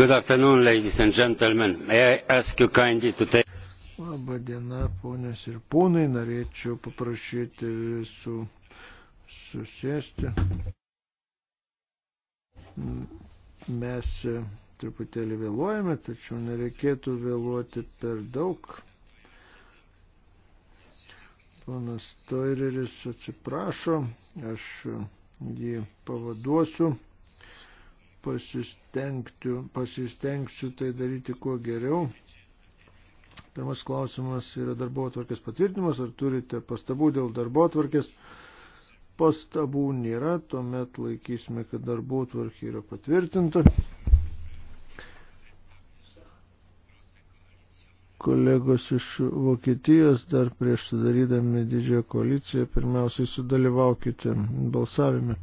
Good afternoon, ladies and gentlemen. May I ask you kindly to take... Labą dieną, ponės ir ponai, norėčiau paprašyti visų susėsti. Mes truputėlį vėluojame, tačiau nereikėtų vėluoti per daug. Ponas Toireris atsiprašo, aš jį pavaduosiu pasistengsiu, pasistengsiu tai daryti kuo geriau. Pirmas klausimas yra darbo atvarkės patvirtinimas, ar turite pastabų dėl darbo atvarkės. Pastabų nėra, tuomet laikysime, kad darbo atvarkė yra patvirtinta. kolegos iš Vokietijos dar prieš sudarydami didžiąją koaliciją pirmiausiai sudalyvaukite balsavime.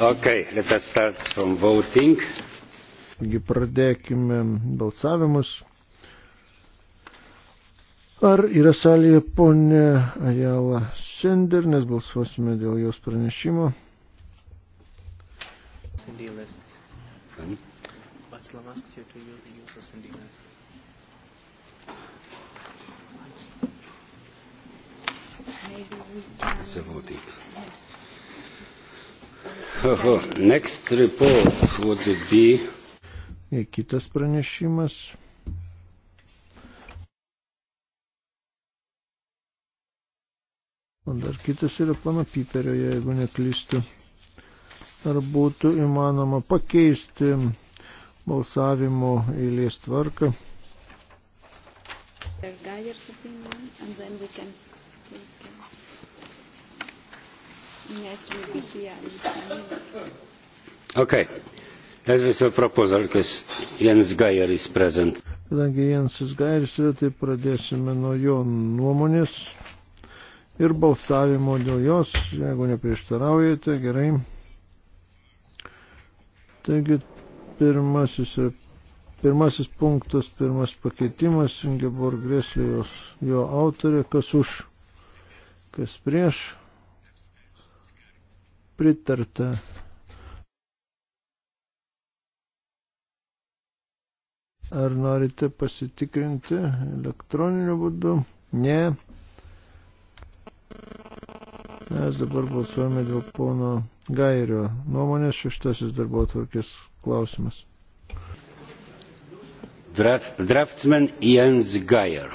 Okay, let us start from voting. Taigi pradėkime balsavimus. Ar yra salėje ponė Ajala Sender, nes balsuosime dėl jos pranešimo. SND lists. Hmm? Václav asked you to use SND list. Maybe we can... It's a voting. Yes. Next report would be. E kitas pranešimas. O dar kitas yra pana Piperio, jeigu neklystu. Ar būtų įmanoma pakeisti balsavimo eilės tvarką? Gajer, Ines will be here in five minutes. Okay. As with the proposal, because Jens Geier is present. Kadangi Jensas Gairis yra, tai pradėsime nuo jo nuomonės ir balsavimo dėl jos, jeigu neprieštaraujate, gerai. Taigi, pirmasis yra Pirmasis punktas, pirmas pakeitimas, Ingeborg Greslė, jo autorė, kas už, kas prieš, pritarta. Ar norite pasitikrinti elektroniniu būdu? Ne. Mes dabar balsuojame dėl pono Gairio nuomonės šeštasis darbo atvarkės klausimas. Draft, draftsman Jens Geier.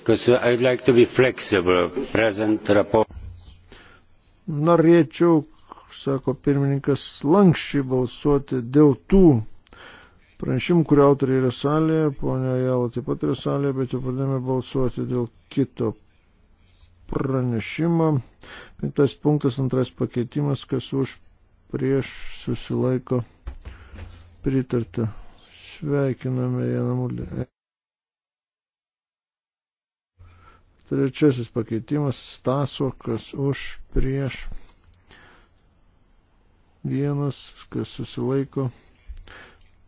Because I'd like to be flexible, present report norėčiau, sako pirmininkas, lankščiai balsuoti dėl tų pranešimų, kurio autoriai yra salėje, ponia Jala taip pat yra salėje, bet jau pradėjome balsuoti dėl kito pranešimo. Penktas punktas, antras pakeitimas, kas už prieš susilaiko pritarta. Sveikiname Janą Mulderį. Trečiasis pakeitimas staso, kas už, prieš, vienas, kas susilaiko,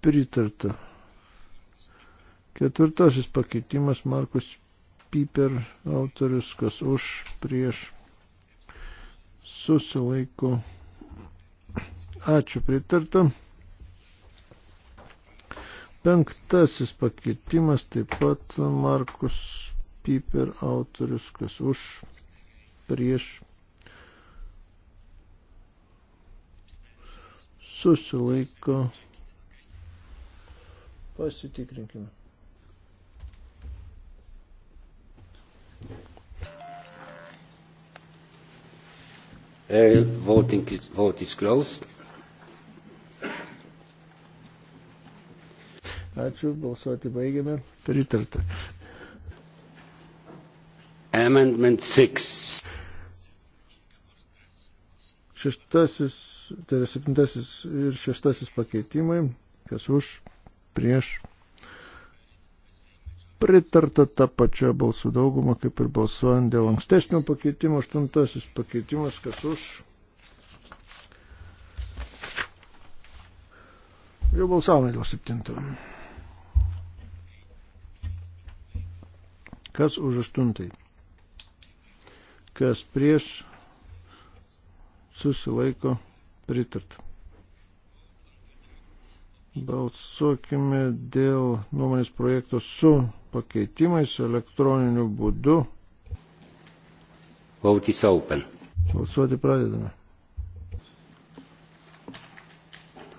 pritarta. Ketvirtasis pakeitimas Markus Piper autorius, kas už, prieš, susilaiko. Ačiū, pritarta. Penktasis pakeitimas taip pat Markus Piper autorius, kas už, prieš, susilaiko, pasitikrinkime. Uh, voting, vote is closed. Ačiū, balsuoti baigiame. Pritarta. Amendment 6. Šeštasis, tai yra septintasis ir šeštasis pakeitimai, kas už, prieš, pritarta tą pačią balsų daugumą, kaip ir balsuojant dėl ankstesnio pakeitimo, aštuntasis pakeitimas, kas už. Jau balsavome dėl septinto. Kas už aštuntąjį? kas prieš susilaiko pritarta. Balsuokime dėl nuomonės projekto su pakeitimais elektroniniu būdu. Vote is open. Balsuoti pradedame.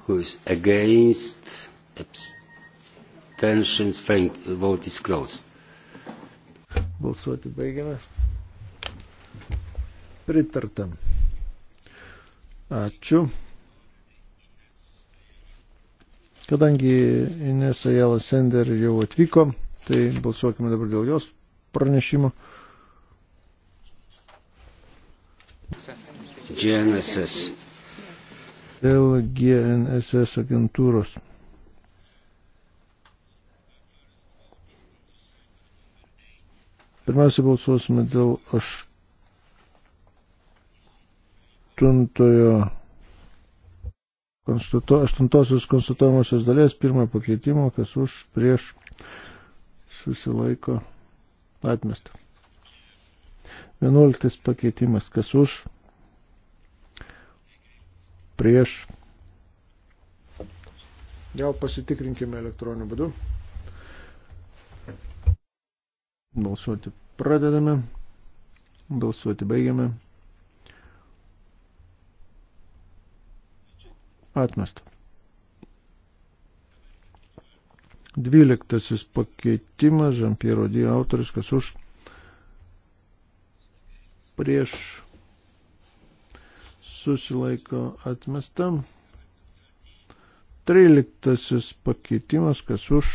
Who is against? Abstentions. Vote is closed. Balsuoti baigiame. Pritartam. Ačiū. Kadangi Ines Ajala Sender jau atvyko, tai balsuokime dabar dėl jos pranešimo. GNSS. Dėl GNSS agentūros. Pirmiausia, balsuosime dėl 8 aštuntojo konstatuo, aštuntosios konstatuojamosios dalies pirmojo pakeitimo, kas už prieš susilaiko atmestą. Vienuoliktas pakeitimas, kas už prieš. Gal pasitikrinkime elektroniniu būdu. Balsuoti pradedame. Balsuoti baigiame. Atmesta. Dvyliktasis pakeitimas, Žampiero D. autoris, kas už prieš susilaiko atmestam. Tryliktasis pakeitimas, kas už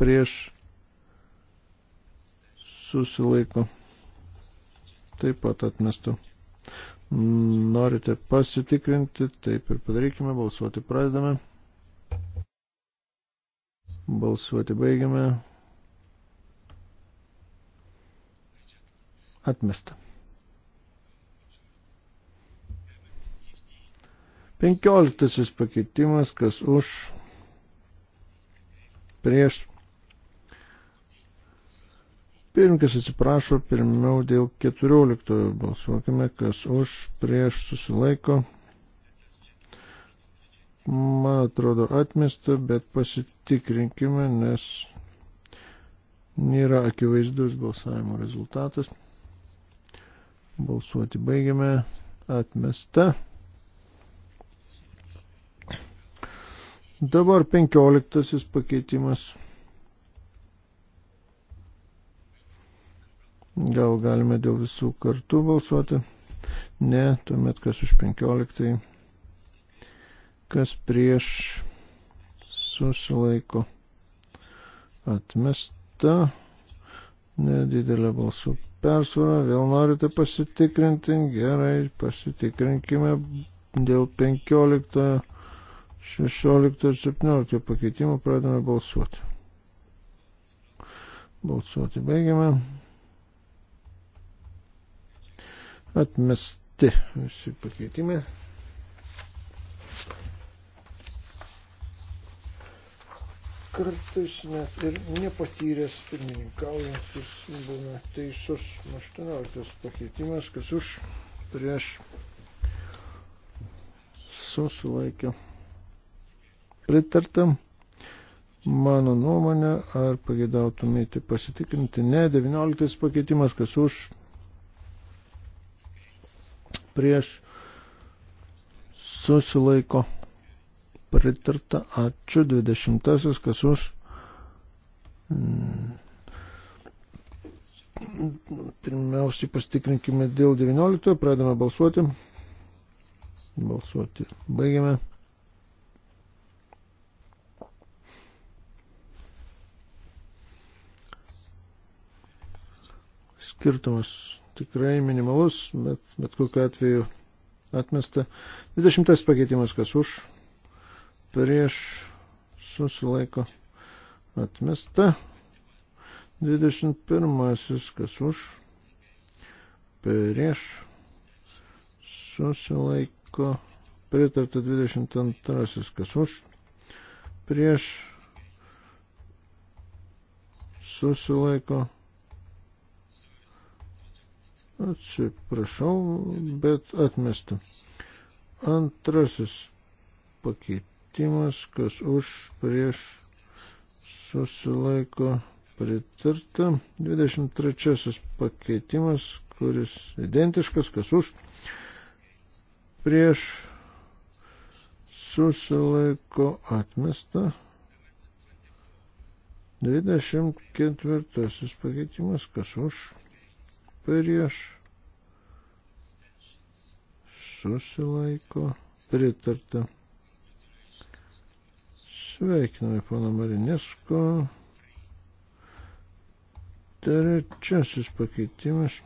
prieš susilaiko taip pat atmestam norite pasitikrinti, taip ir padarykime, balsuoti pradedame. Balsuoti baigiame. Atmesta. 15 pakeitimas, kas už, prieš, Pirmkas atsiprašo, pirmiau dėl 14 balsuokime, kas už, prieš susilaiko. Man atrodo atmesta, bet pasitikrinkime, nes nėra akivaizdus balsavimo rezultatas. Balsuoti baigiame. Atmesta. Dabar penkioliktasis pakeitimas. Gal galime dėl visų kartų balsuoti? Ne, tuomet kas už 15. Kas prieš susilaiko atmesta. Nedidelė balsų persvara. Vėl norite pasitikrinti? Gerai, pasitikrinkime dėl 15, 16 ir 17 pakeitimų. Pradame balsuoti. Balsuoti baigiame. Atmesti visi pakeitimai. Kartais net ir nepatyręs pirmininkaujantis būna teisus 18 pakeitimas, kas už prieš susilaikė. Pritartam mano nuomonę, ar pageidautumėte pasitikrinti. Ne, 19 pakeitimas, kas už, prieš susilaiko pritarta. Ačiū. 20. Kas už? Pirmiausiai pastikrinkime dėl 19. Pradame balsuoti. Balsuoti. Baigiame. Skirtumas tikrai minimalus, bet, bet kokiu atveju atmesta. 20 pakeitimas, kas už, prieš, susilaiko, atmesta. 21 kas už, prieš, susilaiko, pritarta 22 kas už, prieš, susilaiko, atmesta Atsiprašau, bet atmesta. Antrasis pakeitimas, kas už prieš susilaiko pritarta. 23 pakeitimas, kuris identiškas, kas už prieš susilaiko atmesta. 24 pakeitimas, kas už prieš, susilaiko, pritarta. Sveikiname pono Marinesko. Trečiasis pakeitimas.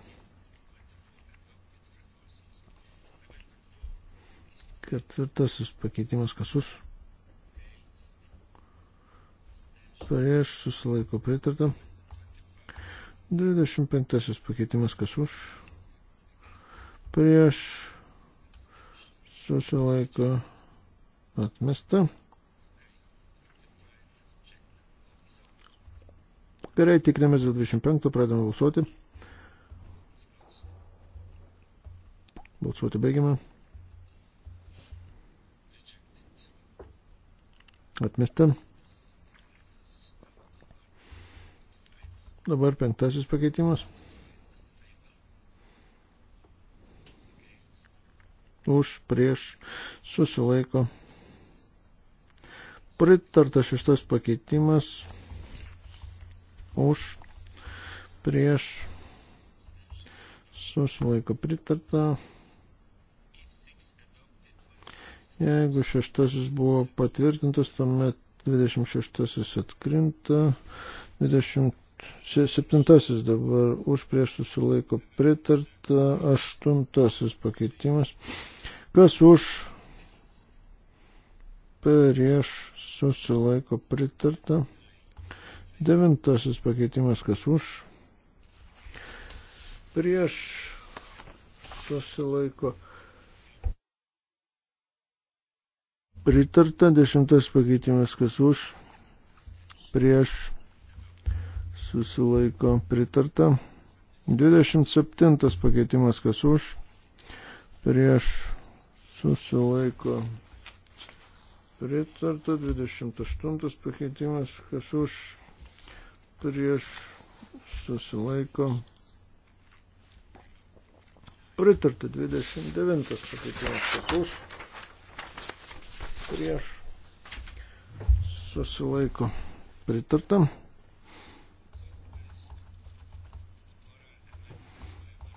Ketvirtasis pakeitimas kas už. Prieš susilaiko pritarta. 25 pakeitimas kas už. Prieš susilaiko atmesta. Gerai, tikrinamės dėl 25, pradame balsuoti. Balsuoti baigiame. Atmesta. Dabar penktasis pakeitimas. Už, prieš, susilaiko. Pritarta šeštas pakeitimas. Už, prieš, susilaiko. Pritarta. Jeigu šeštasis buvo patvirtintas, tuomet 26 atkrinta, 20 Septintasis dabar už prieš susilaiko pritarta. Aštuntasis pakeitimas. Kas už prieš susilaiko pritarta. Devintasis pakeitimas. Kas už prieš susilaiko pritarta. pritarta, dešimtas pakeitimas, kas už, prieš, susilaiko pritarta. 27 pakeitimas kas už, prieš susilaiko pritarta. 28 pakeitimas kas už, prieš susilaiko pritarta. 29 pakeitimas kas už, prieš susilaiko pritarta.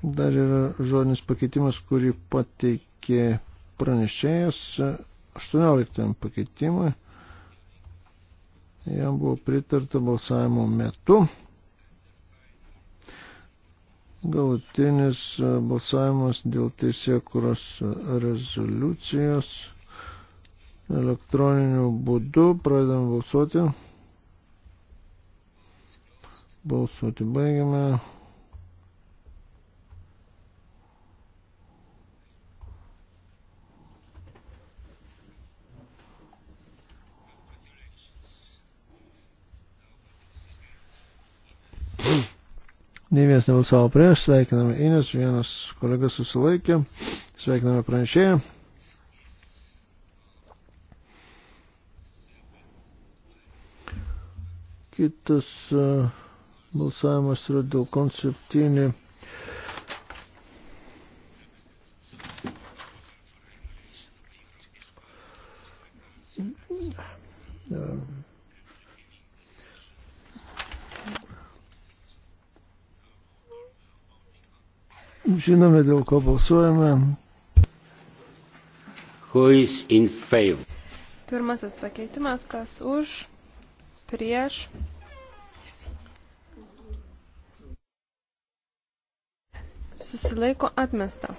Dar yra žodinis pakeitimas, kurį pateikė pranešėjas 18 pakeitimui. Jam buvo pritarta balsavimo metu. Galutinis balsavimas dėl teisėkuros rezoliucijos elektroniniu būdu pradedam balsuoti. Balsuoti baigiame. Nei vienas nebalsavo prieš, sveikiname Ines, vienas kolega susilaikė, sveikiname pranešėją. Kitas e, balsavimas yra dėl konceptinį. Um. Žinome, dėl ko balsuojame. Pirmasis pakeitimas, kas už, prieš. Susilaiko atmesta.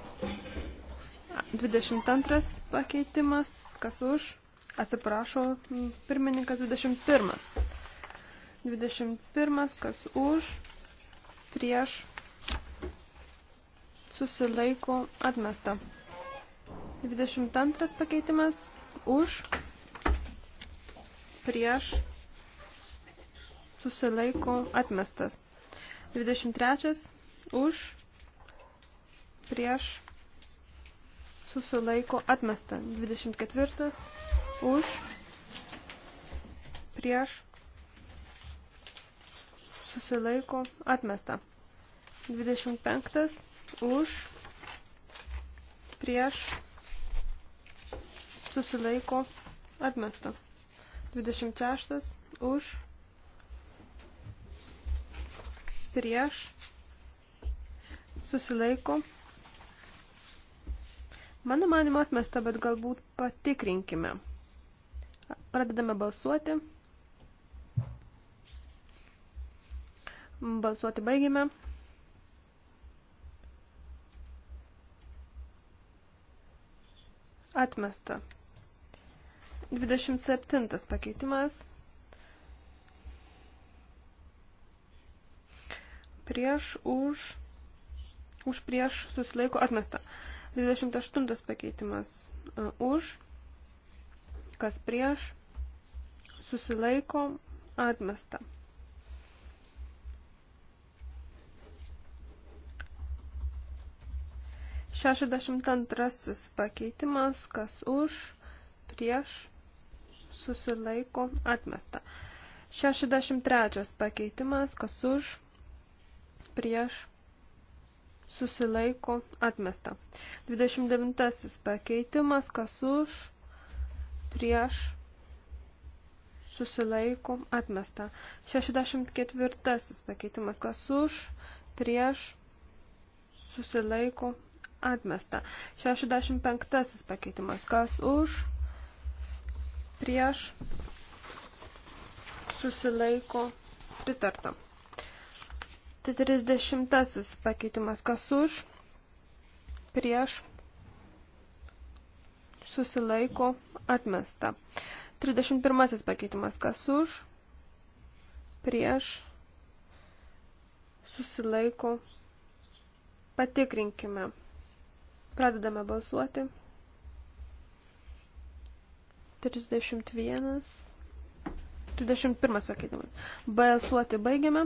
22 pakeitimas, kas už, atsiprašo, pirmininkas 21. 21, kas už, prieš, susilaiko atmesta. 22 pakeitimas už, prieš, susilaiko atmestas. 23 už, prieš, susilaiko atmesta. 24 už, prieš, susilaiko atmesta. 25 už, prieš, susilaiko, atmesta. 26 už, prieš, susilaiko. Mano manimo atmesta, bet galbūt patikrinkime. Pradedame balsuoti. Balsuoti baigime. Atmesta. 27 pakeitimas. Prieš, už, už prieš susilaiko atmesta. 28 pakeitimas. E, už, kas prieš, susilaiko atmesta. 62 pakeitimas, kas už, prieš, susilaiko, atmesta. 63 pakeitimas, kas už, prieš, susilaiko, atmesta. 29 pakeitimas, kas už, prieš, susilaiko, atmesta. 64 pakeitimas, kas už, prieš, susilaiko, atmesta. 65 pakeitimas. Kas už, prieš, susilaiko, pritarta. 30 pakeitimas. Kas už, prieš, susilaiko, atmesta. 31 pakeitimas. Kas už, prieš, susilaiko, patikrinkime. Pradedame balsuoti. 31. 31 pakeitimai. Balsuoti baigiame.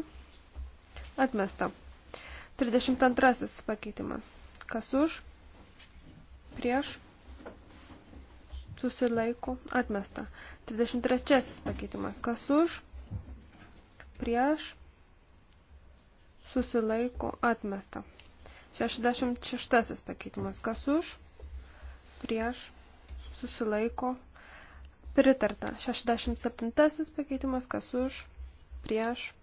Atmesta. 32 pakeitimas. Kas už? Prieš? Susilaiko. Atmesta. 33 pakeitimas. Kas už? Prieš? Susilaiko. Atmesta. 66 pakeitimas. Kas už? Prieš. Susilaiko. Pritarta. 67 pakeitimas. Kas už? Prieš.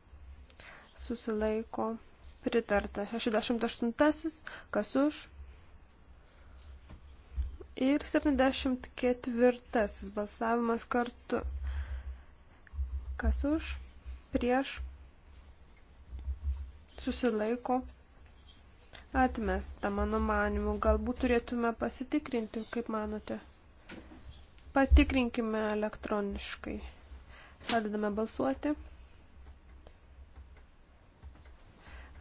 Susilaiko. Pritarta. 68 kas už? Ir 74 balsavimas kartu. Kas už? Prieš. Susilaiko. Pritarta atmesta, mano manimu. Galbūt turėtume pasitikrinti, kaip manote. Patikrinkime elektroniškai. Pradedame balsuoti.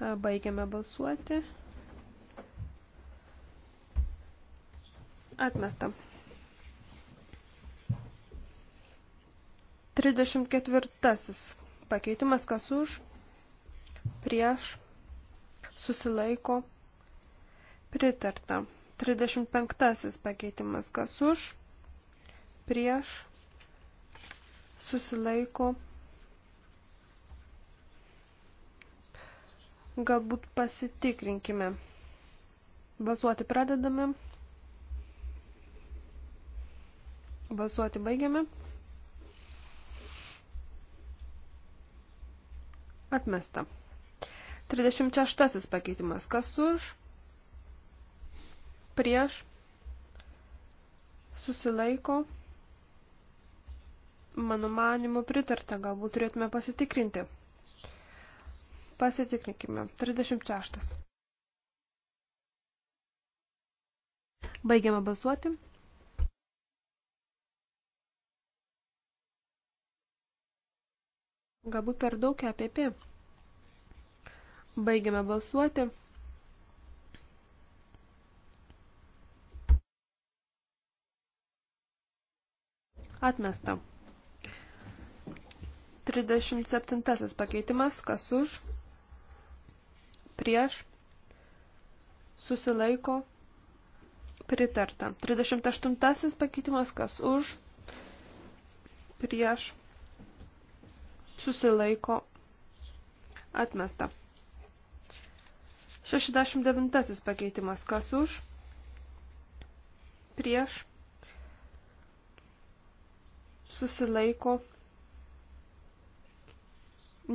Baigiame balsuoti. Atmesta. 34. Pakeitimas kas už, prieš, susilaiko, Pritarta. 35 pakeitimas. Kas už? Prieš. Susilaiko. Galbūt pasitikrinkime. Balsuoti pradedame. Balsuoti baigiame. Atmesta. 36 pakeitimas. Kas už? prieš, susilaiko, mano manimu pritarta, galbūt turėtume pasitikrinti. Pasitikrinkime. 36. Baigiame balsuoti. Galbūt per daug EPP. Baigiame balsuoti. Atmesta. 37 pakeitimas, kas už, prieš, susilaiko, pritarta. 38 pakeitimas, kas už, prieš, susilaiko, atmesta. 69 pakeitimas, kas už, prieš, susilaiko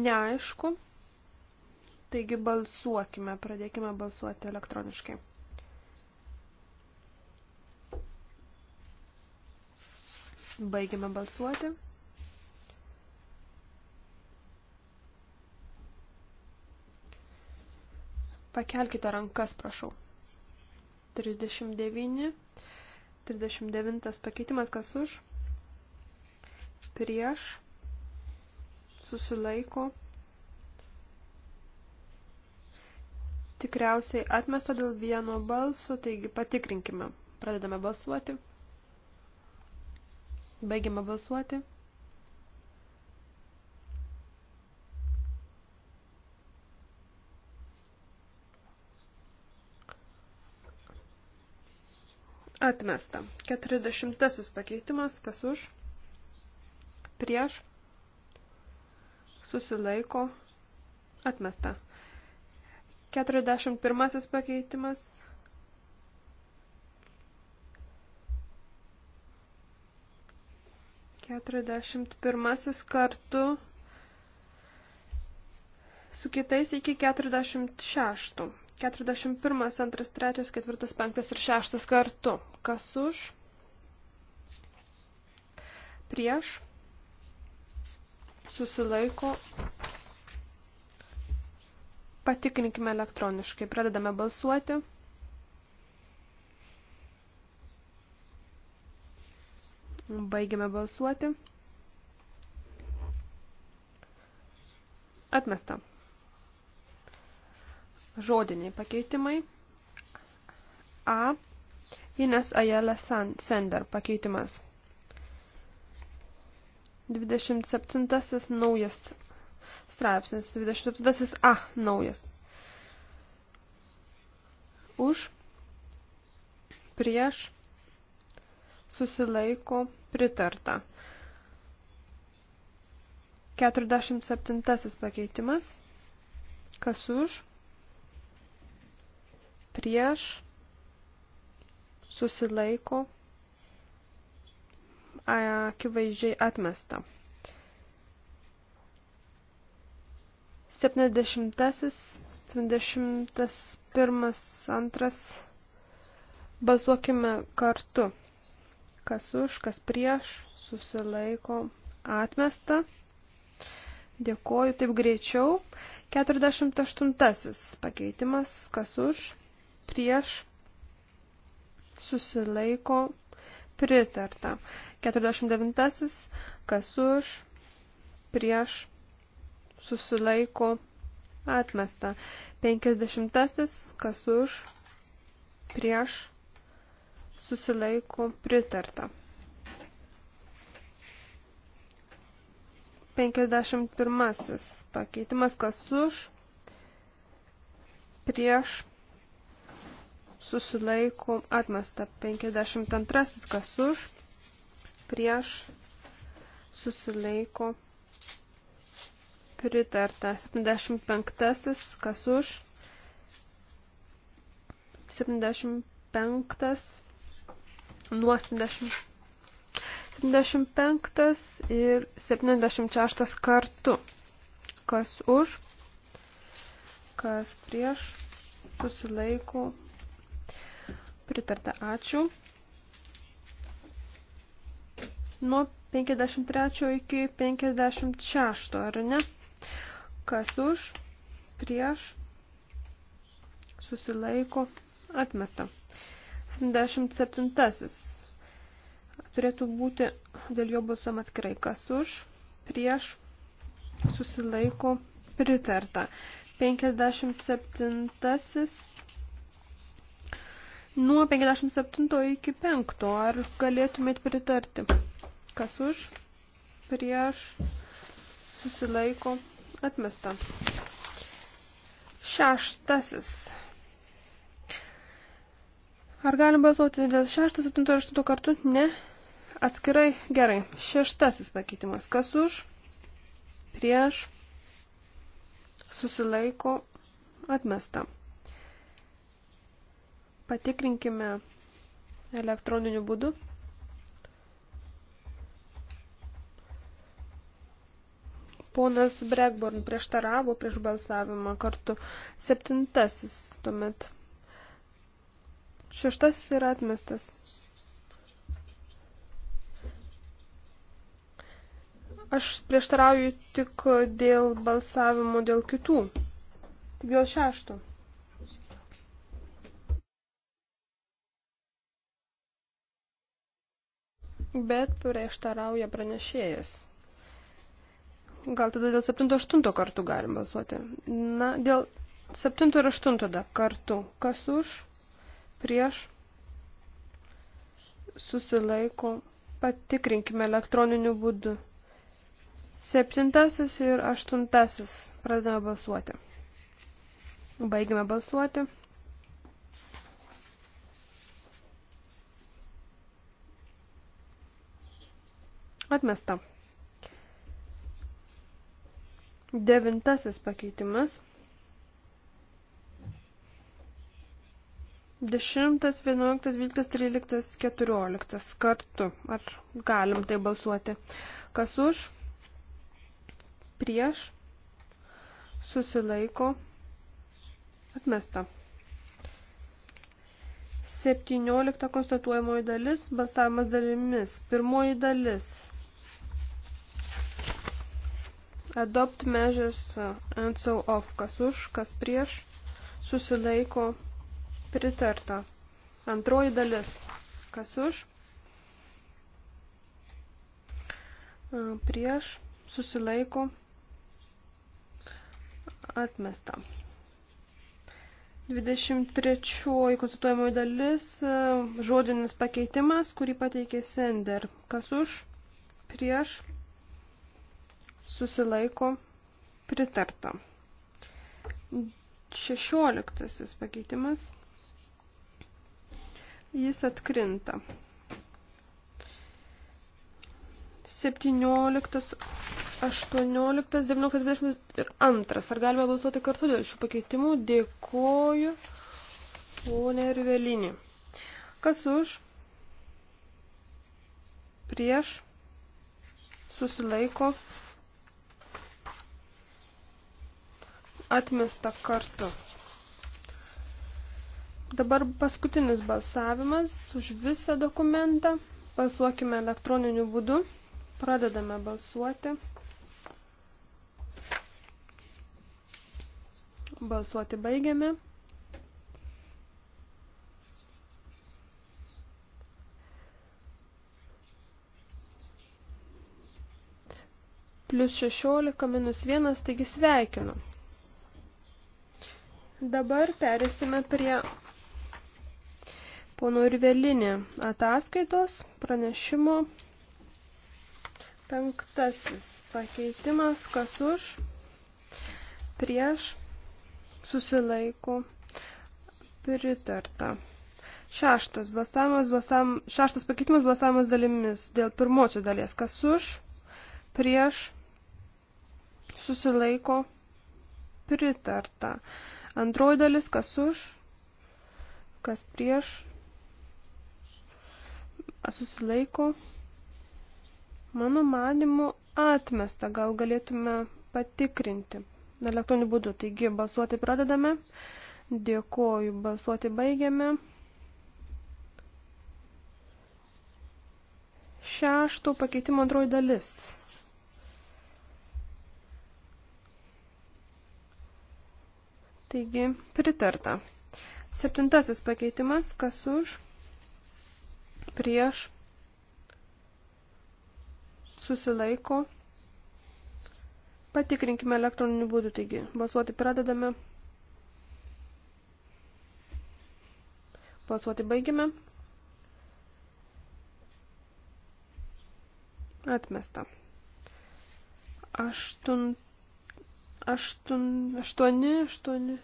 neaišku. Taigi balsuokime, pradėkime balsuoti elektroniškai. Baigime balsuoti. Pakelkite rankas, prašau. 39. 39 pakeitimas, kas už? prieš, susilaiko. Tikriausiai atmesta dėl vieno balso, taigi patikrinkime. Pradedame balsuoti. Baigiame balsuoti. Atmesta. Keturiasdešimtasis pakeitimas, kas už? prieš, susilaiko, atmesta. 41 pakeitimas. Keturiasdešimt pirmasis kartu su kitais iki keturiasdešimt šeštų. Keturiasdešimt pirmas, antras, trečias, ketvirtas, penktas ir šeštas kartu. Kas už? Prieš? Prieš? susilaiko. Patikrinkime elektroniškai. Pradedame balsuoti. Baigiame balsuoti. Atmesta. Žodiniai pakeitimai. A. Ines Ajala Sender pakeitimas. 27 naujas straipsnis, 27 A naujas. Už, prieš, susilaiko, pritarta. 47 pakeitimas. Kas už, prieš, susilaiko, pritarta akivaizdžiai atmesta. 70, 71, 2. Balsuokime kartu. Kas už, kas prieš, susilaiko atmesta. Dėkoju taip greičiau. 48. Pakeitimas. Kas už, prieš, susilaiko pritarta. 49. Kas už, prieš, susilaiko, atmesta. 50. Kas už, prieš, susilaiko, pritarta. 51. Pakeitimas kas už, prieš, susilaiko, atmesta. 52. Kas už, prieš susilaiko pritarta. 75. Kas už? 75. Nuo 70. 75 ir 76 kartu. Kas už, kas prieš, susilaiko, pritarta, ačiū nuo 53 iki 56, ar ne? Kas už, prieš, susilaiko, atmesta. 77. Turėtų būti dėl jo balsuom atskirai. Kas už, prieš, susilaiko, pritarta. 57. Nuo 57 iki 5. Ar galėtumėt pritarti? Kas už? Prieš susilaiko atmesta. Šeštasis. Ar galim balsuoti dėl 6, 7, 8 kartų? Ne. Atskirai gerai. Šeštasis pakeitimas. Kas už? Prieš susilaiko atmesta. Patikrinkime elektroniniu būdu. Ponas Bregborn prieštaravo prieš balsavimą kartu. Septintasis tuomet. Šeštasis yra atmestas. Aš prieštarauju tik dėl balsavimo dėl kitų. Tik dėl šešto. Bet prieštarauja pranešėjas. Gal tada dėl 7-8 kartų galim balsuoti. Na, dėl 7 ir 8 tada kartu. Kas už, prieš, susilaiko, patikrinkime elektroniniu būdu. Septintasis ir aštuntasis pradame balsuoti. Baigime balsuoti. Atmesta. Devintasis pakeitimas. 10, 11, 12, 13, 14 kartu. Ar galim tai balsuoti? Kas už? Prieš? Susilaiko? Atmesta. 17 konstatuojamoji dalis, balsavimas dalimis. Pirmoji dalis Adopt measures uh, and so off. Kas už, kas prieš. Susilaiko pritarta. Antroji dalis. Kas už. Uh, prieš. Susilaiko. Atmesta. 23 konstatuojamoji dalis, uh, žodinis pakeitimas, kurį pateikė Sender. Kas už, prieš, susilaiko pritarta. Šešioliktasis pakeitimas. Jis atkrinta. Septynioliktas, aštuonioliktas, devynioliktas, dvidešimt ir antras. Ar galime balsuoti kartu dėl šių pakeitimų? Dėkoju, ponė ir vėlinį. Kas už? Prieš? Susilaiko? Prieš? atmesta kartu. Dabar paskutinis balsavimas už visą dokumentą. Balsuokime elektroniniu būdu. Pradedame balsuoti. Balsuoti baigiame. Plius 16, minus 1, taigi sveikinu. Dabar perėsime prie pono Irvelinį ataskaitos pranešimo penktasis pakeitimas, kas už, prieš, susilaiko, pritarta. Šeštas, basavimas, basam, šeštas pakeitimas basavimas dalimis dėl pirmosios dalies, kas už, prieš, susilaiko, pritarta. Pritarta. Antroji dalis, kas už, kas prieš, susilaiko. Mano manimu atmesta, gal galėtume patikrinti elektroniniu būdu. Taigi balsuoti pradedame. Dėkoju, balsuoti baigiame. Šešto pakeitimo antroji dalis. Taigi, pritarta. Septintasis pakeitimas, kas už, prieš, susilaiko. Patikrinkime elektroniniu būdu, taigi, balsuoti pradedame. Balsuoti baigime. Atmesta. Aštunt Aštun, aštuoni, aštuoni.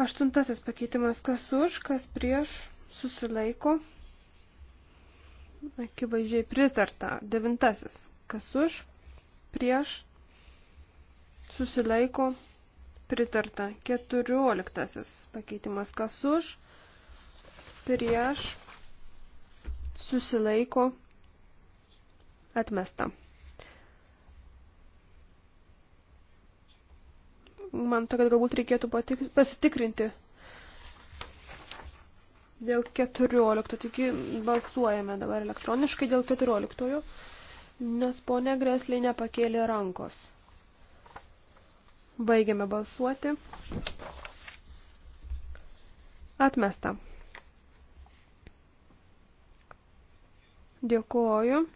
Aštuntasis pakeitimas, kas už, kas prieš, susilaiko. Akivaizdžiai pritarta. Devintasis, kas už, prieš, susilaiko, pritarta. Keturioliktasis pakeitimas, kas už, prieš, susilaiko, atmesta. man to, kad galbūt reikėtų patiks, pasitikrinti dėl 14. Taigi balsuojame dabar elektroniškai dėl 14. Nes ponė Greslė nepakėlė rankos. Baigiame balsuoti. Atmesta. Dėkuoju.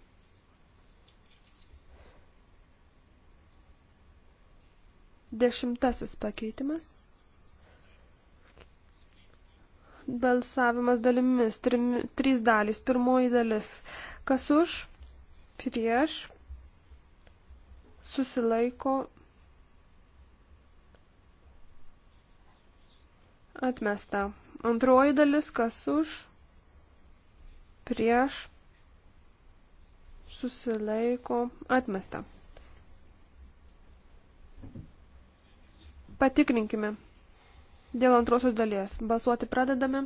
Dešimtasis pakeitimas. Balsavimas dalimis. Trim, trys dalys. Pirmoji dalis. Kas už? Prieš. Susilaiko. Atmesta. Antroji dalis. Kas už? Prieš. Susilaiko. Atmesta. Patikrinkime. Dėl antrosios dalies. Balsuoti pradedame.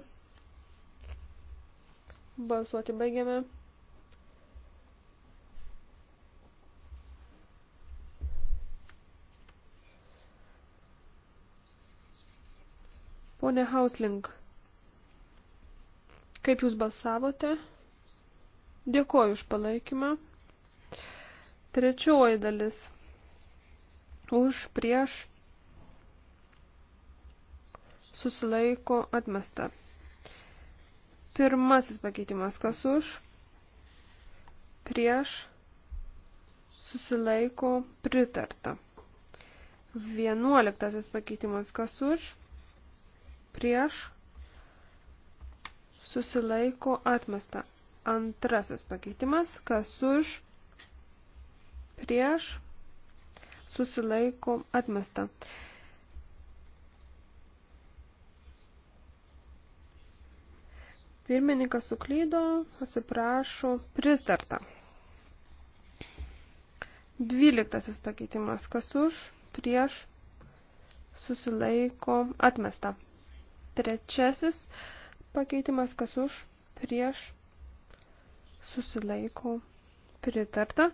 Balsuoti baigiame. Pone Hausling, kaip jūs balsavote? Dėkoju už palaikymą. Trečioji dalis. Už, prieš, susilaiko atmesta. Pirmasis pakeitimas, kas už, prieš, susilaiko pritarta. Vienuoliktasis pakeitimas, kas už, prieš, susilaiko atmesta. Antrasis pakeitimas, kas už, prieš, susilaiko atmesta. Pirmininkas suklydo, atsiprašau, pritarta. Dvyliktasis pakeitimas, kas už, prieš, susilaiko, atmesta. Trečiasis pakeitimas, kas už, prieš, susilaiko, pritarta.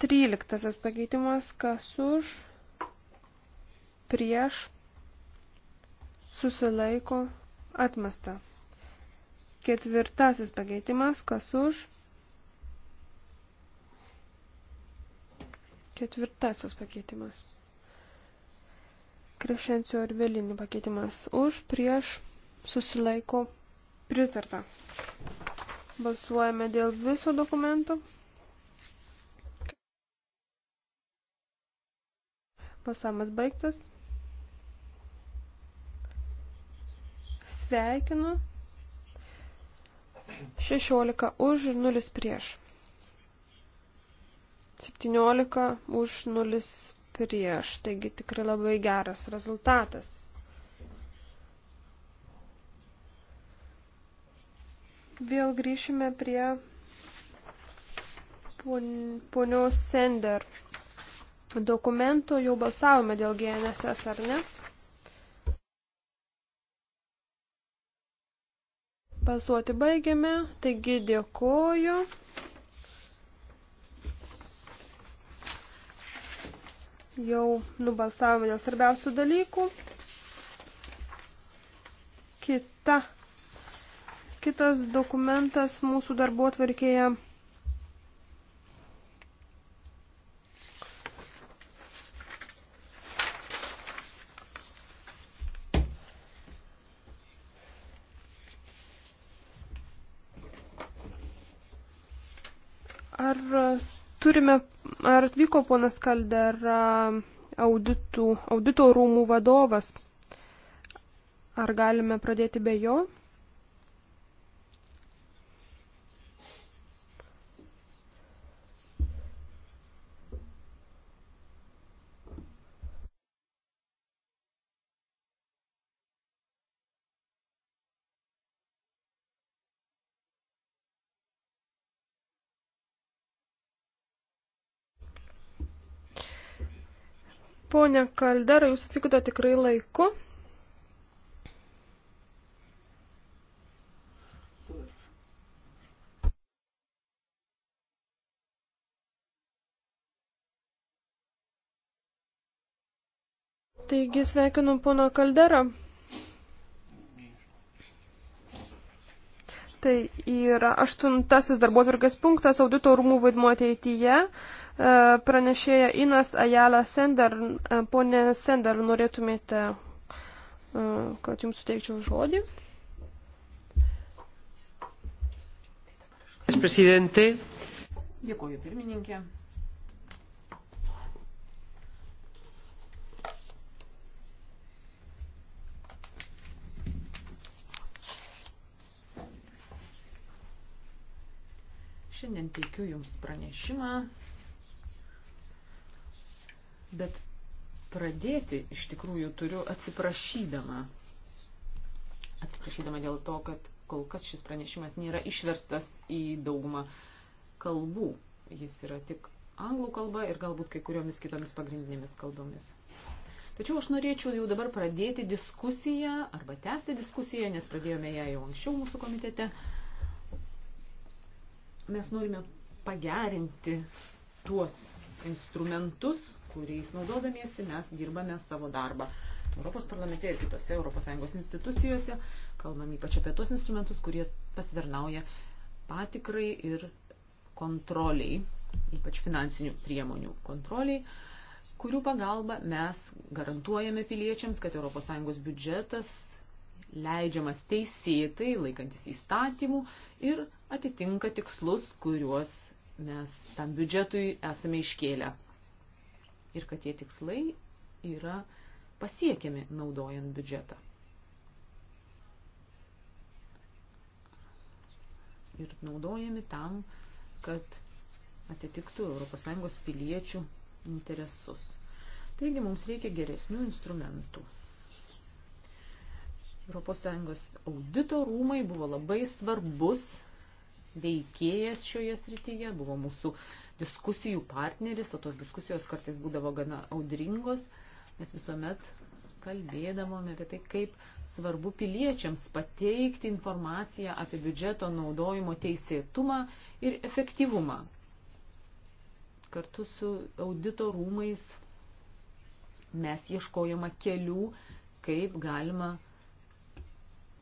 Tryliktasis pakeitimas, kas už, prieš, susilaiko, atmesta. Ketvirtasis pakeitimas, kas už? Ketvirtasis pakeitimas. Krešencio ir vėlinių pakeitimas. Už, prieš, susilaiko, pritarta. Balsuojame dėl viso dokumento. Pasamas baigtas. Sveikinu. 16 už ir 0 prieš. 17 už 0 prieš. Taigi tikrai labai geras rezultatas. Vėl grįšime prie ponios Sender dokumento. Jau balsavome dėl GNSS, ar ne? Balsuoti baigiame, taigi dėkoju. Jau nubalsavome dėl svarbiausių dalykų. Kita, kitas dokumentas mūsų darbo atvarkėje turime, ar atvyko ponas Kaldera auditų, audito rūmų vadovas? Ar galime pradėti be jo? Pone Kaldera, jūs atvykote tikrai laiku. Taigi sveikinu pono Kalderą. Tai yra aštuntasis darbotvarkės punktas audito rūmų vaidmuo ateityje. E, pranešėja Inas Ajala Sender. E, Pone Sender, norėtumėte, e, kad jums suteikčiau žodį? Presidente. Dėkuoju pirmininkė. Šiandien teikiu Jums pranešimą, bet pradėti iš tikrųjų turiu atsiprašydama. Atsiprašydama dėl to, kad kol kas šis pranešimas nėra išverstas į daugumą kalbų. Jis yra tik anglų kalba ir galbūt kai kuriomis kitomis pagrindinėmis kalbomis. Tačiau aš norėčiau jau dabar pradėti diskusiją arba tęsti diskusiją, nes pradėjome ją jau anksčiau mūsų komitete. Uh, mes norime pagerinti tuos instrumentus, kuriais naudodamiesi mes dirbame savo darbą. Europos parlamente ir kitose ES institucijose kalbam ypač apie tuos instrumentus, kurie pasidarnauja patikrai ir kontroliai, ypač finansinių priemonių kontroliai, kurių pagalba mes garantuojame piliečiams, kad ES biudžetas leidžiamas teisėtai, laikantis įstatymų ir atitinka tikslus, kuriuos mes tam biudžetui esame iškėlę. Ir kad tie tikslai yra pasiekiami naudojant biudžetą. Ir naudojami tam, kad atitiktų ES piliečių interesus. Taigi mums reikia geresnių instrumentų. ES audito rūmai buvo labai svarbus veikėjas šioje srityje, buvo mūsų diskusijų partneris, o tos diskusijos kartais būdavo gana audringos. Mes visuomet kalbėdavome apie tai, kaip svarbu piliečiams pateikti informaciją apie biudžeto naudojimo teisėtumą ir efektyvumą. Kartu su audito rūmais mes ieškojama kelių, kaip galima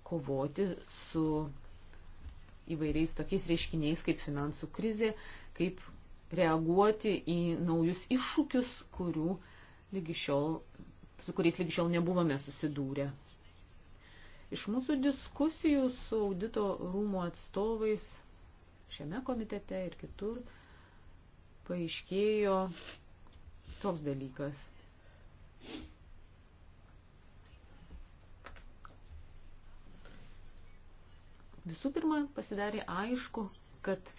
kovoti su įvairiais tokiais reiškiniais kaip finansų krizė, kaip reaguoti į naujus iššūkius, kurių lygi šiol, su kuriais lygi šiol nebuvome susidūrę. Iš mūsų diskusijų su audito rūmo atstovais šiame komitete ir kitur paaiškėjo toks dalykas. Thank you Visų pirma, pasidarė aišku, kad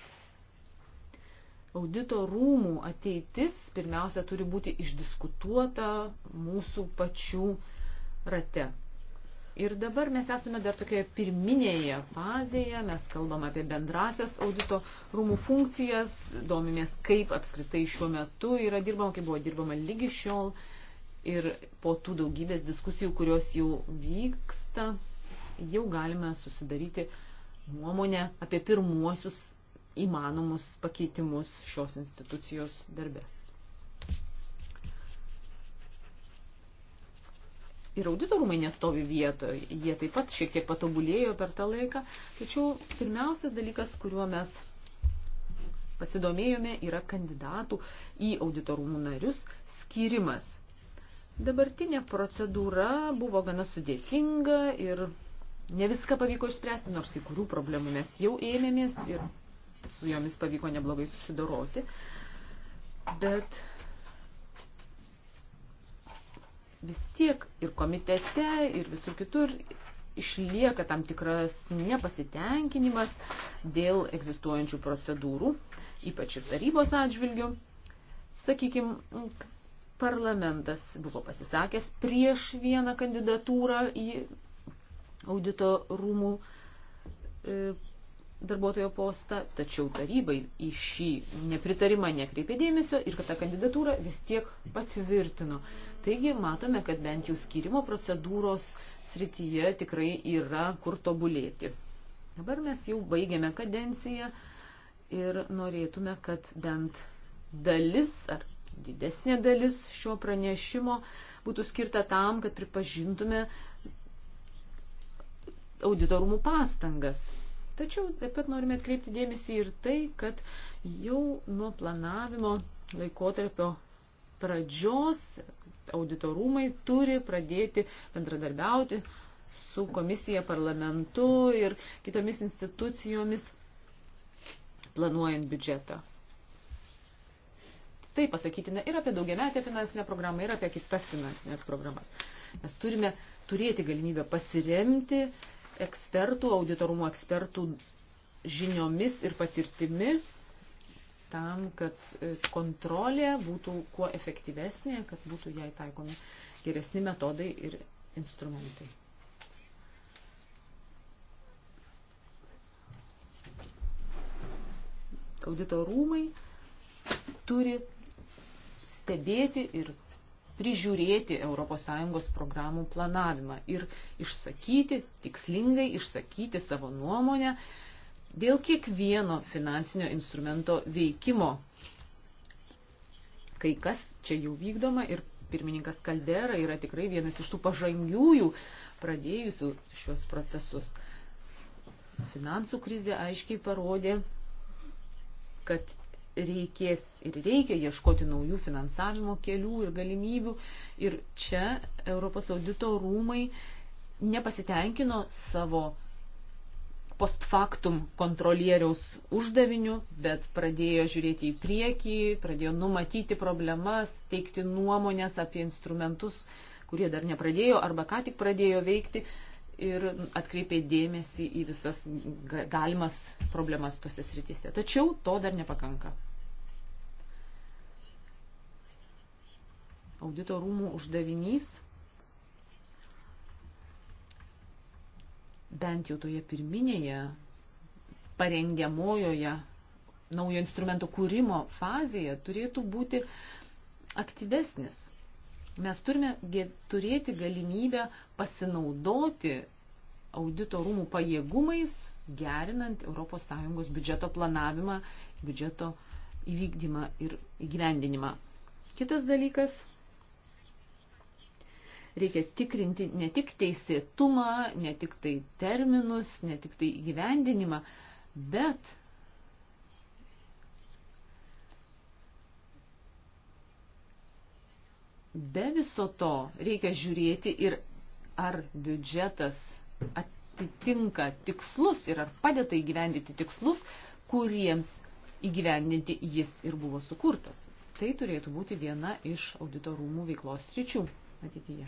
audito rūmų ateitis pirmiausia turi būti išdiskutuota mūsų pačių rate. Ir dabar mes esame dar tokioje pirminėje fazėje, mes kalbam apie bendrasias audito rūmų funkcijas, domimės, kaip apskritai šiuo metu yra dirbama, kaip buvo dirbama lygi šiol ir po tų daugybės diskusijų, kurios jau vyksta, jau galime susidaryti uh, nuomonę apie pirmuosius įmanomus pakeitimus šios institucijos darbe. ir auditorumai nestovi vietoje, jie taip pat šiek tiek patobulėjo per tą laiką, tačiau pirmiausias dalykas, kuriuo mes pasidomėjome, yra kandidatų į auditorumų narius skirimas. Dabartinė procedūra buvo gana sudėtinga ir Ne viską pavyko išspręsti, nors kai kurių problemų mes jau ėmėmės ir su jomis pavyko neblogai susidoroti. Bet vis tiek ir komitete, ir visur kitur išlieka tam tikras nepasitenkinimas dėl egzistuojančių procedūrų, ypač ir tarybos atžvilgių. Sakykime, parlamentas buvo pasisakęs prieš vieną kandidatūrą į audito rūmų e, darbuotojo postą, tačiau tarybai į šį nepritarimą nekreipė dėmesio ir kad tą kandidatūrą vis tiek patvirtino. Taigi matome, kad bent jau skirimo procedūros srityje tikrai yra kur tobulėti. Dabar mes jau baigėme kadenciją ir norėtume, kad bent dalis ar didesnė dalis šio pranešimo būtų skirta tam, kad pripažintume auditorumų pastangas. Tačiau taip pat norime atkreipti dėmesį ir tai, kad jau nuo planavimo laikotarpio pradžios auditorumai turi pradėti bendradarbiauti su komisija, parlamentu ir kitomis institucijomis planuojant biudžetą. Tai pasakytina ir apie daugiametę finansinę programą, ir apie kitas finansinės programas. Mes turime turėti galimybę pasiremti uh, ekspertų, auditorumo ekspertų žiniomis ir patirtimi tam, kad e, kontrolė būtų kuo efektyvesnė, kad būtų jai taikomi geresni metodai ir instrumentai. Audito rūmai turi stebėti ir prižiūrėti ES programų planavimą ir išsakyti, tikslingai išsakyti savo nuomonę dėl kiekvieno finansinio instrumento veikimo. Kai kas čia jau vykdoma ir pirmininkas Kaldera yra tikrai vienas iš tų pažangiųjų pradėjusių šios procesus. Finansų krizė aiškiai parodė, kad reikės ir reikia ieškoti naujų finansavimo kelių ir galimybių. Ir čia Europos audito rūmai nepasitenkino savo post factum kontrolieriaus uždaviniu, bet pradėjo žiūrėti į priekį, pradėjo numatyti problemas, teikti nuomonės apie instrumentus, kurie dar nepradėjo arba ką tik pradėjo veikti ir atkreipė dėmesį į visas galimas problemas tose srityse. Tačiau to dar nepakanka. audito rūmų uždavinys bent jau toje pirminėje parengiamojoje naujo instrumento kūrimo fazėje turėtų būti aktyvesnis. Mes turime turėti galimybę pasinaudoti audito rūmų pajėgumais, gerinant ES biudžeto planavimą, biudžeto įvykdymą ir įgyvendinimą. Kitas dalykas reikia tikrinti ne tik teisėtumą, ne tik tai terminus, ne tik tai įgyvendinimą, bet be viso to reikia žiūrėti ir ar biudžetas atitinka tikslus ir ar padeda įgyvendinti tikslus, kuriems įgyvendinti jis ir buvo sukurtas. Tai turėtų būti viena iš auditorumų veiklos sričių ateityje.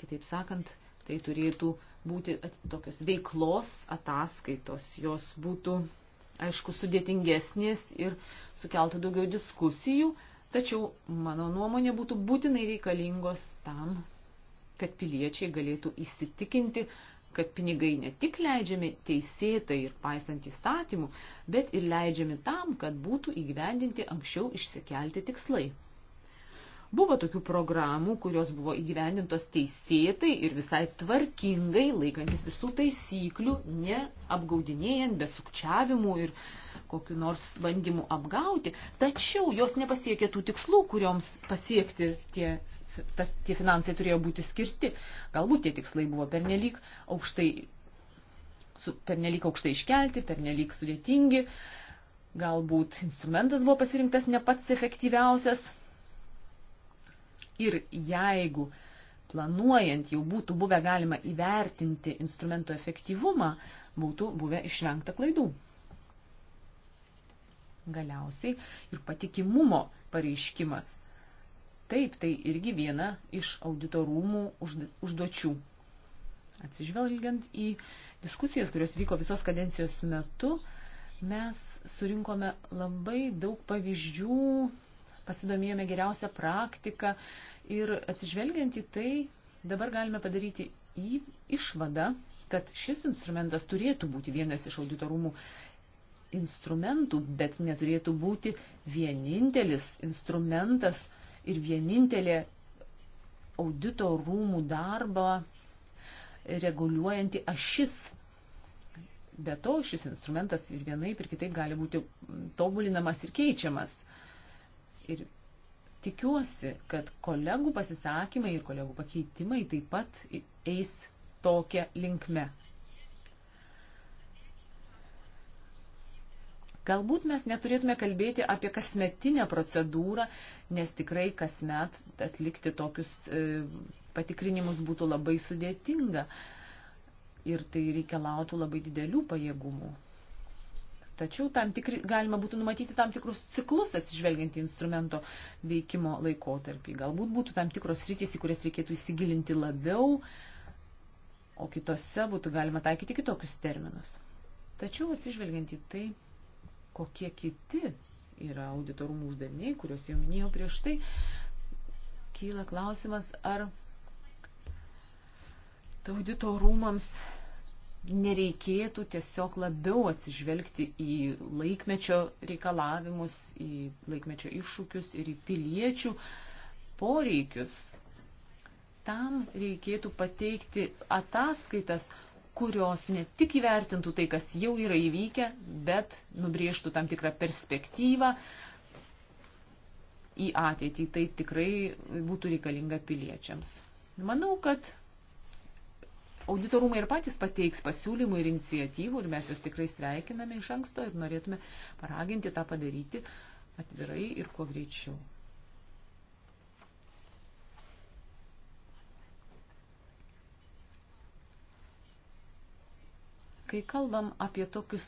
Kitaip sakant, tai turėtų būti tokios veiklos ataskaitos, jos būtų, aišku, sudėtingesnės ir sukeltų daugiau diskusijų, tačiau mano nuomonė būtų būtinai reikalingos tam, kad piliečiai galėtų įsitikinti, kad pinigai ne tik leidžiami teisėtai ir paisant įstatymų, bet ir leidžiami tam, kad būtų įgyvendinti anksčiau išsikelti tikslai. Buvo tokių programų, kurios buvo įgyvendintos teisėtai ir visai tvarkingai, laikantis visų taisyklių, neapgaudinėjant, be sukčiavimų ir kokiu nors bandymu apgauti. Tačiau jos nepasiekė tų tikslų, kurioms pasiekti tie, tas, tie finansai turėjo būti skirti. Galbūt tie tikslai buvo pernelyg aukštai, su, pernelyg aukštai iškelti, pernelyg sudėtingi. Galbūt instrumentas buvo pasirinktas ne pats efektyviausias, Ir jeigu planuojant jau būtų buvę galima įvertinti instrumento efektyvumą, būtų buvę išvengta klaidų. Galiausiai ir patikimumo pareiškimas. Taip, tai irgi viena iš auditorumų užduočių. Atsižvelgiant į diskusijas, kurios vyko visos kadencijos metu, mes surinkome labai daug pavyzdžių pasidomėjome geriausią praktiką ir atsižvelgiant į tai, dabar galime padaryti į išvadą, kad šis instrumentas turėtų būti vienas iš auditorumų instrumentų, bet neturėtų būti vienintelis instrumentas ir vienintelė audito rūmų darbą reguliuojanti ašis. Be to, šis instrumentas ir vienaip ir kitaip gali būti tobulinamas ir keičiamas. Ir tikiuosi, kad kolegų pasisakymai ir kolegų pakeitimai taip pat eis tokią linkmę. Galbūt mes neturėtume kalbėti apie kasmetinę procedūrą, nes tikrai kasmet atlikti tokius e, patikrinimus būtų labai sudėtinga ir tai reikalautų labai didelių pajėgumų. Tačiau tam tikri, galima būtų numatyti tam tikrus ciklus atsižvelgiant į instrumento veikimo laikotarpį. Galbūt būtų tam tikros rytis, į kurias reikėtų įsigilinti labiau, o kitose būtų galima taikyti kitokius terminus. Tačiau atsižvelgiant į tai, kokie kiti yra auditorumų uždaviniai, kuriuos jau minėjau prieš tai, kyla klausimas, ar audito rūmams nereikėtų tiesiog labiau atsižvelgti į laikmečio reikalavimus, į laikmečio iššūkius ir į piliečių poreikius. Tam reikėtų pateikti ataskaitas, kurios ne tik įvertintų tai, kas jau yra įvykę, bet nubrėžtų tam tikrą perspektyvą į ateitį. Tai tikrai būtų reikalinga piliečiams. Manau, kad Auditorumai ir patys pateiks pasiūlymų ir iniciatyvų ir mes juos tikrai sveikiname iš anksto ir norėtume paraginti tą padaryti atvirai ir kuo greičiau. Kai kalbam apie tokius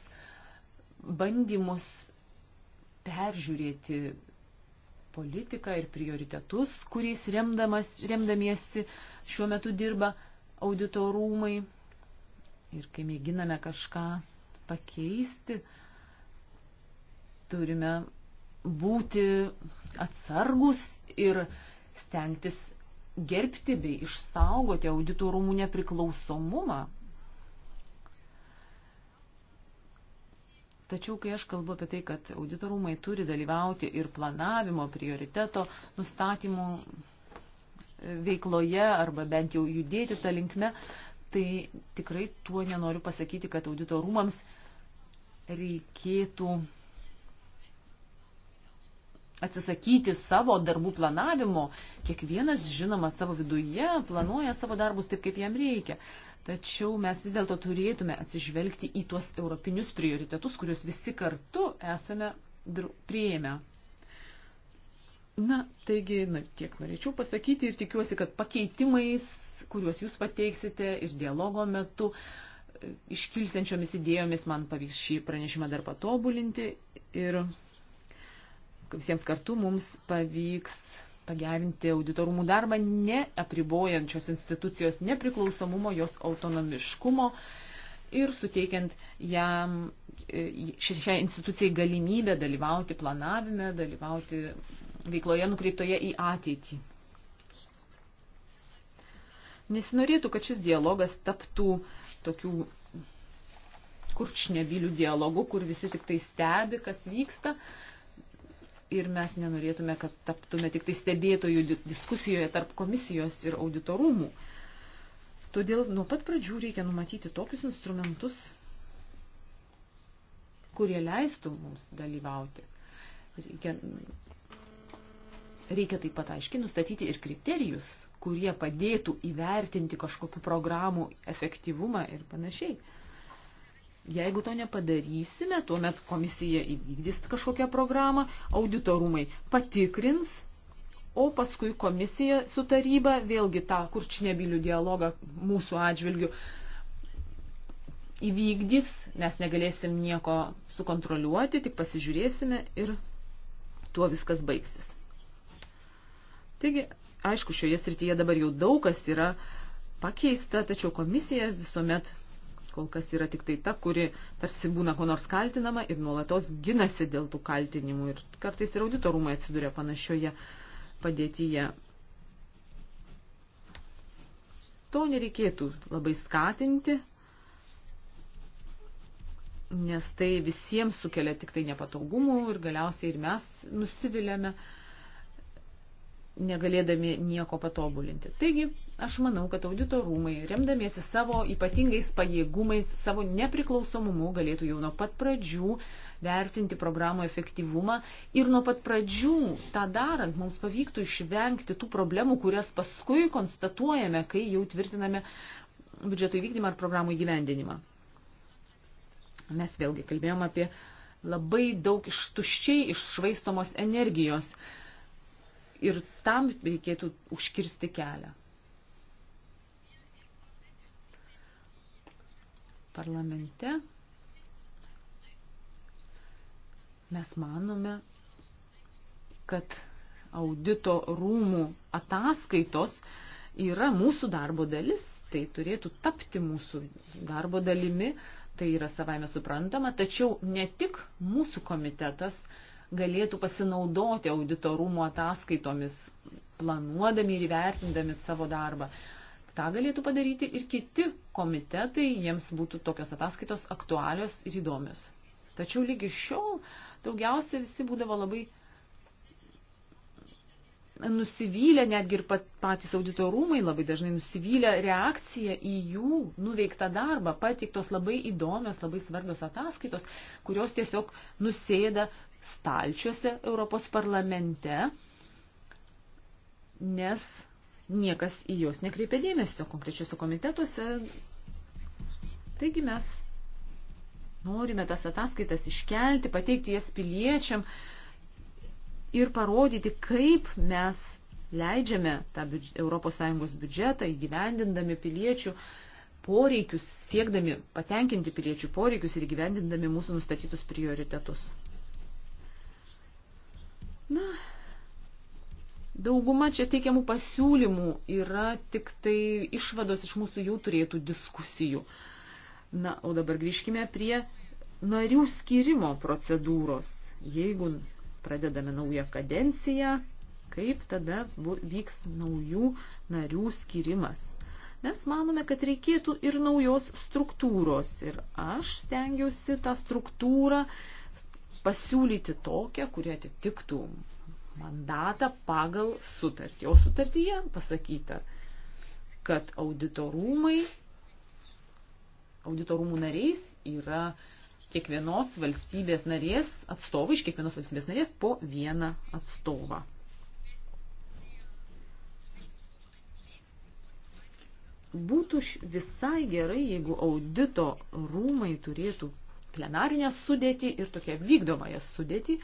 bandymus peržiūrėti politiką ir prioritetus, kuriais remdamas, remdamiesi šiuo metu dirba auditorumai ir kai mėginame kažką pakeisti, turime būti atsargus ir stengtis gerbti bei išsaugoti auditorumų nepriklausomumą. Tačiau, kai aš kalbu apie tai, kad auditorumai turi dalyvauti ir planavimo prioriteto nustatymo veikloje arba bent jau judėti tą linkme, tai tikrai tuo nenoriu pasakyti, kad audito rūmams reikėtų atsisakyti savo darbų planavimo. Kiekvienas, žinoma, savo viduje planuoja savo darbus taip, kaip jam reikia. Tačiau mes vis dėlto turėtume atsižvelgti į tuos europinius prioritetus, kuriuos visi kartu esame prieėmę. Na, taigi, na, tiek norėčiau pasakyti ir tikiuosi, kad pakeitimais, kuriuos jūs pateiksite ir dialogo metu, iškilsiančiomis idėjomis man pavyks šį pranešimą dar patobulinti ir visiems kartu mums pavyks pagerinti auditorumų darbą, neapribojančios institucijos nepriklausomumo, jos autonomiškumo ir suteikiant jam e, šiai institucijai galimybę dalyvauti planavime, dalyvauti veikloje nukreiptoje į ateitį. Nesinorėtų, kad šis dialogas taptų tokių kurčnebilių dialogų, kur visi tik tai stebi, kas vyksta. Ir mes nenorėtume, kad taptume tik tai stebėtojų diskusijoje tarp komisijos ir auditorumų. Todėl nuo pat pradžių reikia numatyti tokius instrumentus, kurie leistų mums dalyvauti. Reikia reikia taip pat aiškiai nustatyti ir kriterijus, kurie padėtų įvertinti kažkokių programų efektyvumą ir panašiai. Jeigu to nepadarysime, tuomet komisija įvykdys kažkokią programą, auditorumai patikrins, o paskui komisija su taryba vėlgi tą kurčnebilių dialogą mūsų atžvilgių įvykdys, mes negalėsim nieko sukontroliuoti, tik pasižiūrėsime ir tuo viskas baigsis. Taigi, aišku, šioje srityje dabar jau daug kas yra pakeista, tačiau komisija visuomet kol kas yra tik tai ta, kuri tarsi būna ko nors kaltinama ir nuolatos ginasi dėl tų kaltinimų ir kartais ir auditorumai atsiduria panašioje padėtyje. To nereikėtų labai skatinti, nes tai visiems sukelia tik tai nepatogumų ir galiausiai ir mes nusiviliame. Uh, negalėdami nieko patobulinti. Taigi, aš manau, kad audito rūmai, remdamiesi savo ypatingais pajėgumais, savo nepriklausomumu, galėtų jau nuo pat pradžių vertinti programų efektyvumą ir nuo pat pradžių tą darant mums pavyktų išvengti tų problemų, kurias paskui konstatuojame, kai jau tvirtiname biudžeto įvykdymą ar programų įgyvendinimą. Mes vėlgi kalbėjom apie labai daug iš tuščiai iššvaistomos energijos ir tam reikėtų užkirsti kelią. Parlamente mes manome, kad audito rūmų ataskaitos yra mūsų darbo dalis, tai turėtų tapti mūsų darbo dalimi, tai yra savaime suprantama, tačiau ne tik mūsų komitetas uh, galėtų pasinaudoti auditorumo ataskaitomis, planuodami ir įvertindami savo darbą. Ta galėtų padaryti ir kiti komitetai, jiems būtų tokios ataskaitos aktualios ir įdomios. Tačiau lygi šiol daugiausia visi būdavo labai nusivylę, netgi ir pat, patys auditorumai labai dažnai nusivylę reakciją į jų nuveiktą darbą, pateiktos labai įdomios, labai svarbios ataskaitos, kurios tiesiog nusėda stalčiuose Europos parlamente, nes niekas į juos nekreipia dėmesio konkrečiuose komitetuose. Taigi mes norime tas ataskaitas iškelti, pateikti jas piliečiam ir parodyti, kaip mes leidžiame tą ES biudžetą įgyvendindami piliečių poreikius, siekdami patenkinti piliečių poreikius ir įgyvendindami mūsų nustatytus prioritetus. Na, dauguma čia teikiamų pasiūlymų yra tik tai išvados iš mūsų jau turėtų diskusijų. Na, o dabar grįžkime prie narių skirimo procedūros. Jeigu pradedame naują kadenciją, kaip tada vyks naujų narių skirimas. Mes manome, kad reikėtų ir naujos struktūros. Ir aš stengiuosi tą struktūrą uh, pasiūlyti tokią, kuri atitiktų mandatą pagal sutartį. O sutartyje pasakyta, kad auditorumai, auditorumų nariais yra kiekvienos valstybės narės atstovai, iš kiekvienos valstybės narės po vieną atstovą. Būtų visai gerai, jeigu audito rūmai turėtų plenarinę sudėtį ir tokią vykdomąją sudėtį.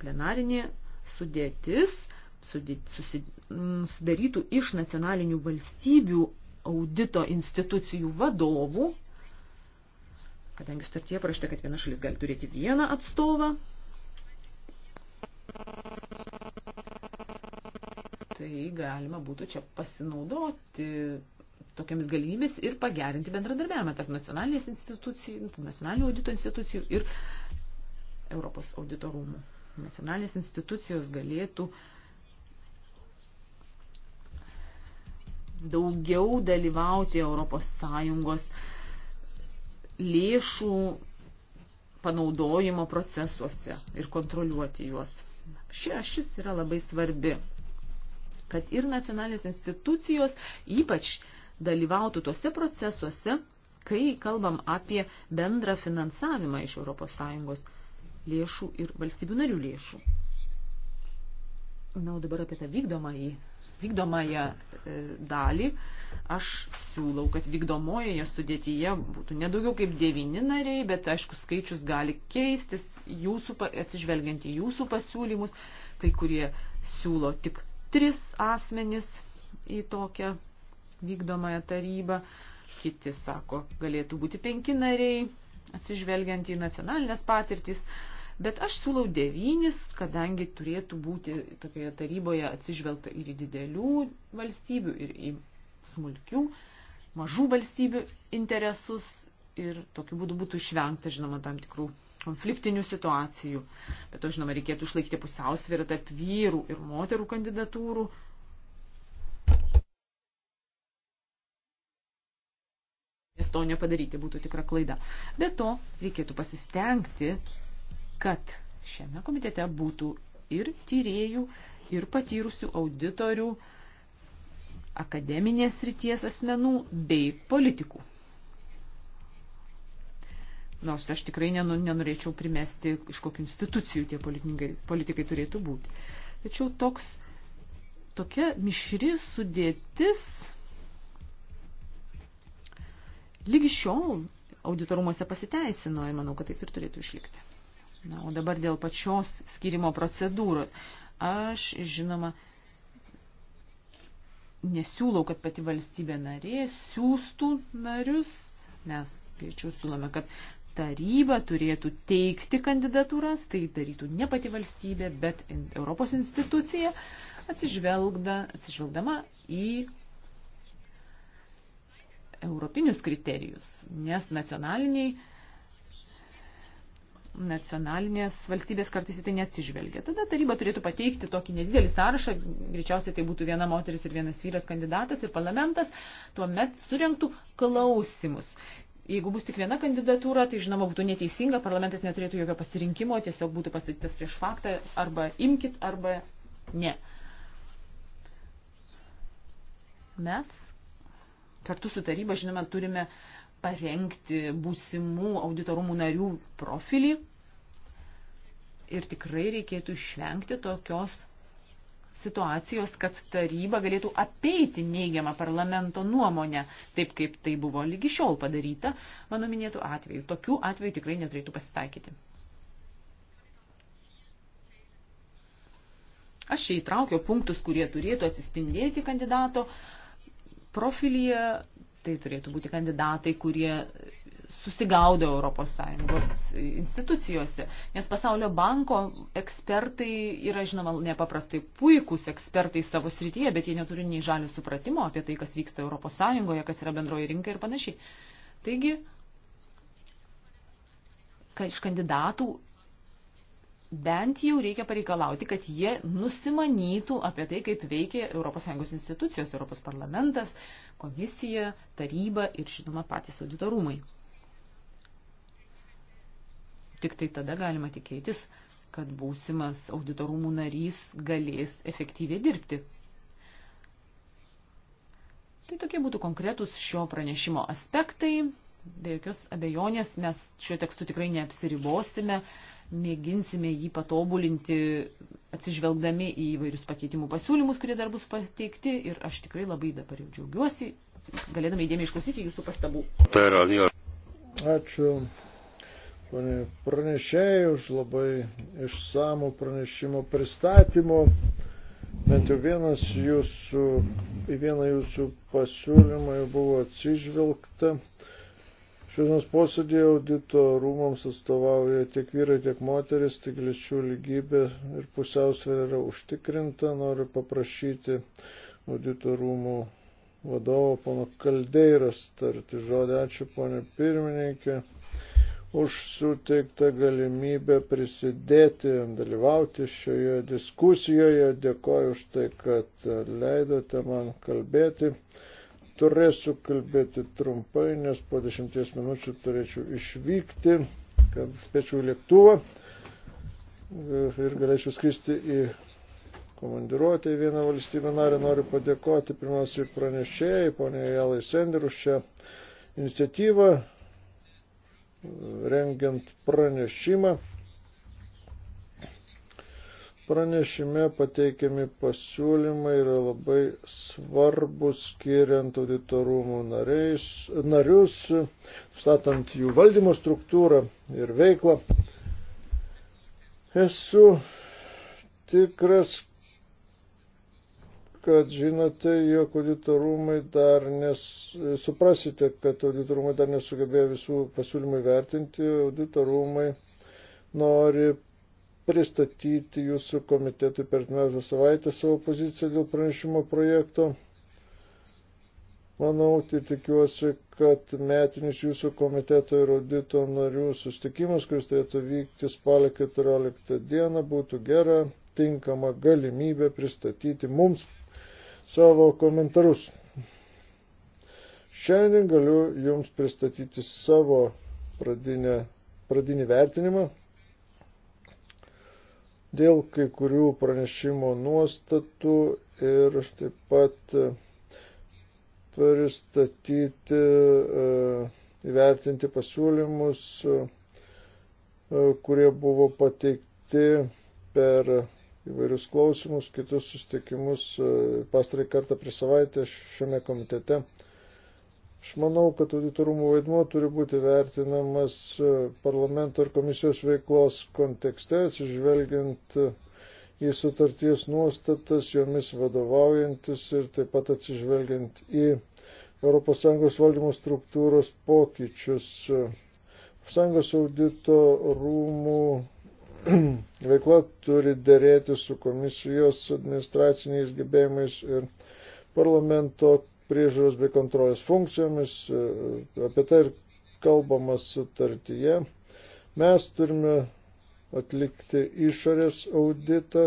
Plenarinė sudėtis mm, sudarytų iš nacionalinių valstybių audito institucijų vadovų, kadangi sutartie parašta, kad viena šalis gali turėti vieną atstovą. Tai galima būtų čia pasinaudoti tokiamis galimybės ir pagerinti bendradarbiavimą tarp nacionalinės institucijų, nacionalinio audito institucijų ir Europos audito rūmų. Nacionalinės institucijos galėtų daugiau dalyvauti Europos Sąjungos lėšų panaudojimo procesuose ir kontroliuoti juos. Ši ašis yra labai svarbi, kad ir nacionalinės institucijos, ypač uh, dalyvautų tuose procesuose, kai kalbam apie bendrą finansavimą iš ES lėšų ir valstybių narių lėšų. Na, o dabar apie tą vykdomąjį, vykdomąją e, dalį. Aš siūlau, kad vykdomojoje sudėtyje būtų nedaugiau kaip devyni nariai, bet aišku, skaičius gali keistis, jūsų, atsižvelgiant į jūsų pasiūlymus. Kai kurie siūlo tik tris asmenis į tokią vykdomąją tarybą, kiti sako, galėtų būti penki nariai, atsižvelgiant į nacionalinės patirtis, bet aš siūlau devynis, kadangi turėtų būti tokioje taryboje atsižvelgta ir į didelių valstybių, ir į smulkių, mažų valstybių interesus ir tokiu būdu būtų išvengta, žinoma, tam tikrų konfliktinių situacijų. Bet to, žinoma, reikėtų išlaikyti pusiausvyrą tarp vyrų ir moterų kandidatūrų, to nepadaryti, būtų tikra klaida. Be to, reikėtų pasistengti, kad šiame komitete būtų ir tyriejų, ir patyrusių auditorių, akademinės ryties asmenų bei politikų. Nors aš tikrai nenorėčiau primesti, iš kokių institucijų tie politikai, politikai turėtų būti. Tačiau toks, tokia mišri sudėtis Lygi šiol auditorumuose pasiteisino ir manau, kad taip ir turėtų išlikti. Na, o dabar dėl pačios skirimo procedūros. Aš, žinoma, nesiūlau, kad pati valstybė narė siūstų narius. Mes, greičiau, siūlome, kad taryba turėtų teikti kandidatūras, tai darytų ne pati valstybė, bet Europos institucija, atsižvelgda, atsižvelgdama į europinius kriterijus, nes nacionaliniai nacionalinės valstybės kartais į tai neatsižvelgia. Tada taryba turėtų pateikti tokį nedidelį sąrašą, greičiausiai tai būtų viena moteris ir vienas vyras kandidatas ir parlamentas, tuomet surinktų klausimus. Jeigu bus tik viena kandidatūra, tai žinoma būtų neteisinga, parlamentas neturėtų jokio pasirinkimo, tiesiog būtų pastatytas prieš faktą arba imkit arba ne. Mes kartu su taryba, žinoma, turime parengti būsimų auditorumų narių profilį ir tikrai reikėtų išvengti tokios situacijos, kad taryba galėtų apeiti neigiamą parlamento nuomonę, taip kaip tai buvo lygi šiol padaryta, mano minėtų atveju. Tokių atvejų tikrai neturėtų pasitaikyti. Aš čia įtraukiau punktus, kurie turėtų atsispindėti kandidato profilyje, tai turėtų būti kandidatai, kurie susigaudo ES institucijose, nes pasaulio banko ekspertai yra, žinoma, nepaprastai puikūs ekspertai savo srityje, bet jie neturi nei žalių supratimo apie tai, kas vyksta ES, kas yra bendroji rinka ir panašiai. Taigi, kad iš kandidatų bent jau reikia pareikalauti, kad jie nusimanytų apie tai, kaip veikia ES institucijos, ES parlamentas, komisija, taryba ir, žinoma, patys auditorumai. Tik tai tada galima tikėtis, kad būsimas auditorumų narys galės efektyviai dirbti. Tai tokie būtų konkretus šio pranešimo aspektai. Be jokios abejonės mes šiuo tekstu tikrai neapsiribosime. Uh, mėginsime jį patobulinti, atsižvelgdami į įvairius pakeitimų pasiūlymus, kurie dar bus pateikti ir aš tikrai labai dabar jau džiaugiuosi, galėdami įdėmiai išklausyti jūsų pastabų. Ačiū. Pane pranešėjai už labai išsamų pranešimo pristatymo. Bent jau vienas jūsų, į vieną jūsų pasiūlymą jau buvo atsižvelgta. Šiandienos posėdėje audito rūmams atstovauja tiek vyrai, tiek moteris, tik lyčių lygybė ir pusiausvėra yra užtikrinta. Noriu paprašyti audito rūmų vadovo, pono Kaldeiras, tarti žodį. Ačiū, ponė pirmininkė, už suteiktą galimybę prisidėti, dalyvauti šioje diskusijoje. Dėkoju už tai, kad leidote man kalbėti. Turėsiu kalbėti trumpai, nes po dešimties minučių turėčiau išvykti, kad spėčiau lėktuvą ir galėčiau skristi į komandiruotę į vieną valstybę narę. Noriu padėkoti pirmiausiai pranešėjai, poniai Jalai Sender, už šią iniciatyvą, rengiant pranešimą. Pranešime pateikiami pasiūlymai yra labai svarbus skiriant auditorumų nariais, narius, statant jų valdymo struktūrą ir veiklą. Esu tikras, kad žinote, jog auditorumai dar nes, suprasite, kad auditorumai dar nesugebėjo visų pasiūlymų vertinti, auditorumai nori pristatyti jūsų komitetui per atmesą savaitę savo poziciją dėl pranešimo projekto. Manau ir tai tikiuosi, kad metinis jūsų komiteto ir audito narių sustikimas, kuris turėtų vykti spalio 14 dieną, būtų gera, tinkama galimybė pristatyti mums savo komentarus. Šiandien galiu jums pristatyti savo pradinę, pradinį vertinimą dėl kai kurių pranešimo nuostatų ir taip pat e, pristatyti, e, įvertinti pasiūlymus, e, kurie buvo pateikti per įvairius klausimus, kitus sustikimus pastarį kartą per savaitę šiame komitete. Aš manau, kad auditorumų vaidmuo turi būti vertinamas e, parlamento ir komisijos veiklos kontekste, atsižvelgiant e, į sutarties nuostatas, jomis vadovaujantis ir taip pat atsižvelgiant į ES valdymo struktūros pokyčius. ES audito rūmų veikla turi dėrėti su komisijos administraciniais gebėjimais ir parlamento priežiūros bei kontrolės funkcijomis, e, apie tai ir kalbama sutartyje. Mes turime atlikti išorės auditą,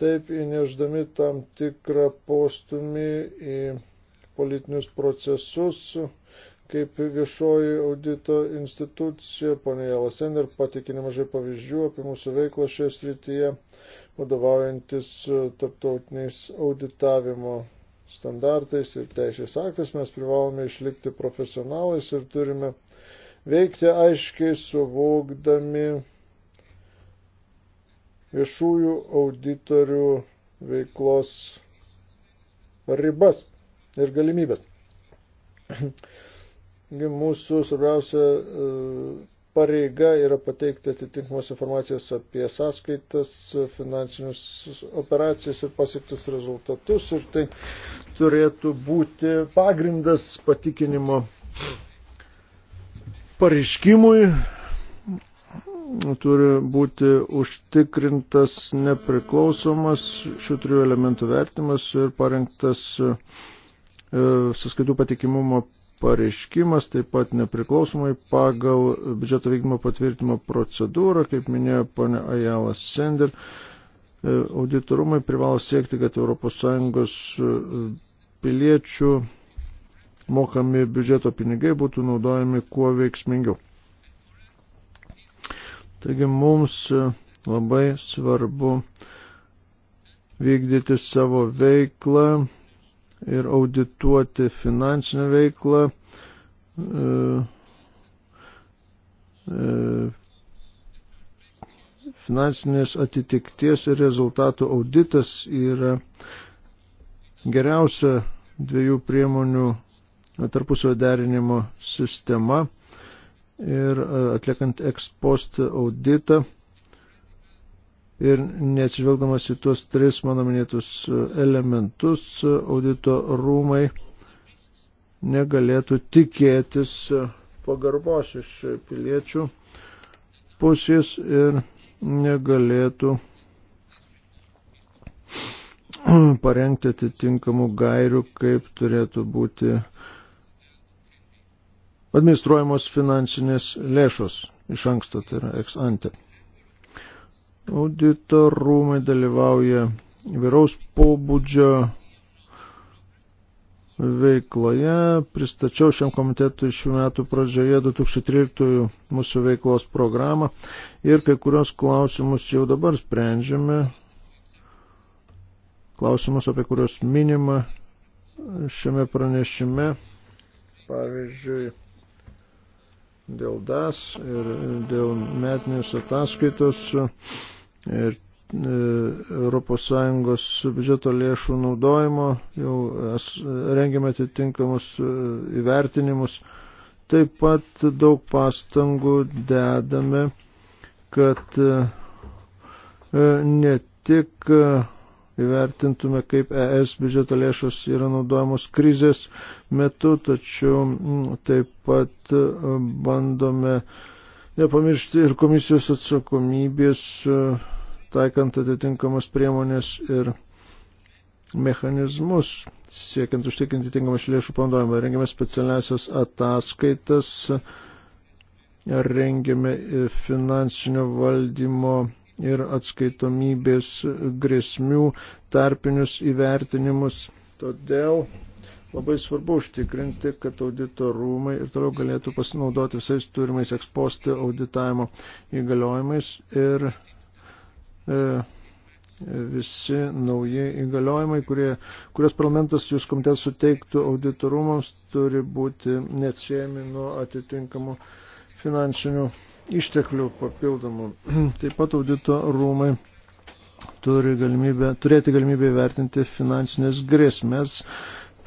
taip įneždami tam tikrą postumį į politinius procesus, kaip viešoji audito institucija, ponė Jalasender patikė nemažai pavyzdžių apie mūsų veiklą šioje srityje, vadovaujantis e, tarptautiniais auditavimo standartais ir teisės aktais, mes privalome išlikti profesionalais ir turime veikti aiškiai suvokdami viešųjų auditorių veiklos ribas ir galimybės. Mūsų svarbiausia pareiga yra pateikti atitinkamos informacijos apie sąskaitas, finansinius operacijas ir pasiektus rezultatus ir tai turėtų būti pagrindas patikinimo pareiškimui turi būti užtikrintas nepriklausomas šių trijų elementų vertimas ir parengtas e, sąskaitų patikimumo pareiškimas, taip pat nepriklausomai pagal biudžeto vykdymo patvirtimo procedūrą, kaip minėjo ponė Ajalas Sender, e, auditorumai privalo siekti, kad ES e, piliečių mokami biudžeto pinigai būtų naudojami kuo veiksmingiau. Taigi mums e, labai svarbu vykdyti savo veiklą ir audituoti finansinę veiklą, e, e, finansinės atitikties ir rezultatų auditas yra geriausia dviejų priemonių tarpusio derinimo sistema ir e, atliekant ekspost auditą ir neatsižvelgdamas į tuos tris mano minėtus e, elementus, e, audito rūmai negalėtų tikėtis e, pagarbos iš piliečių pusės ir negalėtų parengti atitinkamų gairių, kaip turėtų būti administruojamos finansinės lėšos iš anksto, tai yra ex ante. Audito rūmai dalyvauja įvairaus pobūdžio veikloje. Pristačiau šiam komitetui šių metų pradžioje 2013 mūsų veiklos programą ir kai kurios klausimus jau dabar sprendžiame. Klausimus, apie kurios minima šiame pranešime, pavyzdžiui, dėl DAS ir dėl metinės ataskaitos. Uh, ir ES biudžeto lėšų naudojimo, jau rengiame atitinkamus e, įvertinimus. Taip pat daug pastangų dedame, kad e, e, ne tik įvertintume, kaip ES biudžeto lėšos yra naudojamos krizės metu, tačiau taip pat bandome uh, nepamiršti ir komisijos atsakomybės, e, taikant atitinkamas priemonės ir mechanizmus, siekiant užtikrinti tinkamą lėšų panaudojimą. Rengiame specialiasias ataskaitas, rengiame finansinio valdymo ir atskaitomybės grėsmių tarpinius įvertinimus. Todėl Labai svarbu užtikrinti, kad audito rūmai ir toliau galėtų pasinaudoti visais turimais ekspostį auditavimo įgaliojimais ir e, visi nauji įgaliojimai, kurie, kurios parlamentas jūs komitetas suteiktų auditorumams, turi būti neatsiejami nuo atitinkamų finansinių išteklių papildomų. Taip pat audito rūmai turi galimybę, turėti galimybę vertinti finansinės grėsmės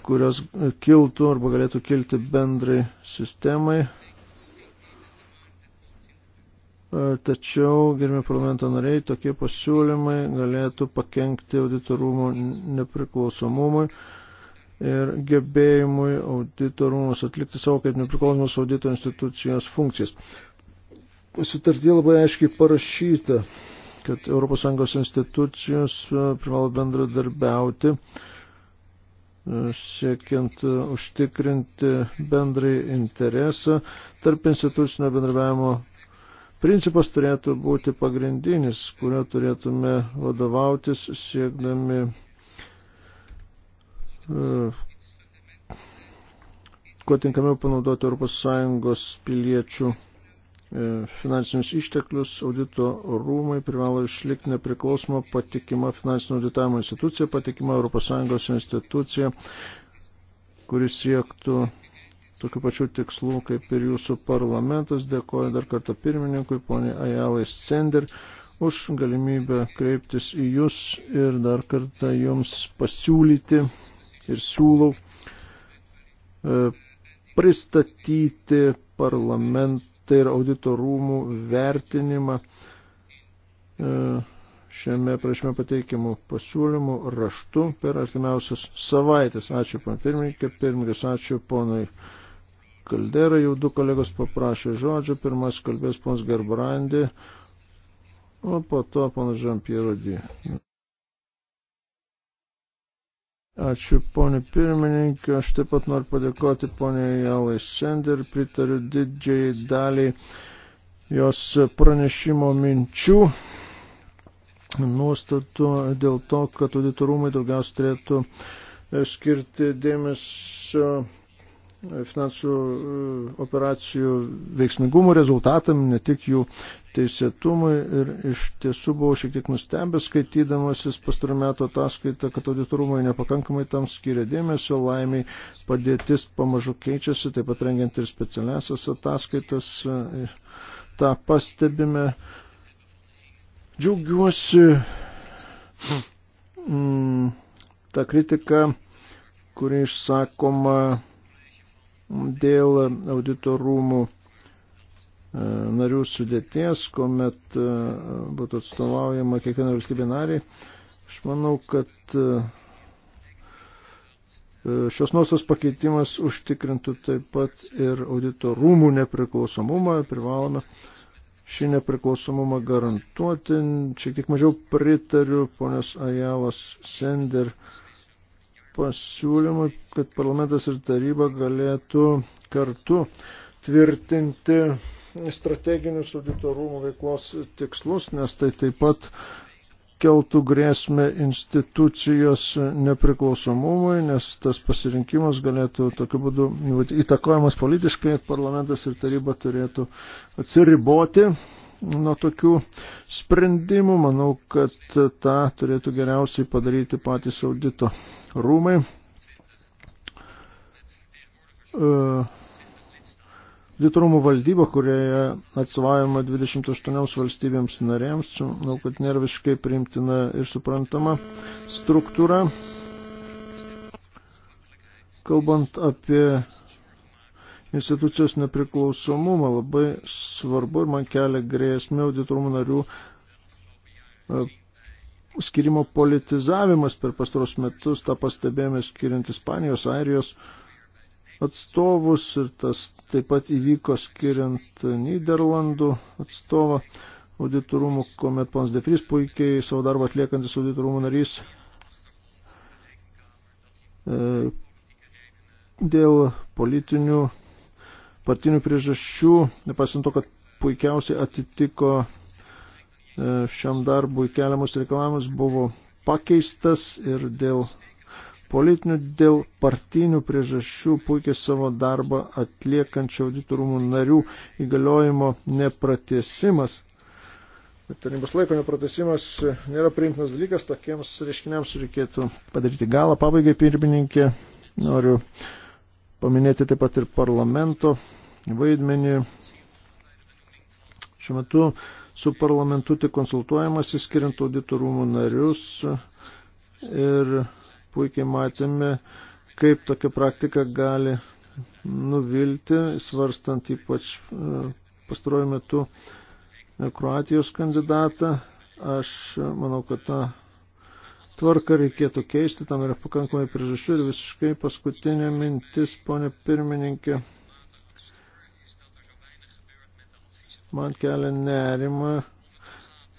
kurios kiltų arba galėtų kilti bendrai sistemai. E, tačiau, gerbimi parlamento nariai, tokie pasiūlymai galėtų pakengti auditorumų nepriklausomumui ir gebėjimui auditorumus atlikti savo kaip nepriklausomos audito institucijos funkcijas. Sutartyje labai aiškiai parašyta, kad ES institucijos e, privalo bendradarbiauti siekiant užtikrinti bendrai interesą tarp institucinio bendravimo. Principas turėtų būti pagrindinis, kurio turėtume vadovautis siekdami e, kuo tinkamiau panaudoti ES piliečių E, finansinius išteklius, audito rūmai privalo išlikti nepriklausoma patikima finansinio auditavimo institucija, patikima ES institucija, kuris siektų tokių pačių tikslų kaip ir jūsų parlamentas. Dėkoju dar kartą pirmininkui, poniai Ajalai Sender, už galimybę kreiptis į jūs ir dar kartą jums pasiūlyti ir siūlau e, pristatyti parlamentą tai yra auditorumų vertinimą e, šiame prašyme pateikimų pasiūlymų raštu per artimiausias savaitės. Ačiū, pan pirmininkė, pirmininkas, ačiū ponui Kaldera, jau du kolegos paprašė žodžio, pirmas kalbės pons Gerbrandi, o po to ponas Žampiero Dė. Ačiū, ponė pirmininkė. Aš taip pat noriu padėkoti ponė Jalai Sender, pritariu didžiai daliai jos pranešimo minčių, nuostatų dėl to, kad auditorumai daugiausia turėtų e, skirti dėmesio e, finansų e, operacijų veiksmingumų rezultatam, ne tik jų teisėtumui ir iš tiesų buvau šiek tiek nustebęs skaitydamasis pastarų metų ataskaitą, kad auditorumai nepakankamai tam skiria dėmesio, laimiai padėtis pamažu keičiasi, taip pat rengiant ir specialiasias ataskaitas, tą pastebime. Džiaugiuosi mm, tą kritiką, kuri išsakoma dėl auditorumų rūmų E, narių sudėties, kuomet e, būtų atstovaujama kiekviena valstybė nariai. Aš manau, kad e, šios nuostos pakeitimas užtikrintų taip pat ir audito rūmų nepriklausomumą. Privalome šį nepriklausomumą garantuoti. Šiek tiek mažiau pritariu ponios Ajalas Sender pasiūlymui, kad parlamentas ir taryba galėtų kartu tvirtinti strateginius auditorumų veiklos tikslus, nes tai taip pat keltų grėsmę institucijos nepriklausomumui, nes tas pasirinkimas galėtų tokiu būdu įtakojamas politiškai, parlamentas ir taryba turėtų atsiriboti nuo tokių sprendimų. Manau, kad tą turėtų geriausiai padaryti patys audito rūmai. Uh Auditorumų valdyba, kurioje atstovaujama 28 valstybėms narėms, manau, kad nėra visiškai priimtina ir suprantama struktūra. Kalbant apie institucijos nepriklausomumą, labai svarbu ir man kelia grėsmė auditorumų narių e, skirimo politizavimas per pastaros metus, tą pastebėjome skiriant Ispanijos, Airijos atstovus ir tas taip pat įvyko skiriant Niderlandų atstovą auditorumų, kuomet pons Defris puikiai savo darbą atliekantis auditorumų narys e, dėl politinių partinių priežasčių, nepaisant to, kad puikiausiai atitiko e, šiam darbui keliamus reikalavimus, buvo pakeistas ir dėl politinių dėl partinių priežasčių puikiai savo darbą atliekančių auditorumų narių įgaliojimo nepratesimas. Tarnybos laiko nepratesimas nėra priimtinas dalykas, tokiems reiškiniams reikėtų padaryti galą. Pabaigai, pirmininkė, noriu paminėti taip pat ir parlamento vaidmenį. Šiuo metu su parlamentu tik konsultuojamas, įskiriant auditorumų narius ir puikiai matėme, kaip tokia praktika gali nuvilti, svarstant ypač e, pastaruoju metu e, Kroatijos kandidatą. Aš e, manau, kad tą tvarką reikėtų keisti, tam yra pakankamai priežasčių ir visiškai paskutinė mintis, ponė pirmininkė, man kelia nerima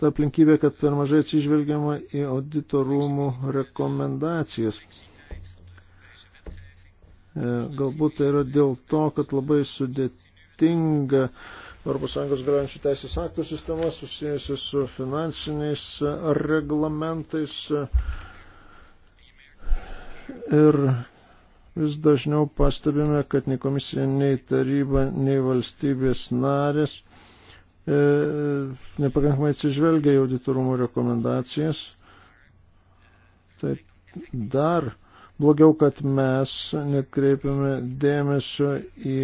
ta aplinkybė, kad per mažai atsižvelgiama į auditorumų rekomendacijas. E, galbūt tai yra dėl to, kad labai sudėtinga ES galiojančių teisės aktų sistema susijusi su finansiniais reglamentais ir vis dažniau pastebime, kad nei komisija, nei taryba, nei valstybės narės E, nepakankamai atsižvelgia į auditorumo rekomendacijas. Taip, dar blogiau, kad mes netkreipiame dėmesio į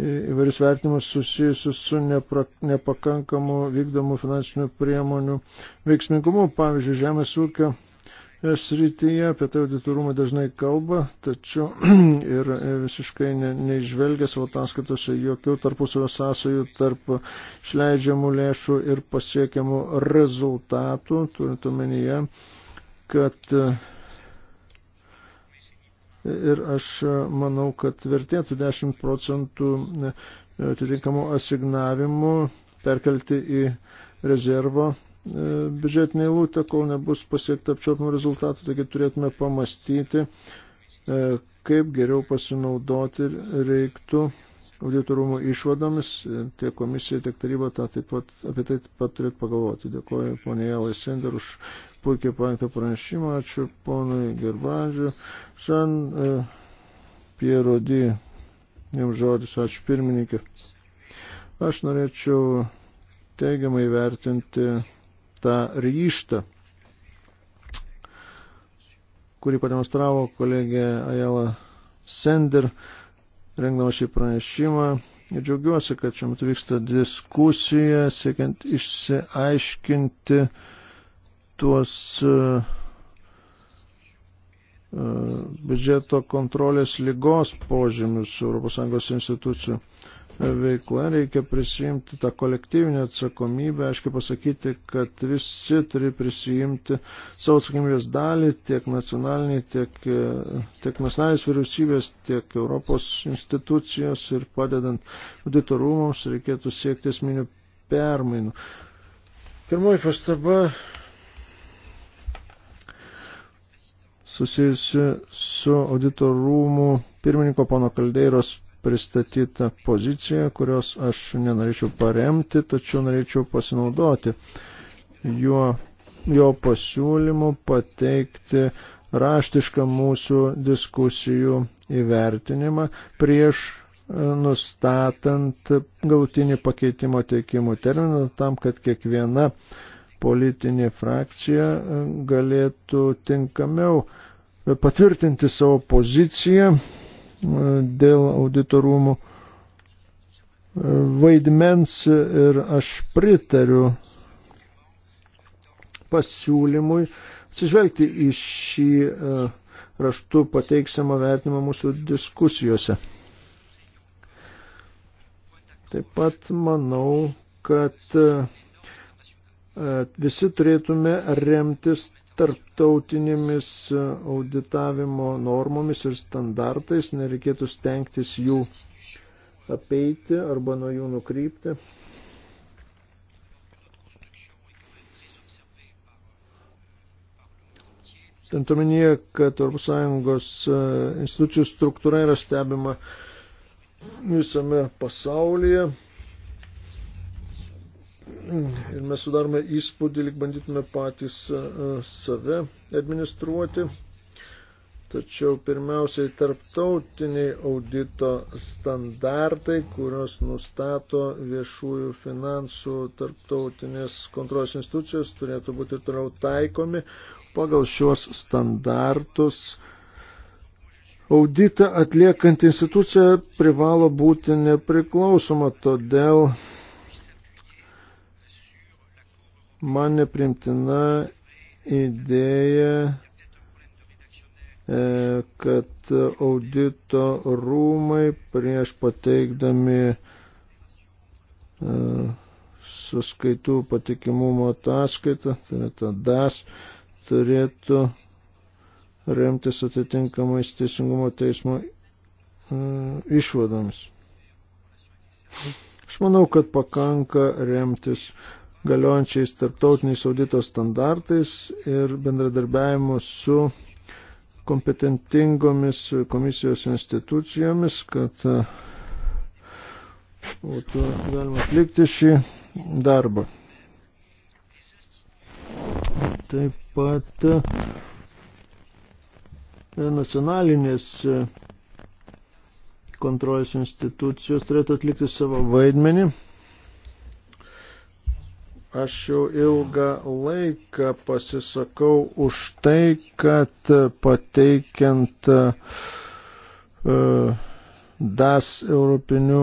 įvairius vertimus susijusius su nepra, nepakankamu vykdomų finansinių priemonių veiksmingumu, pavyzdžiui, žemės ūkio srityje, apie tai auditorumai dažnai kalba, tačiau ir visiškai ne, neižvelgia savo ataskaitose jokių tarpusavio sąsajų tarp išleidžiamų lėšų ir pasiekiamų rezultatų, turint omenyje, kad ir aš manau, kad vertėtų 10 procentų atitinkamų asignavimų perkelti į rezervo E, biudžetinė eilutė, kol nebus pasiekta apčiopimų rezultatų, taigi turėtume pamastyti, e, kaip geriau pasinaudoti reiktų auditorumų išvadomis, e, tiek komisija, tiek taryba ta taip pat, apie tai taip pat turėtų pagalvoti. Dėkuoju ponė Jelai Sender už puikiai parengtą pranešimą, ačiū ponui Gerbandžiu. San uh, Pierodi, jums žodis, ačiū pirmininkė. Aš norėčiau teigiamai vertinti tą ryštą, kurį pademonstravo kolegė Ajala Sender, rengdama šį pranešimą. Ir džiaugiuosi, kad šiuo metu vyksta diskusija, siekiant išsiaiškinti tuos uh, biudžeto kontrolės lygos požymius ES institucijų. Uh, veikla, reikia prisijimti tą kolektyvinę atsakomybę, aiškiai pasakyti, kad visi turi prisijimti savo atsakomybės dalį, tiek nacionaliniai, tiek, e, tiek nacionalinės vyriausybės, tiek Europos institucijos ir padedant auditorumams reikėtų siekti esminių permainų. Pirmoji pastaba susijusi su auditorumų pirmininko pono Kaldeiros pristatyta pozicija, kurios aš nenorėčiau paremti, tačiau norėčiau pasinaudoti jo, jo pasiūlymu pateikti raštišką mūsų diskusijų įvertinimą prieš e, nustatant galutinį pakeitimo teikimų terminą tam, kad kiekviena politinė frakcija e, galėtų tinkamiau e, patvirtinti savo poziciją dėl auditorumų e, vaidmens ir aš pritariu pasiūlymui atsižvelgti į šį e, raštu pateiksiamą vertinimą mūsų diskusijose. Taip pat manau, kad e, visi turėtume remtis tarptautinėmis auditavimo normomis ir standartais, nereikėtų stengtis jų apeiti arba nuo jų nukrypti. Ten tuomenyje, kad ES e, institucijų struktūra yra stebima visame pasaulyje Ir mes sudarome įspūdį, lik bandytume patys e, e, save administruoti. Tačiau pirmiausiai tarptautiniai audito standartai, kurios nustato viešųjų finansų tarptautinės kontrolės institucijos, turėtų būti toliau taikomi. Pagal šios standartus auditą atliekant instituciją privalo būti nepriklausoma, todėl Man neprimtina idėja, e, kad audito rūmai prieš pateikdami e, suskaitų patikimumo ataskaitą, tai yra ta DAS, turėtų remtis atitinkamais teisingumo teismo e, išvadomis. Aš manau, kad pakanka remtis galiojančiais tarptautiniais audito standartais ir bendradarbiavimu su kompetentingomis komisijos institucijomis, kad e, būtų galima atlikti šį darbą. Taip pat e, nacionalinės e, kontrolės institucijos turėtų atlikti savo vaidmenį Aš jau ilgą laiką pasisakau už tai, kad pateikiant uh, DAS europinių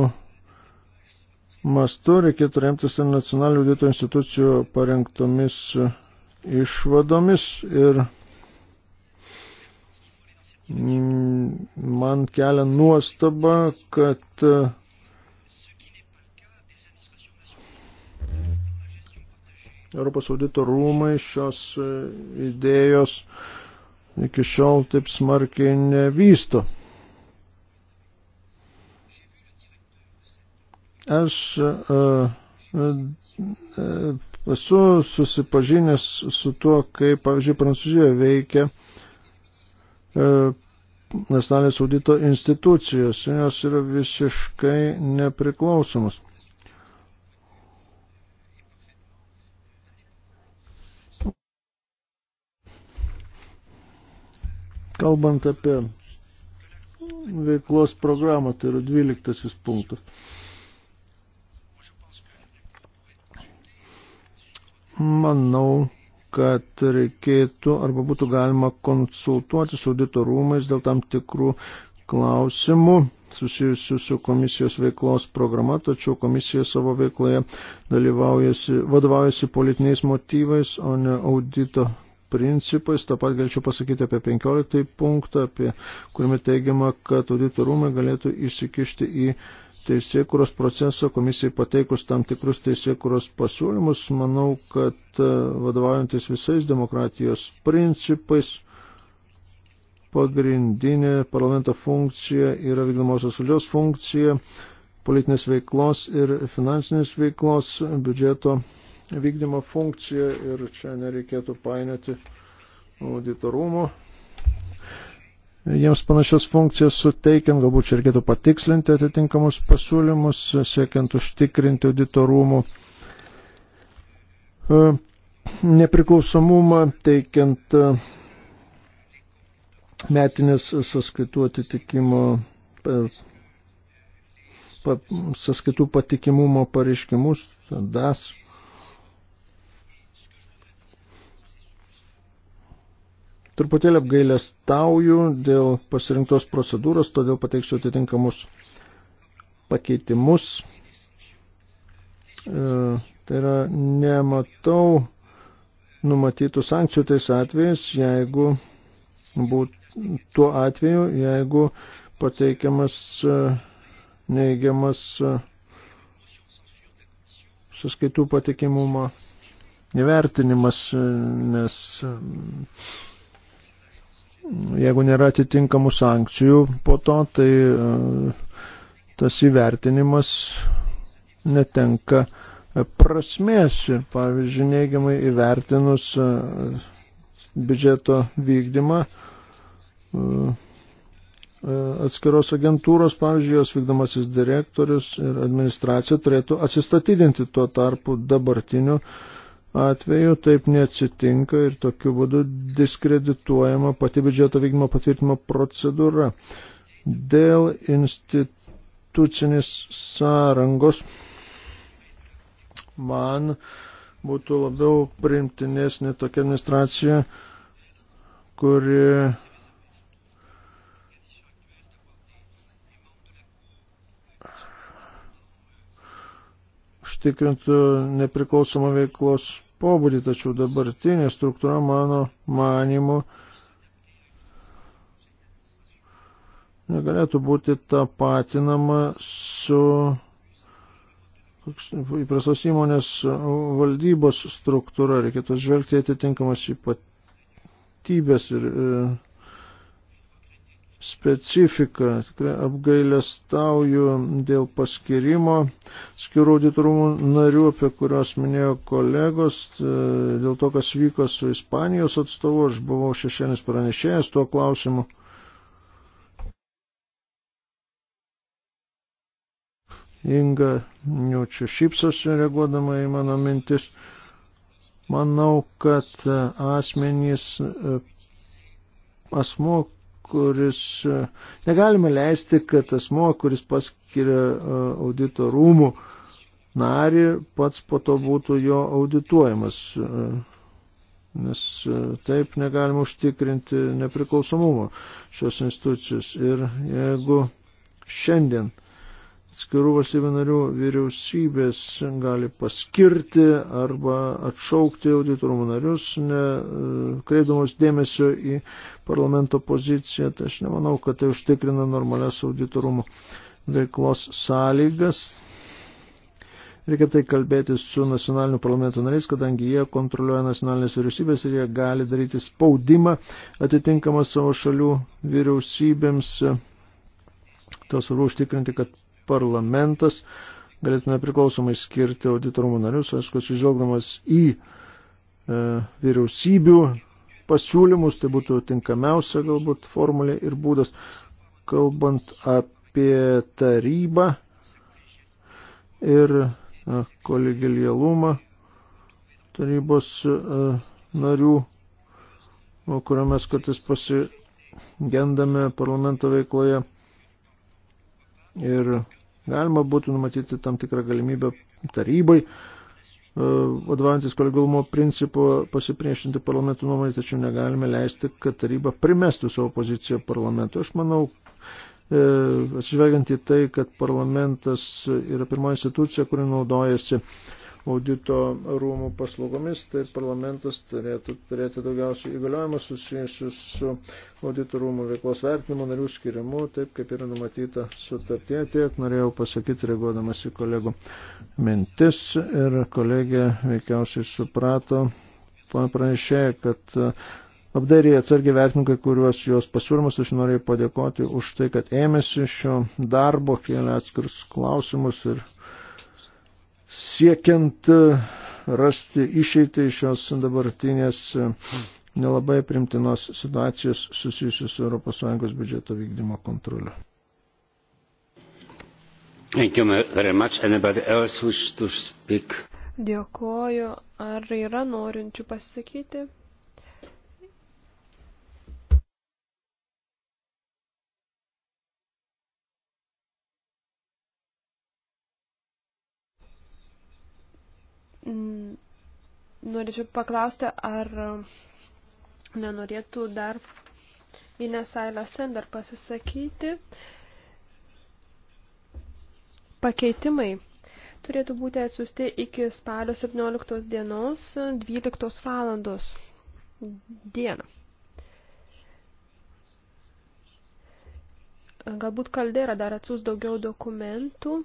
mastų reikėtų remtis ir nacionalinių audito institucijų parengtomis išvadomis ir mm, man kelia nuostaba, kad uh, Europos audito rūmai šios e, idėjos iki šiol taip smarkiai nevysto. Aš e, e, esu susipažinęs su tuo, kaip, pavyzdžiui, Prancūzijoje veikia nacionalinės audito institucijos, jos yra visiškai nepriklausomas. Kalbant apie veiklos programą, tai yra 12 punktas. Manau, kad reikėtų arba būtų galima konsultuoti su auditorumais dėl tam tikrų klausimų susijusių su komisijos veiklos programa, tačiau komisija savo veikloje dalyvaujasi, vadovaujasi politiniais motyvais, o ne audito principais. Ta pat galėčiau pasakyti apie 15 punktą, apie kuriame teigiama, kad auditorumai galėtų įsikišti į teisėkuros procesą komisijai pateikus tam tikrus teisėkuros pasiūlymus. Manau, kad e, vadovaujantis visais demokratijos principais pagrindinė parlamento funkcija yra vykdomosios valdžios funkcija politinės veiklos ir finansinės veiklos biudžeto vykdymo funkciją ir čia nereikėtų painioti auditorumo. Jiems panašias funkcijas suteikiant, galbūt čia reikėtų patikslinti atitinkamus pasiūlymus, siekiant užtikrinti auditorumų e, nepriklausomumą, teikiant e, metinės sąskaitų atitikimo e, sąskaitų patikimumo pareiškimus, DAS Truputėlį apgailestauju dėl pasirinktos procedūros, todėl pateiksiu atitinkamus pakeitimus. E, tai yra, nematau numatytų sankcijų tais atvejais, jeigu būt, tuo atveju, jeigu pateikiamas e, neigiamas e, suskaitų patikimumo įvertinimas, e, nes jeigu nėra atitinkamų sankcijų po to, tai e, tas įvertinimas netenka e, prasmės ir, pavyzdžiui, neigiamai įvertinus e, biudžeto vykdymą atskiros agentūros, pavyzdžiui, jos vykdomasis direktorius ir administracija turėtų atsistatydinti tuo tarpu dabartiniu uh, atveju taip neatsitinka ir tokiu būdu diskredituojama pati biudžeto vykdymo patvirtinimo procedūra. Dėl institucinės sąrangos man būtų labiau priimtinesnė tokia administracija, kuri užtikrintų nepriklausomą veiklos pobūdį, tačiau dabartinė struktūra mano manimu negalėtų būti tapatinama su įprastos įmonės valdybos struktūra. Reikėtų žvelgti atitinkamas ypatybės ir e, specifiką. Tikrai apgailestauju dėl paskirimo skirų auditorumų narių, apie kuriuos minėjo kolegos, e, dėl to, kas vyko su Ispanijos atstovu, aš buvau šešienis pranešėjęs tuo klausimu. Inga jau čia šypsosi reaguodama į mano mintis. Manau, kad asmenys, e, asmo, kuris e, negalime leisti, kad asmo, kuris paskiria e, audito rūmų narį, pats po to būtų jo audituojamas, e, nes taip negalima užtikrinti nepriklausomumo šios institucijos. Ir jeigu šiandien skirų valstybių narių vyriausybės gali paskirti arba atšaukti auditorumų narius, ne, e, kreidamos dėmesio į parlamento poziciją. Tai aš nemanau, kad tai užtikrina normalias auditorumų veiklos sąlygas. Reikia tai kalbėti su nacionaliniu parlamento nariais, kadangi jie kontroliuoja nacionalinės vyriausybės ir jie gali daryti spaudimą atitinkamą savo šalių vyriausybėms e, tos svarbu užtikrinti, kad parlamentas galėtume priklausomai skirti auditorumų narius, aišku, sužvelgdamas į e, vyriausybių pasiūlymus, tai būtų tinkamiausia galbūt formulė ir būdas, kalbant apie tarybą ir e, kolegialumą tarybos e, narių, kuriuo mes kartais pasigendame parlamento veikloje ir galima būtų numatyti tam tikrą galimybę tarybai e, vadovantis kolegalumo principu pasipriešinti parlamentų nuomonį, tačiau negalime leisti, kad taryba primestų savo poziciją parlamentui. Aš manau, e, atsižvelgiant į tai, kad parlamentas yra pirmoji institucija, kuri naudojasi audito rūmų paslaugomis, tai parlamentas turėtų turėti daugiausiai įgaliojimų susijusių su audito rūmų veiklos vertinimu, narių skirimu, taip kaip yra numatyta sutartie, tiek norėjau pasakyti reaguodamas į kolegų mintis ir kolegė veikiausiai suprato, pranešė, kad uh, Apdairiai atsargiai vertinkai, kuriuos jos pasiūlymus, aš norėjau padėkoti už tai, kad ėmėsi šio darbo, kėlė atskirus klausimus ir siekiant e, rasti išeitį iš šios dabartinės e, nelabai primtinos situacijos susijusios su ES biudžeto vykdymo kontroliu. Dėkoju. Ar yra norinčių pasakyti? Mm, norėčiau paklausti, ar um, nenorėtų dar Inesailą Sender pasisakyti. Pakeitimai turėtų būti atsiusti iki spalio 17 dienos 12 valandos dieną. Galbūt kaldera dar atsius daugiau dokumentų.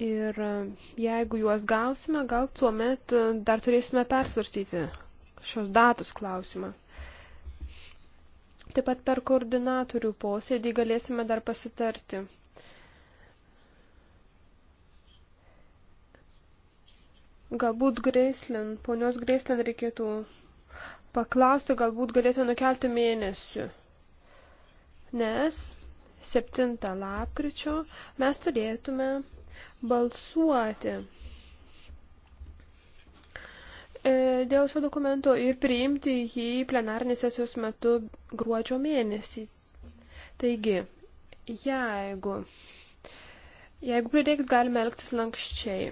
Ir e, jeigu juos gausime, gal tuomet e, dar turėsime persvarstyti šios datos klausimą. Taip pat per koordinatorių posėdį galėsime dar pasitarti. Galbūt Greislin, ponios Greislin reikėtų paklausti, galbūt galėtų nukelti mėnesių. Nes 7 lapkričio mes turėtume balsuoti e, dėl šio dokumento ir priimti jį plenarnės sesijos metu gruodžio mėnesį. Taigi, jeigu, jeigu prireiks, galime elgtis lankščiai.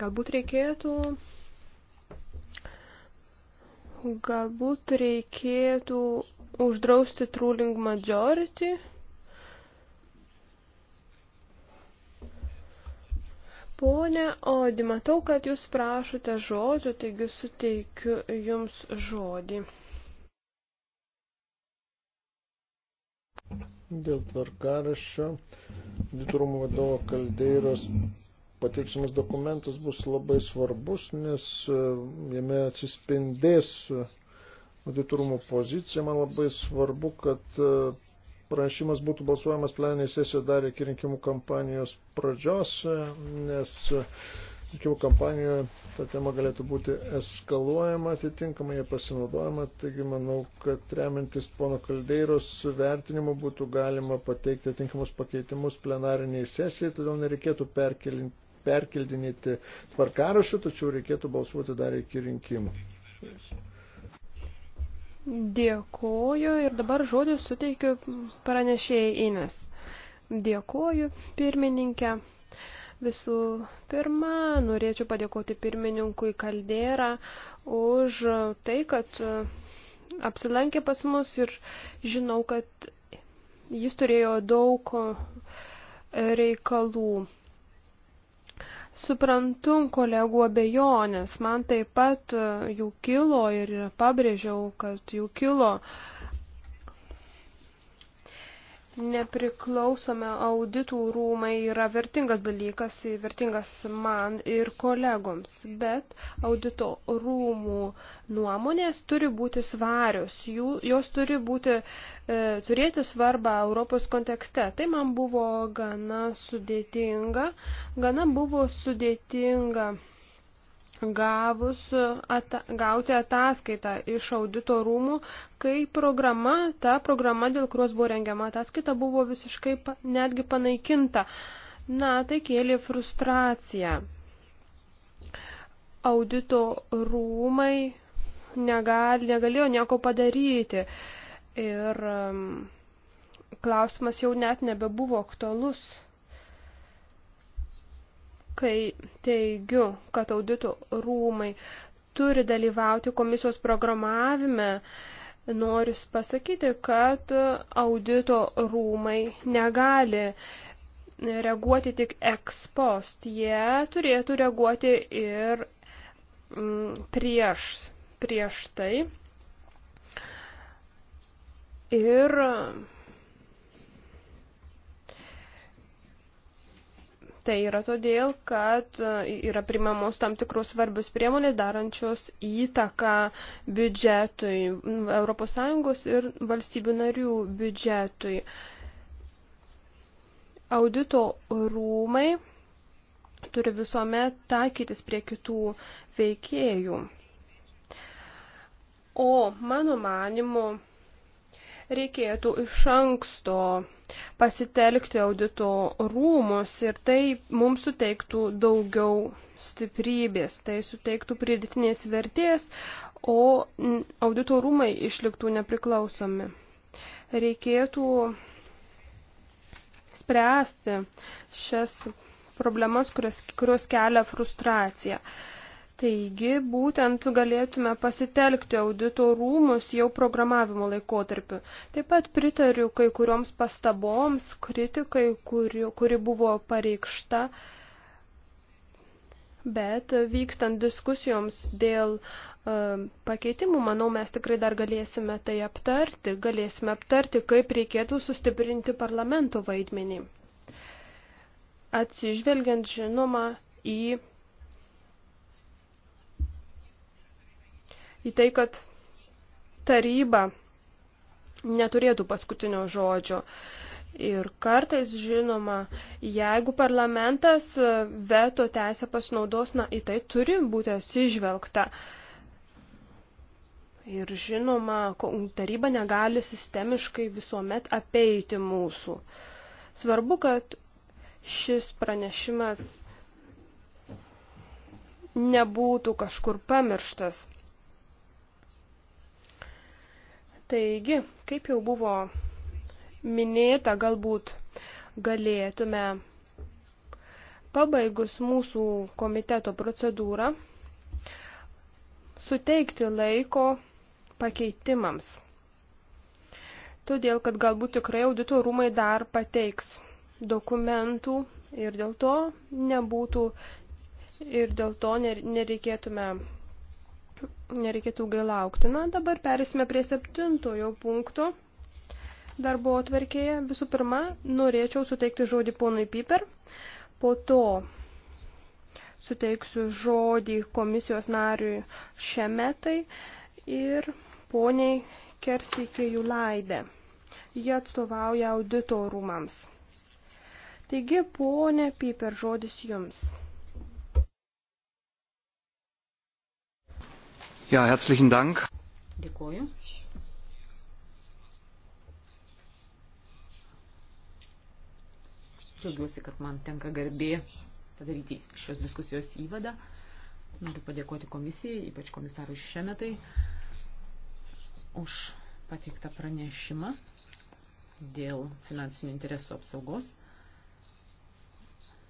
Galbūt reikėtų. Galbūt reikėtų uždrausti Truling Majority. Pone Odi, matau, kad jūs prašote žodžio, taigi suteikiu jums žodį. Dėl tvarkaraščio, Diturumų vadovo Kaldeiros pateiksimas dokumentas bus labai svarbus, nes e, jame atsispindės e, auditorumo pozicija. Man labai svarbu, kad e, pranešimas būtų balsuojamas pleninėje sesijoje dar iki rinkimų kampanijos pradžios, nes rinkimų kampanijoje ta tema galėtų būti eskaluojama atitinkamai, jie pasinaudojama. Taigi manau, kad remiantis pono Kaldeiros vertinimu būtų galima pateikti atitinkamus pakeitimus plenariniai sesijai, todėl nereikėtų perkelinti perkeldinėti tvarkarašų, tačiau reikėtų balsuoti dar iki rinkimų. Dėkoju ir dabar žodį suteikiu pranešėjai Ines. Dėkoju pirmininkė. Visų pirma, norėčiau padėkoti pirmininkui Kalderą už tai, kad apsilankė pas mus ir žinau, kad jis turėjo daug reikalų. Suprantu kolegų abejonės, man taip pat e, jų kilo ir pabrėžiau, kad jų kilo uh, nepriklausome auditų rūmai yra vertingas dalykas, vertingas man ir kolegoms, bet audito rūmų nuomonės turi būti svarios, jų, jos turi būti, e, turėti svarbą Europos kontekste. Tai man buvo gana sudėtinga, gana buvo sudėtinga gavus, at, gauti ataskaitą iš audito rūmų, kai programa, ta programa, dėl kurios buvo rengiama ataskaita, buvo visiškai netgi panaikinta. Na, tai kėlė frustraciją. Audito rūmai negal, negalėjo nieko padaryti. Ir um, klausimas jau net nebebuvo aktualus kai teigiu, kad audito rūmai turi dalyvauti komisijos programavime, noriu pasakyti, kad audito rūmai negali reaguoti tik ekspost, jie turėtų reaguoti ir mm, prieš, prieš tai. Ir Tai yra todėl, kad e, yra primamos tam tikrus svarbius priemonės darančios įtaką biudžetui, ES ir valstybių narių biudžetui. Audito rūmai turi visuomet taikytis prie kitų veikėjų. O mano manimu, reikėtų iš anksto pasitelkti audito rūmus ir tai mums suteiktų daugiau stiprybės, tai suteiktų pridėtinės vertės, o audito rūmai išliktų nepriklausomi. Reikėtų spręsti šias problemas, kurios, kurios kelia frustraciją. Uh, Taigi būtent galėtume pasitelkti audito rūmus jau programavimo laikotarpiu. Taip pat pritariu kai kurioms pastaboms, kritikai, kuri, kuri buvo pareikšta, bet vykstant diskusijoms dėl e, pakeitimų, manau, mes tikrai dar galėsime tai aptarti, galėsime aptarti, kaip reikėtų sustiprinti parlamento vaidmenį. Atsižvelgiant, žinoma, į į tai, kad taryba neturėtų paskutinio žodžio. Ir kartais, žinoma, jeigu parlamentas veto teisę pasinaudos, na, į tai turi būti atsižvelgta. Ir žinoma, taryba negali sistemiškai visuomet apeiti mūsų. Svarbu, kad šis pranešimas nebūtų kažkur pamirštas. Taigi, kaip jau buvo minėta, galbūt galėtume pabaigus mūsų komiteto procedūrą suteikti laiko pakeitimams. Todėl, kad galbūt tikrai audito rūmai dar pateiks dokumentų ir dėl to nebūtų ir dėl to nereikėtume nereikėtų gailaukti. Na, dabar perėsime prie septintojo punkto darbo atverkėje. Visų pirma, norėčiau suteikti žodį ponui Piper, po to suteiksiu žodį komisijos nariui Šemetai ir poniai Kersikėjų Laidė. Jie atstovauja auditorumams. Taigi, ponė Piper, žodis jums. Ja, herzlichen Dank. Dėkuoju. Džiaugiuosi, kad man tenka garbė padaryti šios diskusijos įvadą. Noriu padėkoti komisijai, ypač komisarui Šemetai, už pateiktą pranešimą dėl finansinių interesų apsaugos.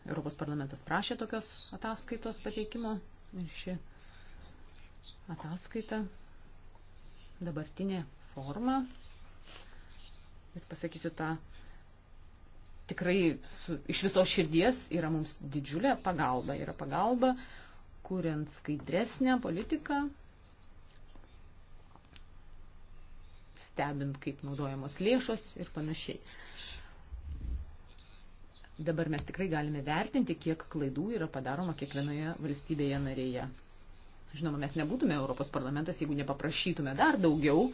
Europos parlamentas prašė tokios ataskaitos pateikimo ir ši ataskaitą dabartinė forma. Ir pasakysiu tą tikrai su, iš viso širdies yra mums didžiulė pagalba. Yra pagalba, kuriant skaidresnę politiką, stebint, kaip naudojamos lėšos ir panašiai. Dabar mes tikrai galime vertinti, kiek klaidų yra padaroma kiekvienoje valstybėje narėje. Žinoma, mes nebūtume Europos parlamentas, jeigu nepaprašytume dar daugiau,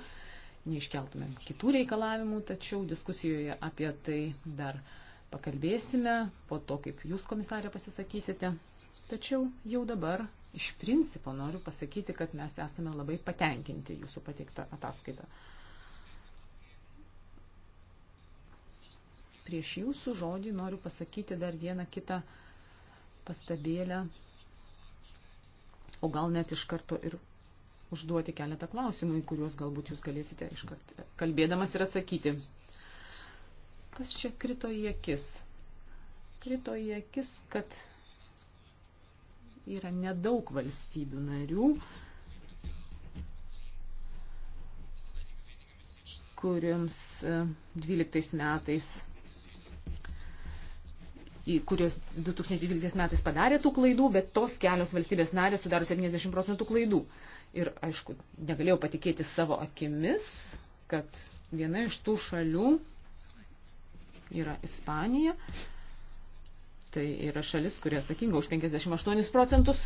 neiškeltume kitų reikalavimų, tačiau diskusijoje apie tai dar pakalbėsime po to, kaip jūs, komisarė, pasisakysite. Tačiau jau dabar iš principo noriu pasakyti, kad mes esame labai patenkinti jūsų pateiktą ataskaitą. Prieš jūsų žodį noriu pasakyti dar vieną kitą pastabėlę o gal net iš karto ir užduoti keletą klausimų, į kuriuos galbūt jūs galėsite iškart kalbėdamas ir atsakyti. Kas čia krito į akis? Krito į akis, kad yra nedaug valstybių narių, kuriams 12 e, metais kurios 2012 metais padarė tų klaidų, bet tos kelios valstybės narės sudaro 70 procentų klaidų. Ir, aišku, negalėjau patikėti savo akimis, kad viena iš tų šalių yra Ispanija. Tai yra šalis, kuri atsakinga už 58 procentus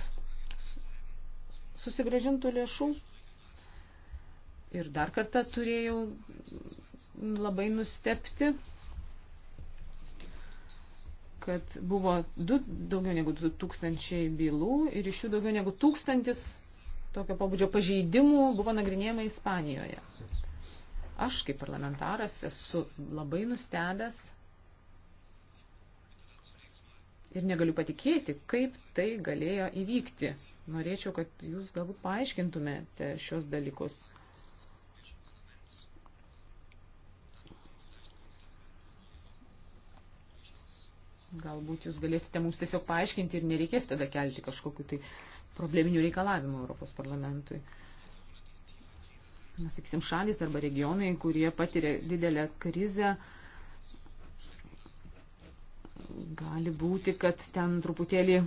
susigražintų lėšų. Ir dar kartą turėjau labai nustepti, kad buvo du, daugiau negu 2000 bylų ir iš jų daugiau negu 1000 tokio pobūdžio pažeidimų buvo nagrinėjama Ispanijoje. Aš kaip parlamentaras esu labai nustebęs ir negaliu patikėti, kaip tai galėjo įvykti. Norėčiau, kad jūs galbūt paaiškintumėte šios dalykus. Galbūt jūs galėsite mums tiesiog paaiškinti ir nereikės tada kelti kažkokiu tai probleminių reikalavimų Europos parlamentui. Na, sakysim, šalis arba regionai, kurie patiria didelę krizę, gali būti, kad ten truputėlį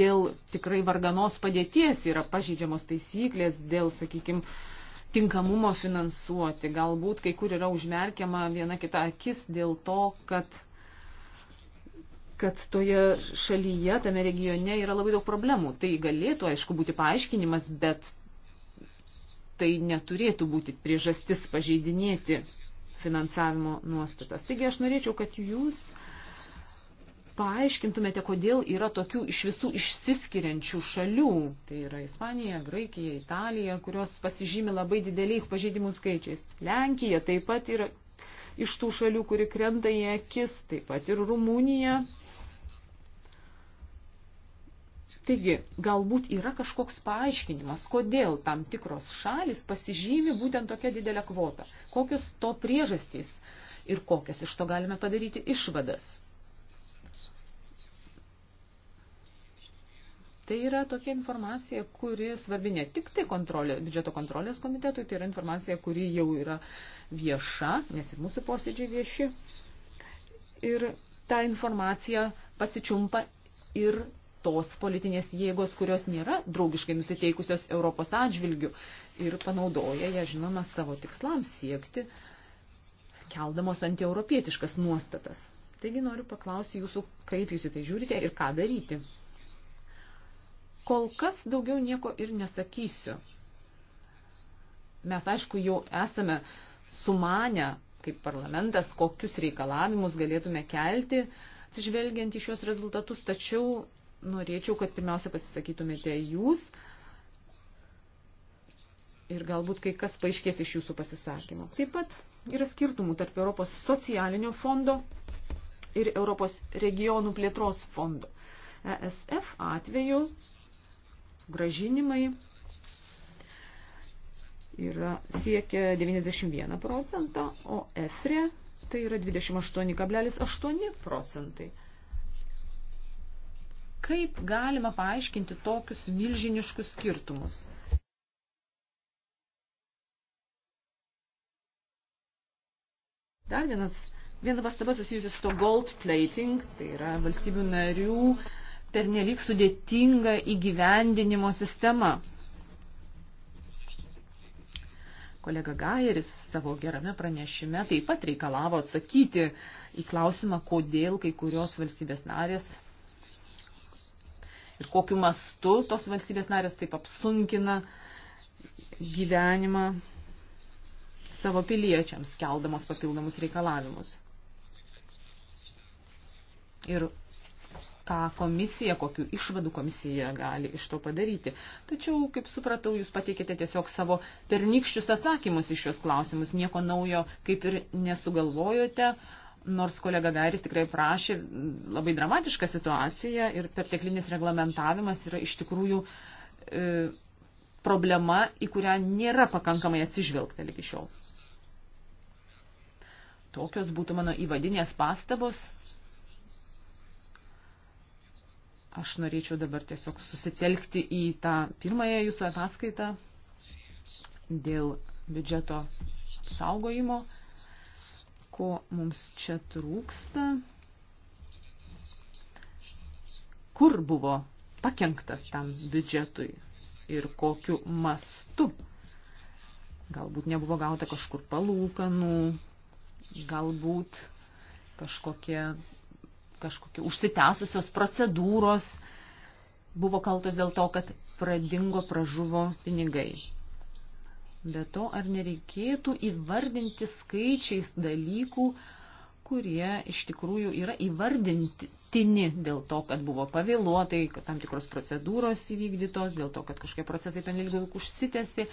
dėl tikrai varganos padėties yra pažydžiamos taisyklės, dėl, sakykime, tinkamumo finansuoti. Galbūt kai kur yra užmerkiama viena kita akis dėl to, kad kad toje šalyje, tame regione yra labai daug problemų. Tai galėtų, aišku, būti paaiškinimas, bet tai neturėtų būti priežastis pažeidinėti finansavimo nuostatas. Taigi aš norėčiau, kad jūs paaiškintumėte, kodėl yra tokių iš visų išsiskiriančių šalių. Tai yra Ispanija, Graikija, Italija, kurios pasižymi labai dideliais pažeidimų skaičiais. Lenkija taip pat yra iš tų šalių, kuri krenta į akis, taip pat ir Rumunija, Taigi, galbūt yra kažkoks paaiškinimas, kodėl tam tikros šalis pasižymi būtent tokia didelė kvota, kokios to priežastys ir kokias iš to galime padaryti išvadas. Tai yra tokia informacija, kuri svarbi ne tik tai kontrolė, biudžeto kontrolės komitetui, tai yra informacija, kuri jau yra vieša, nes ir mūsų posėdžiai vieši. Ir tą informaciją pasičiumpa ir tos politinės jėgos, kurios nėra draugiškai nusiteikusios Europos atžvilgių ir panaudoja ją, žinoma, savo tikslams siekti, keldamos antieuropietiškas nuostatas. Taigi noriu paklausti jūsų, kaip jūs į tai žiūrite ir ką daryti. Kol kas daugiau nieko ir nesakysiu. Mes, aišku, jau esame sumanę kaip parlamentas, kokius reikalavimus galėtume kelti, atsižvelgiant į šios rezultatus, tačiau norėčiau, kad pirmiausia pasisakytumėte jūs ir galbūt kai kas paaiškės iš jūsų pasisakymo. Taip pat yra skirtumų tarp Europos socialinio fondo ir Europos regionų plėtros fondo. ESF atveju gražinimai yra siekia 91 procentą, o EFRE e tai yra 28,8 procentai. Kaip galima paaiškinti tokius milžiniškus skirtumus? Dar vienas, viena pastaba susijusi su to gold plating, tai yra valstybių narių pernelyg sudėtinga įgyvendinimo sistema. Kolega Gajeris savo gerame pranešime taip pat reikalavo atsakyti į klausimą, kodėl kai kurios valstybės narės ir kokiu mastu tos valstybės narės taip apsunkina gyvenimą savo piliečiams, keldamos papildomus reikalavimus. Ir ką komisija, kokiu išvadų komisija gali iš to padaryti. Tačiau, kaip supratau, jūs pateikėte tiesiog savo pernykščius atsakymus iš šios klausimus, nieko naujo kaip ir nesugalvojote. Uh, nors kolega Gairis tikrai prašė, labai dramatiška situacija ir perteklinis reglamentavimas yra iš tikrųjų e, problema, į kurią nėra pakankamai atsižvelgta lygi šiol. Tokios būtų mano įvadinės pastabos. Aš norėčiau dabar tiesiog susitelkti į tą pirmąją jūsų ataskaitą dėl biudžeto saugojimo ko mums čia trūksta. Kur buvo pakengta tam biudžetui ir kokiu mastu? Galbūt nebuvo gauta kažkur palūkanų, galbūt kažkokie, kažkokie užsitęsusios procedūros buvo kaltos dėl to, kad pradingo, pražuvo pinigai. Be to, ar nereikėtų įvardinti skaičiais dalykų, kurie iš tikrųjų yra įvardintini dėl to, kad buvo pavėluotai, kad tam tikros procedūros įvykdytos, dėl to, kad kažkokie procesai ten ilgiau užsitėsi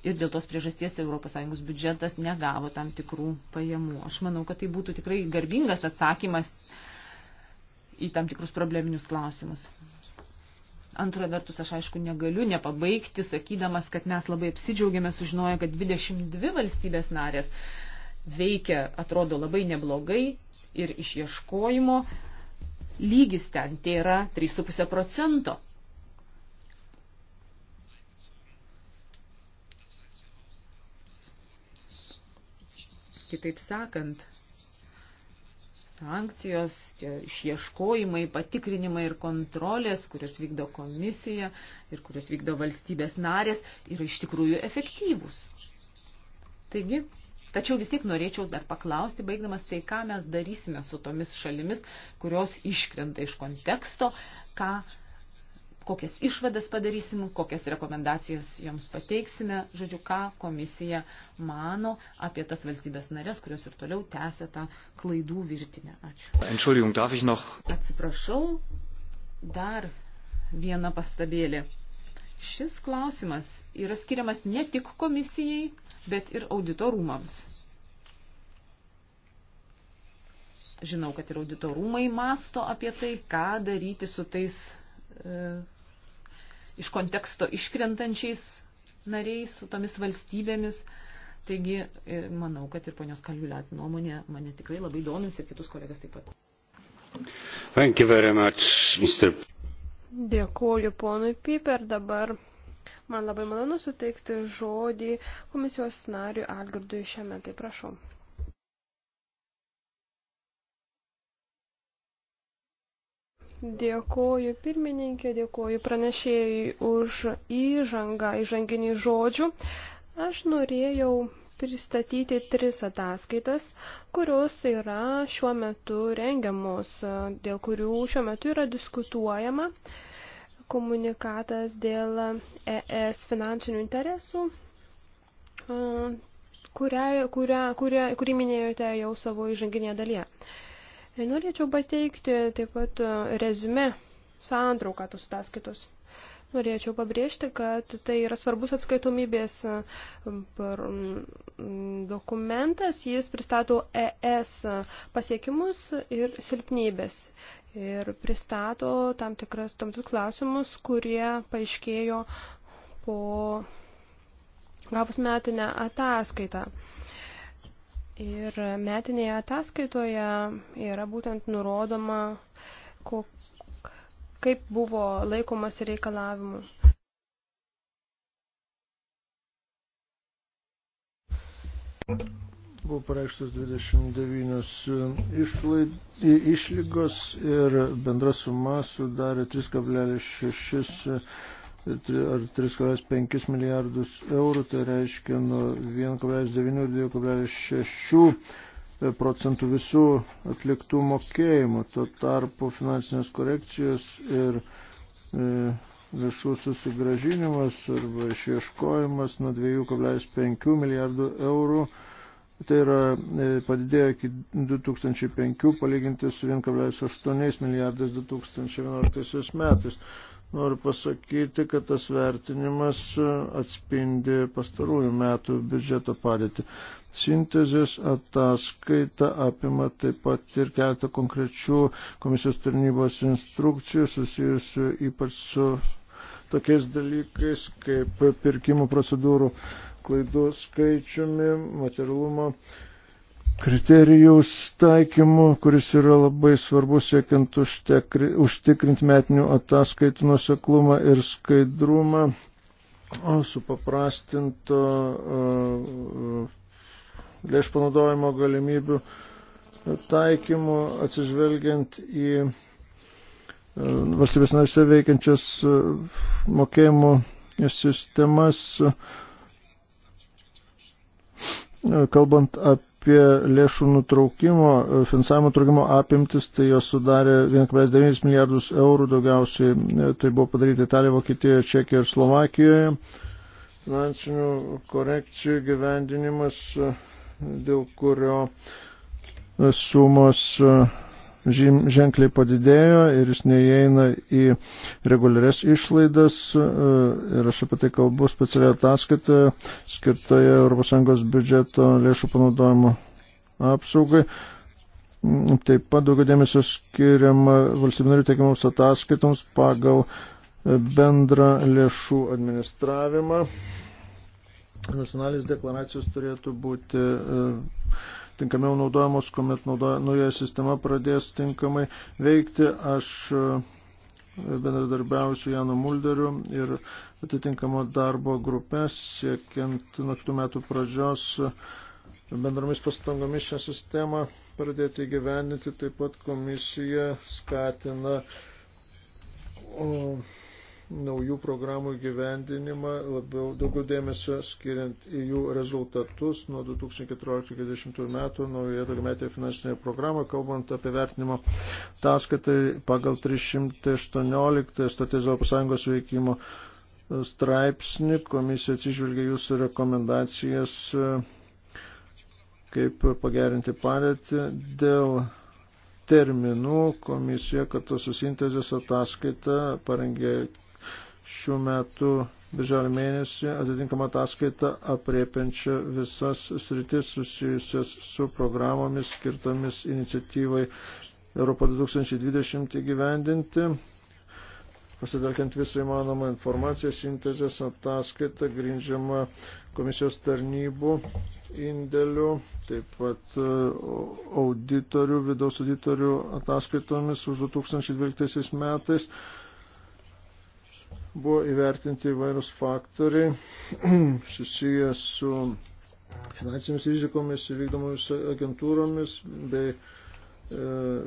ir dėl tos priežasties ES biudžetas negavo tam tikrų pajamų. Aš manau, kad tai būtų tikrai garbingas atsakymas į tam tikrus probleminius klausimus. Antra vertus, aš aišku negaliu nepabaigti, sakydamas, kad mes labai apsidžiaugiame sužinoję, kad 22 valstybės narės veikia, atrodo, labai neblogai ir išieškojimo lygis ten tai yra 3,5 procento. Kitaip sakant, sankcijos, išieškojimai, patikrinimai ir kontrolės, kurios vykdo komisija ir kurios vykdo valstybės narės, yra iš tikrųjų efektyvūs. Taigi, tačiau vis tiek norėčiau dar paklausti, baigdamas, tai ką mes darysime su tomis šalimis, kurios iškrenta iš konteksto, ką kokias išvadas padarysim, kokias rekomendacijas joms pateiksime, žodžiu, ką komisija mano apie tas valstybės narės, kurios ir toliau tęsia tą klaidų virtinę. Ačiū. Atsiprašau, dar viena pastabėlė. Šis klausimas yra skiriamas ne tik komisijai, bet ir auditorumams. Žinau, kad ir auditorumai masto apie tai, ką daryti su tais E, iš konteksto iškrentančiais nariais, su tomis valstybėmis. Taigi, e, manau, kad ir ponios Kalviuliat nuomonė mane tikrai labai domins ir kitus kolegas taip pat. Thank you very much, Mr. Dėkuoju ponui Piper dabar. Man labai malonu suteikti žodį komisijos nariui Algirdui šiame, tai prašau. Dėkoju pirmininkė, dėkoju pranešėjai už įžangą, įžanginių žodžių. Aš norėjau pristatyti tris ataskaitas, kurios yra šiuo metu rengiamos, dėl kurių šiuo metu yra diskutuojama. Komunikatas dėl ES finansinių interesų, e, kurią, kurią, kurią, kurį minėjote jau savo įžanginėje dalyje. Norėčiau pateikti taip pat e, rezume santrauką tos ataskaitos. Norėčiau pabrėžti, kad tai yra svarbus atskaitomybės e, dokumentas, jis pristato ES pasiekimus ir silpnybės ir pristato tam tikras tam tikrus klausimus, kurie paaiškėjo po gavus metinę ataskaitą. Ir metinėje ataskaitoje yra būtent nurodoma, kaip buvo laikomas reikalavimų. Buvo pareikštas 29 e, išlaid, išlygos ir bendra suma sudarė 3,6 ar 3,5 milijardus eurų, tai reiškia nuo 1,9 ir 2,6 procentų visų atliktų mokėjimų. Tuo tarpu finansinės korekcijos ir e, lėšų susigražinimas arba išieškojimas nuo 2,5 milijardų eurų. Tai yra e, padidėjo iki 2005 palyginti su 1,8 milijardais 2011 metais. Noriu pasakyti, kad tas vertinimas atspindi pastarųjų metų biudžeto padėtį. Sintezės ataskaita apima taip pat ir keletą konkrečių komisijos tarnybos instrukcijų susijusių ypač su tokiais dalykais kaip pirkimų procedūrų klaidų skaičiumi, materialumo kriterijaus taikymu, kuris yra labai svarbus siekiant užtikrinti metinių ataskaitų nuseklumą ir skaidrumą, o supaprastinto e, e, lėšų panaudojimo galimybių taikymu atsižvelgiant į e, valstybės narėse veikiančias mokėjimų sistemas, kalbant apie apie lėšų nutraukimo, finansavimo nutraukimo apimtis, tai jos sudarė 1,9 milijardus eurų, daugiausiai e, tai buvo padaryta Italijoje, Vokietijoje, Čekijoje ir Slovakijoje. Finansinių korekcijų gyvendinimas, e, dėl kurio e, sumos ženkliai padidėjo ir jis neįeina į reguliarias išlaidas e, ir aš apie tai kalbu specialiai ataskaitoje skirtoje ES biudžeto lėšų panaudojimo apsaugai. Mm, taip pat daugiau dėmesio skiriama valstybinarių teikiamams ataskaitoms pagal e, bendrą lėšų administravimą. Nacionalinės deklaracijos turėtų būti uh, tinkamiau naudojamos, kuomet naudoja, nauja sistema pradės tinkamai veikti. Aš e, bendradarbiausiu Janu Mulderiu ir atitinkamo darbo grupės, siekiant nuo kitų metų pradžios e, bendromis pastangomis šią sistemą pradėti gyveninti. Taip pat komisija skatina. O, naujų programų gyvendinimą, labiau, daugiau dėmesio skiriant į jų rezultatus nuo 2014-2020 metų naujoje daugiametėje finansinėje programoje, kalbant apie vertinimo taskaitai pagal 318 Statės Europos Sąjungos veikimo straipsnį. Komisija atsižvelgia jūsų rekomendacijas, kaip pagerinti padėtį dėl terminų komisija kartu su sintezės ataskaita parengė šių metų birželio mėnesį atitinkamą ataskaitą apriepiančią visas sritis susijusias su programomis skirtomis iniciatyvai Europo 2020 įgyvendinti. Pasitelkiant visą įmanomą informaciją, sintezės ataskaita grindžiama komisijos tarnybų indėlių, taip pat e, auditorių, vidaus auditorių ataskaitomis už 2012 metais. Buvo įvertinti įvairūs faktoriai susijęs su finansinėmis rizikomis įvykdomomis agentūromis bei E,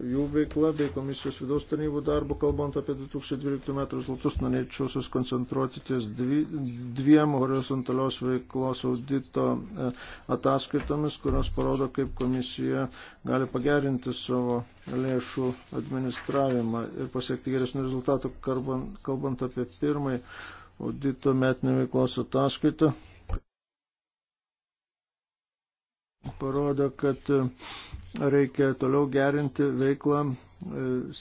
jų veikla bei komisijos vidaus tarnybų darbo, kalbant apie 2012 metų rezultatus, norėčiau susikoncentruoti ties dviem horizontalios veiklos audito e, ataskaitomis, kurios parodo, kaip komisija gali pagerinti savo lėšų administravimą ir pasiekti geresnių rezultatų, kalbant apie pirmąjį audito metinį veiklos ataskaitą. parodo, kad e, reikia toliau gerinti veiklą, e,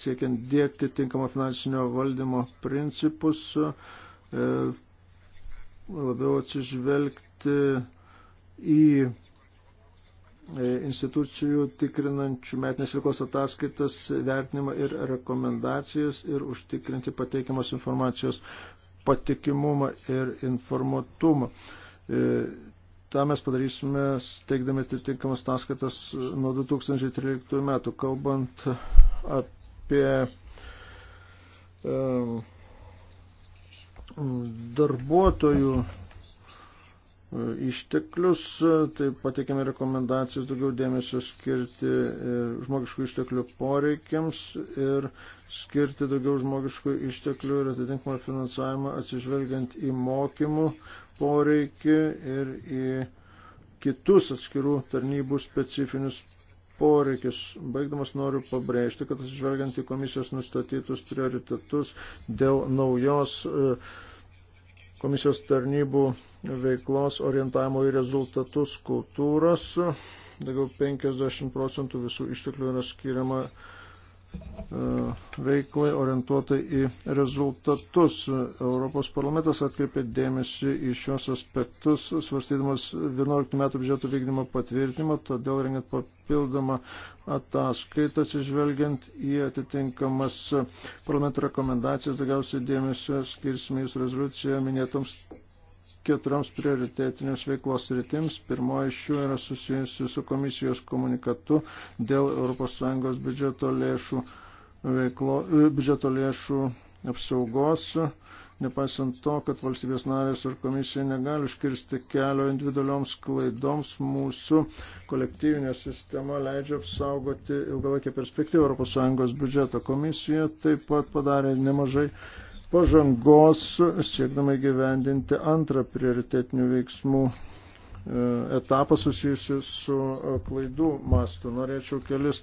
siekiant dėkti tinkamo finansinio valdymo principus, e, labiau atsižvelgti į institucijų tikrinančių metinės veiklos ataskaitas vertinimą ir rekomendacijas ir užtikrinti pateikiamos informacijos patikimumą ir informuotumą tą mes padarysime, teikdami atitinkamas taskaitas nuo 2013 metų, kalbant apie um, darbuotojų E, išteklius, e, tai pateikėme rekomendacijas daugiau dėmesio skirti e, žmogiškų išteklių poreikiams ir skirti daugiau žmogiškų išteklių ir atitinkamą finansavimą atsižvelgiant į mokymų poreikį ir į kitus atskirų tarnybų specifinius poreikis. Baigdamas noriu pabrėžti, kad atsižvelgiant į komisijos nustatytus prioritetus dėl naujos uh, komisijos tarnybų veiklos orientavimo į rezultatus kultūros. Daugiau 50 procentų visų išteklių yra skiriama E, veiklai orientuotai į rezultatus. Europos parlamentas atkreipė dėmesį į šios aspektus, svarstydamas 11 metų biudžeto vykdymo patvirtinimą, todėl rengiant papildomą ataskaitą, atsižvelgiant į atitinkamas parlamento rekomendacijas, daugiausiai dėmesio skirsime jūsų rezoliuciją minėtoms keturioms prioritetinėms veiklos rytims. Pirmoji iš šių yra susijusi su komisijos komunikatu dėl ES biudžeto lėšų, veiklo, e, biudžeto lėšų apsaugos. Nepaisant to, kad valstybės narės ir komisija negali iškirsti kelio individualioms klaidoms, mūsų kolektyvinė sistema leidžia apsaugoti ilgalaikę perspektyvą ES biudžeto. Komisija taip pat padarė nemažai pažangos siekdama gyvendinti antrą prioritetinių veiksmų e, etapą susijusiu su e, klaidų mastu. Norėčiau kelis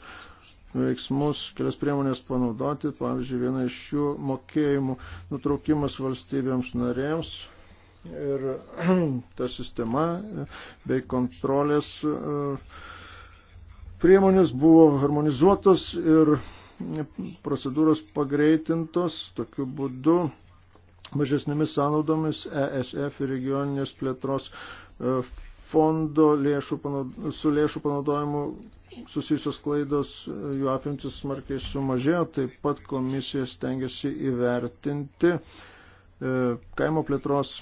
veiksmus, kelias priemonės panaudoti. Pavyzdžiui, viena iš šių mokėjimų nutraukimas valstybėms narėms ir ta sistema bei kontrolės e, priemonės buvo harmonizuotos ir procedūros pagreitintos, tokiu būdu mažesnėmis sąnaudomis ESF ir regioninės plėtros e, fondo lėšų panaud... su lėšų panaudojimu susijusios klaidos, e, jų apimtis smarkiai sumažėjo, taip pat komisija stengiasi įvertinti e, kaimo plėtros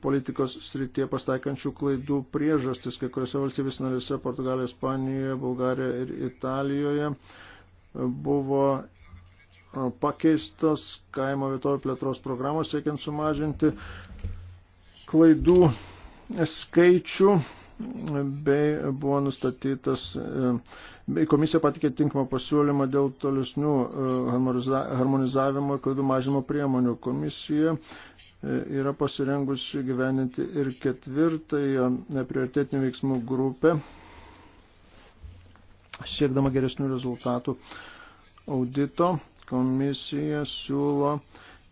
politikos srityje pastaikančių klaidų priežastis, kai kuriuose valstybės narėse, Portugalijoje, Ispanijoje, Bulgarijoje ir Italijoje buvo pakeistas kaimo vietovių plėtros programos, siekiant sumažinti klaidų skaičių bei buvo nustatytas, e, bei komisija patikė tinkamą pasiūlymą dėl tolesnių e, harmonizavimo ir klaidų mažimo priemonių. Komisija e, yra pasirengusi gyveninti ir ketvirtąją prioritetinių veiksmų grupę siekdama geresnių rezultatų audito. Komisija siūlo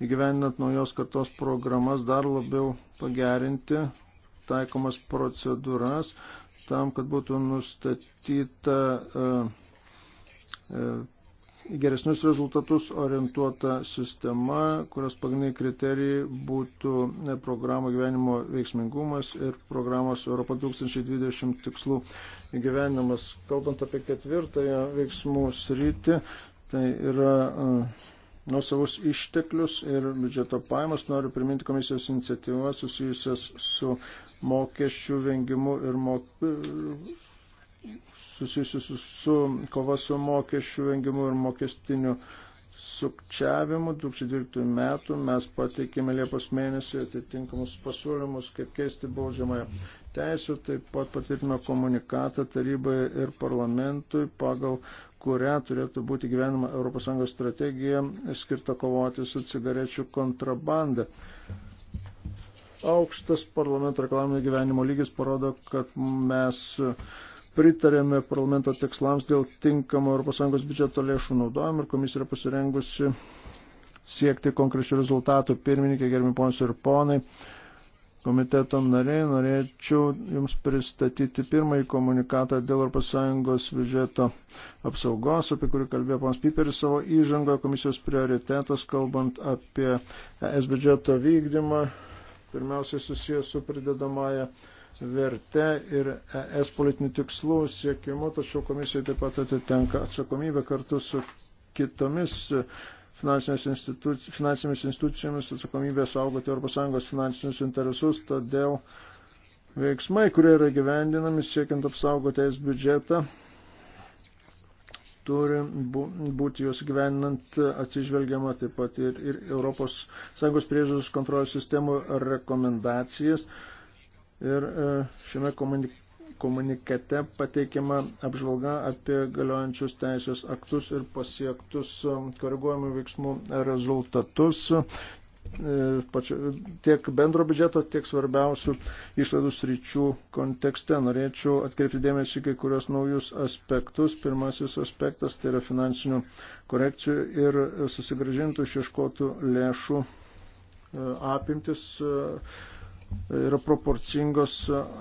įgyvendinant naujos kartos programas dar labiau pagerinti taikomas procedūras tam, kad būtų nustatyta uh, uh, į geresnius rezultatus orientuota sistema, kurios pagrindiniai kriterijai būtų e, programų gyvenimo veiksmingumas ir programos Europa 2020 tikslų įgyvenimas. Kalbant apie ketvirtąją veiksmų sritį, tai yra e, nuosavus išteklius ir biudžeto pajamas. Noriu priminti komisijos iniciatyvą susijusias su mokesčių vengimu ir mok susijusių su, su kova su mokesčių vengimu ir mokestiniu sukčiavimu 2012 metų mes pateikėme Liepos mėnesį atitinkamus pasiūlymus, kaip keisti baudžiamąją teisę, taip pat patvirtino komunikatą tarybai ir parlamentui, pagal kurią turėtų būti gyvenama ES strategija skirta kovoti su cigarečių kontrabanda. Aukštas parlamento reklaminio gyvenimo lygis parodo, kad mes pritarėme parlamento tikslams dėl tinkamo ES biudžeto lėšų naudojimo ir komisija yra pasirengusi siekti konkrečių rezultatų. Pirmininkė, gerbimi ponas ir ponai, komiteto nariai, norėčiau Jums pristatyti pirmąjį komunikatą dėl ES biudžeto apsaugos, apie kurį kalbėjo ponas Piperis savo įžangoje, komisijos prioritetas, kalbant apie ES biudžeto vykdymą, pirmiausiai susijęs su pridedamąją verte ir ES politinių tikslų siekimu, tačiau komisijai taip pat atitenka atsakomybė kartu su kitomis finansinėmis instituci institucijomis atsakomybė saugoti ES finansinius interesus, todėl veiksmai, kurie yra gyvendinami siekiant apsaugoti ES biudžetą, turi būti juos gyveninant atsižvelgiama taip pat ir, ir ES priežiūros kontrolės sistemų rekomendacijas Ir e, šiame komunikate pateikiama apžvalga apie galiojančius teisės aktus ir pasiektus e, koreguojamų veiksmų rezultatus e, tiek bendro biudžeto, tiek svarbiausių išlaidų sričių kontekste. Norėčiau atkreipti dėmesį kai kurios naujus aspektus. Pirmasis aspektas tai yra finansinių korekcijų ir susigražintų išieškotų lėšų apimtis. Uh, yra proporcingos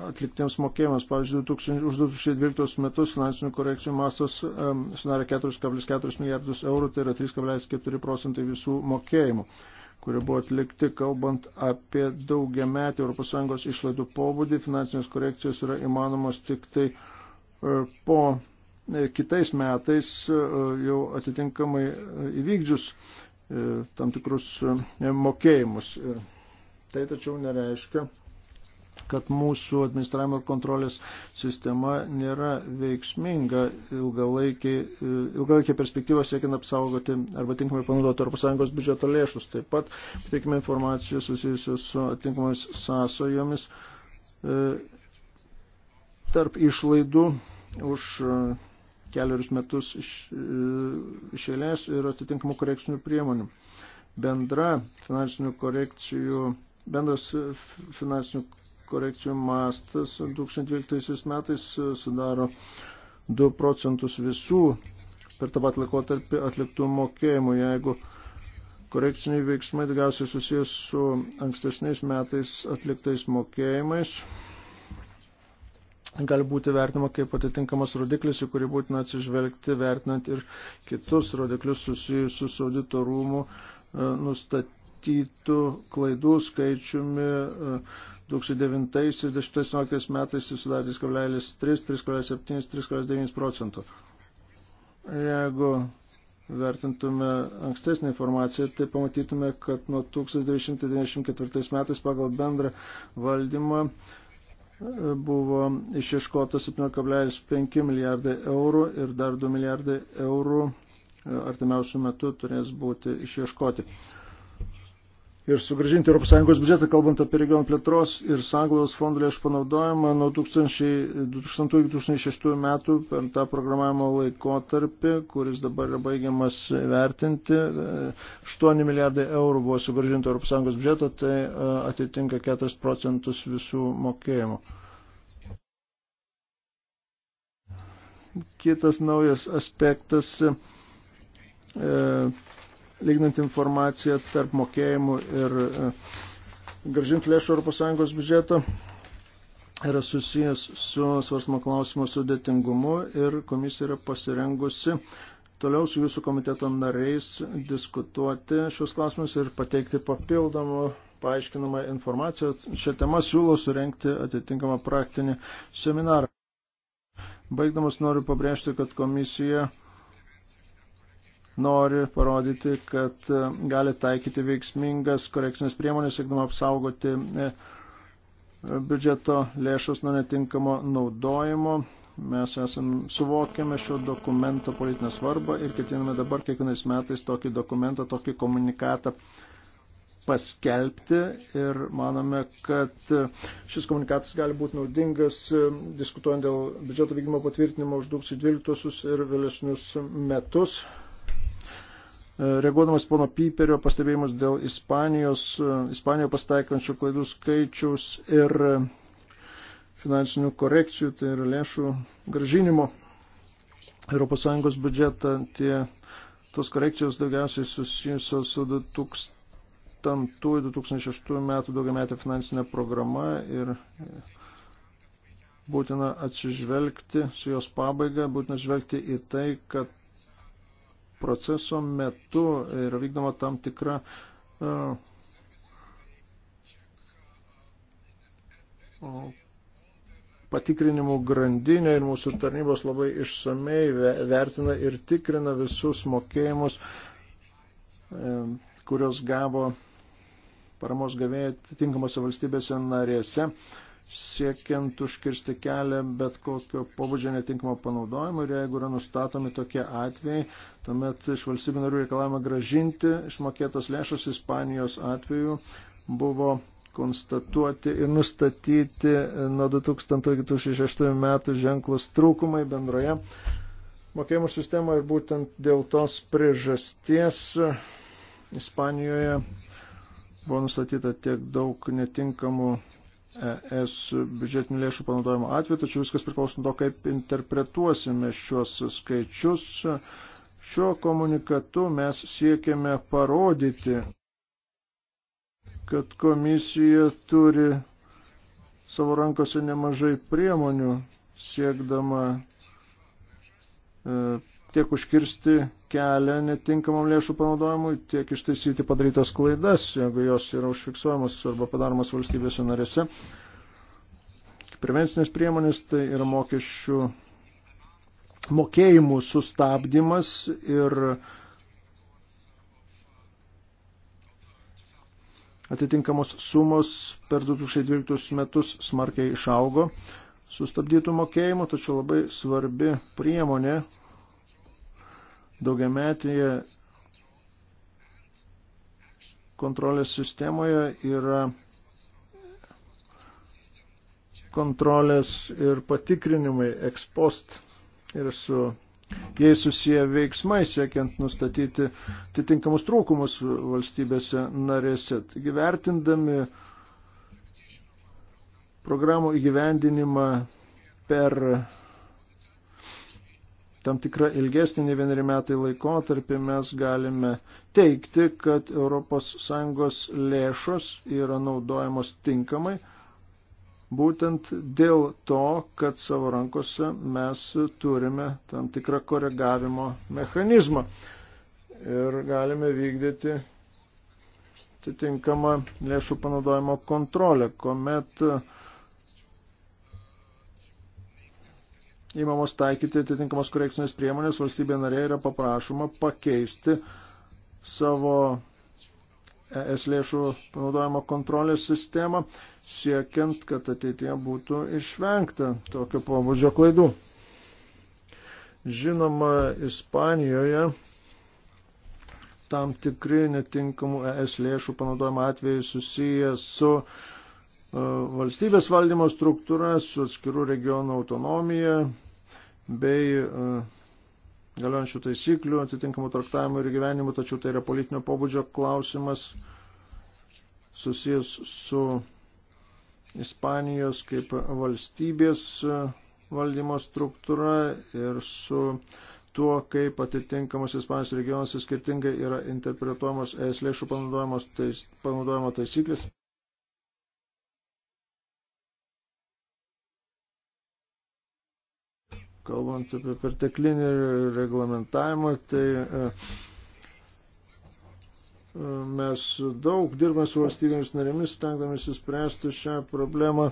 atliktiems mokėjimams. Pavyzdžiui, 2000, už 2012 metus finansinių korekcijų mastas um, sudarė 4,4 milijardus eurų, tai yra 3,4 procentai visų mokėjimų, kurie buvo atlikti, kalbant apie daugiametį ES išlaidų pobūdį. Finansinės korekcijos yra įmanomos tik tai uh, po uh, kitais metais uh, jau atitinkamai uh, įvykdžius uh, tam tikrus uh, mokėjimus. Uh, Tai tačiau nereiškia, kad mūsų administravimo ir kontrolės sistema nėra veiksminga ilgalaikė perspektyva siekiant apsaugoti arba tinkamai panaudoti ES biudžeto lėšus. Taip pat pateikime informaciją susijusios su atinkamais sąsojomis e, tarp išlaidų už e, keliarius metus iš, e, iš eilės ir atitinkamų korekcinių priemonių. Bendra finansinių korekcijų Bendras finansinių korekcijų mastas 2012 metais sudaro 2 procentus visų per tą pat laikotarpį atliktų mokėjimų. Jeigu korekciniai veiksmai daugiausiai susijęs su ankstesniais metais atliktais mokėjimais, gali būti vertinama kaip atitinkamas rodiklis, į kurį būtina atsižvelgti, vertinant ir kitus rodiklius susijusius su audito rūmų e, nustatymą nustatytų klaidų skaičiumi 2009-2018 e, metais susidarė 3,3, 3,7, 3,9 procentų. Jeigu vertintume ankstesnį informaciją, tai pamatytume, kad nuo 1994 metais pagal bendrą valdymą e, buvo išieškota 7,5 milijardai eurų ir dar 2 milijardai eurų e, artimiausių metų turės būti išieškoti ir sugražinti ES biudžetą, kalbant apie regionų plėtros ir sąglaudos fondų lėšų panaudojimą nuo 2000-2006 metų per tą programavimo laikotarpį, kuris dabar yra baigiamas vertinti. 8 milijardai eurų buvo sugražinti ES biudžetą, tai e, atitinka 4 procentus visų mokėjimų. Kitas naujas aspektas. E, lygnant informaciją tarp mokėjimų ir e, gražintų lėšų ES biudžeto yra susijęs su svarsmo klausimo sudėtingumu ir komisija yra pasirengusi toliau su jūsų komiteto nariais diskutuoti šios klausimus ir pateikti papildomų paaiškinamą informaciją. Šią temą siūlau surenkti atitinkamą praktinį seminarą. Baigdamas noriu pabrėžti, kad komisija nori parodyti, kad e, gali taikyti veiksmingas korekcinės priemonės, siekdama apsaugoti e, biudžeto lėšus nuo netinkamo naudojimo. Mes esam, suvokiame šio dokumento politinę svarbą ir ketiname dabar kiekvienais metais tokį dokumentą, tokį komunikatą paskelbti ir manome, kad e, šis komunikatas gali būti naudingas diskutuojant dėl biudžeto vykdymo patvirtinimo už 2012 ir vėlesnius metus. E, reaguodamas pono Piperio pastebėjimus dėl Ispanijos, e, Ispanijoje pastaikančių klaidų skaičiaus ir e, finansinių korekcijų, tai yra lėšų gražinimo ES biudžetą, tie, tos korekcijos daugiausiai susijusios su 2000-2006 metų daugiametė finansinė programa ir būtina atsižvelgti su jos pabaiga, būtina atsižvelgti į tai, kad proceso metu yra vykdoma tam tikra e, patikrinimų grandinė ir mūsų tarnybos labai išsamei vertina ir tikrina visus mokėjimus, e, kurios gavo paramos gavėjai atitinkamose valstybėse narėse siekiant užkirsti kelią bet kokio pobūdžio netinkamo panaudojimo ir jeigu yra nustatomi tokie atvejai, tuomet iš valstybių narių reikalavimą gražinti išmokėtos lėšos Ispanijos atveju buvo konstatuoti ir nustatyti nuo 2006 metų ženklus trūkumai bendroje mokėjimų sistemoje ir būtent dėl tos priežasties Ispanijoje buvo nustatyta tiek daug netinkamų ES biudžetinių lėšų panaudojimo atveju, tačiau viskas priklauso nuo to, kaip interpretuosime šiuos skaičius. Šiuo komunikatu mes siekiame parodyti, kad komisija turi savo rankose nemažai priemonių siekdama e, tiek užkirsti kelią netinkamam lėšų panaudojimui, tiek ištaisyti padarytas klaidas, jeigu jos yra užfiksuojamos arba padaromos valstybėse narėse. Prevencinės priemonės tai yra mokesčių mokėjimų sustabdymas ir atitinkamos sumos per 2012 metus smarkiai išaugo sustabdytų mokėjimų, tačiau labai svarbi priemonė daugiametėje kontrolės sistemoje yra kontrolės ir patikrinimai ekspost ir su jais susiję veiksmai siekiant nustatyti atitinkamus trūkumus valstybėse narėse. Taigi vertindami programų įgyvendinimą per tam tikrą ilgesnį nei vieneri metai laikotarpį mes galime teikti, kad ES lėšos yra naudojamos tinkamai, būtent dėl to, kad savo rankose mes turime tam tikrą koregavimo mechanizmą ir galime vykdyti atitinkamą lėšų panaudojimo kontrolę, kuomet uh, įmamos taikyti atitinkamos korekcinės priemonės, valstybė narė yra paprašoma pakeisti savo ES lėšų panaudojimo kontrolės sistemą, siekiant, kad ateityje būtų išvengta tokio pobūdžio klaidų. Žinoma, Ispanijoje tam tikri netinkamų ES lėšų panaudojimo atvejai susiję su e, valstybės valdymo struktūra, su atskirų regionų autonomija, bei e, galiojančių taisyklių, atitinkamų traktavimų ir gyvenimų, tačiau tai yra politinio pobūdžio klausimas susijęs su Ispanijos kaip valstybės e, valdymo struktūra ir su tuo, kaip atitinkamas Ispanijos regionas skirtingai yra interpretuojamos ES lėšų panaudojimo taisyklės. kalbant apie perteklinį reglamentavimą, tai e, e, mes daug dirbame su valstybėmis narėmis, stengdamės įspręsti šią problemą,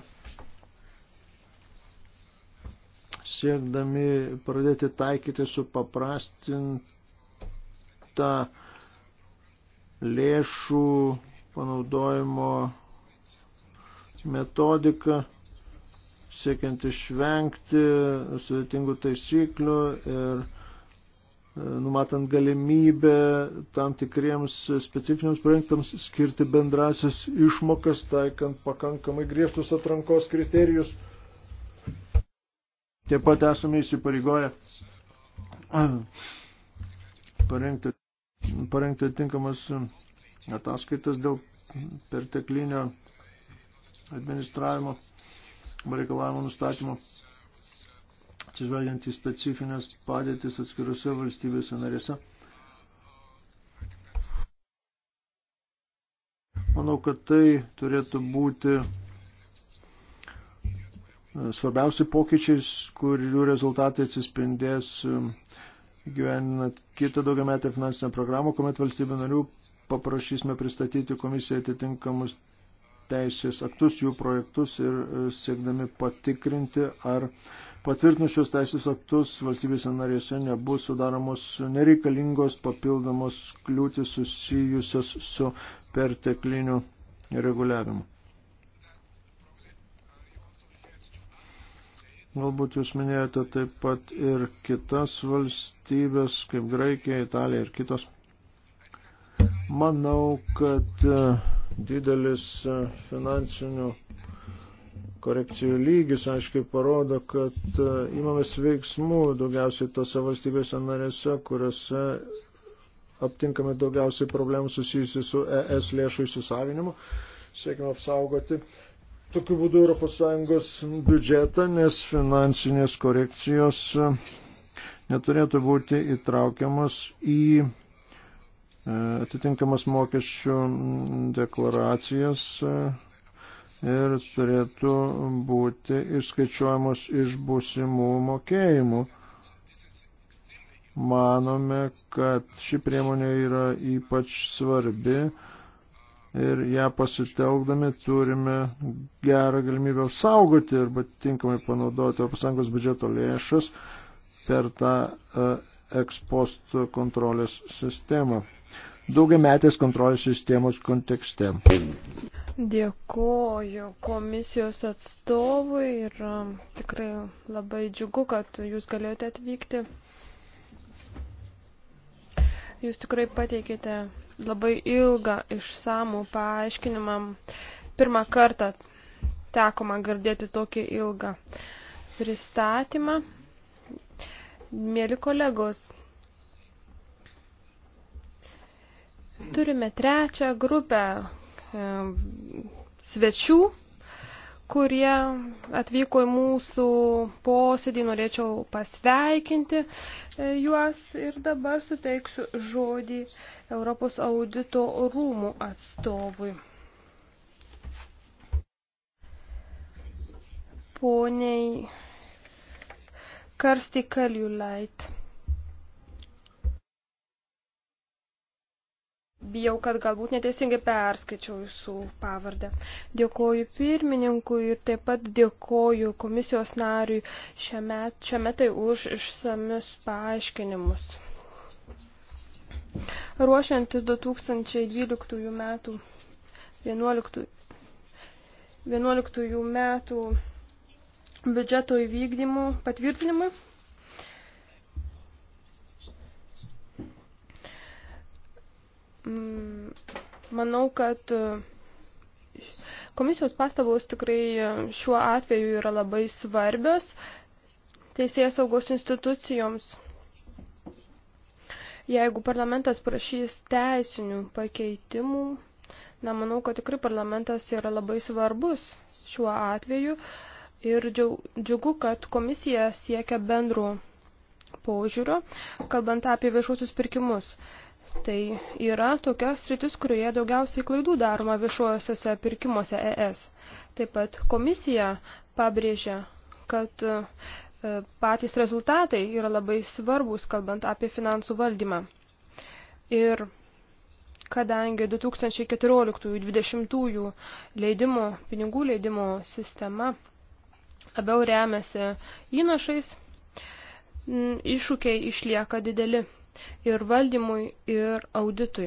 siekdami pradėti taikyti su paprastintą lėšų panaudojimo metodiką siekiant išvengti sudėtingų taisyklių ir e, numatant galimybę tam tikriems specifiniams projektams skirti bendrasis išmokas, taikant pakankamai griežtus atrankos kriterijus. Taip pat esame įsipareigoję parengti, parengti tinkamas ataskaitas dėl perteklinio administravimo reikalavimų nustatymo, atsižvelgiant į specifines padėtis atskirose valstybėse narėse. Manau, kad tai turėtų būti e, svarbiausi pokyčiai, kurių rezultatai atsispindės e, gyveninant kitą daugiametę finansinę programą, kuomet valstybių narių paprašysime pristatyti komisijai atitinkamus teisės aktus, jų projektus ir e, siekdami patikrinti, ar patvirtinus šios teisės aktus valstybėse narėse nebus sudaromos nereikalingos papildomos kliūtis susijusios su pertekliniu reguliavimu. Galbūt jūs minėjote taip pat ir kitas valstybės, kaip Graikija, Italija ir kitos. Manau, kad uh, didelis e, finansinių korekcijų lygis aiškiai parodo, kad įmamės e, veiksmų daugiausiai tose valstybėse narėse, kuriuose aptinkame daugiausiai problemų susijusių su ES lėšų įsisavinimu. Siekime apsaugoti tokiu būdu ES biudžetą, nes finansinės korekcijos e, neturėtų būti įtraukiamas į E, atitinkamas mokesčių deklaracijas e, ir turėtų būti išskaičiuojamos iš būsimų mokėjimų. Manome, kad ši priemonė yra ypač svarbi ir ją pasitelkdami turime gerą galimybę apsaugoti arba tinkamai panaudoti ES biudžeto lėšas per tą ekspost kontrolės sistemą daugiametės kontrolės sistemos kontekste. Dėkuoju komisijos atstovui ir um, tikrai labai džiugu, kad jūs galėjote atvykti. Jūs tikrai pateikėte labai ilgą išsamų paaiškinimą. Pirmą kartą teko man girdėti tokį ilgą pristatymą. Mėly kolegos, Turime trečią grupę svečių, kurie atvyko į mūsų posėdį. Norėčiau pasveikinti e, juos ir dabar suteiksiu žodį Europos audito rūmų atstovui. Poniai Karsti Kaliulait. Bijau, kad galbūt neteisingai perskaičiau jūsų pavardę. Dėkoju pirmininkui ir taip pat dėkoju komisijos nariui šiame, šiame tai už išsamius paaiškinimus. Ruošiantis 2012 metų 11, 11 metų biudžeto įvykdymų patvirtinimui, Mm, manau, kad e, komisijos pastabos tikrai e, šiuo atveju yra labai svarbios teisėjas saugos institucijoms. Jeigu parlamentas prašys teisinių pakeitimų, na, manau, kad tikrai parlamentas yra labai svarbus šiuo atveju ir džiugu, kad komisija siekia bendrų požiūrio, kalbant apie viešuosius pirkimus. Tai yra tokia sritis, kurioje daugiausiai klaidų daroma viešuosiuose pirkimuose ES. Taip pat komisija pabrėžia, kad e, patys rezultatai yra labai svarbus, kalbant apie finansų valdymą. Ir kadangi 2014-2020 leidimo, pinigų leidimo sistema labiau remiasi įnašais, iššūkiai išlieka dideli ir valdymui, ir auditui.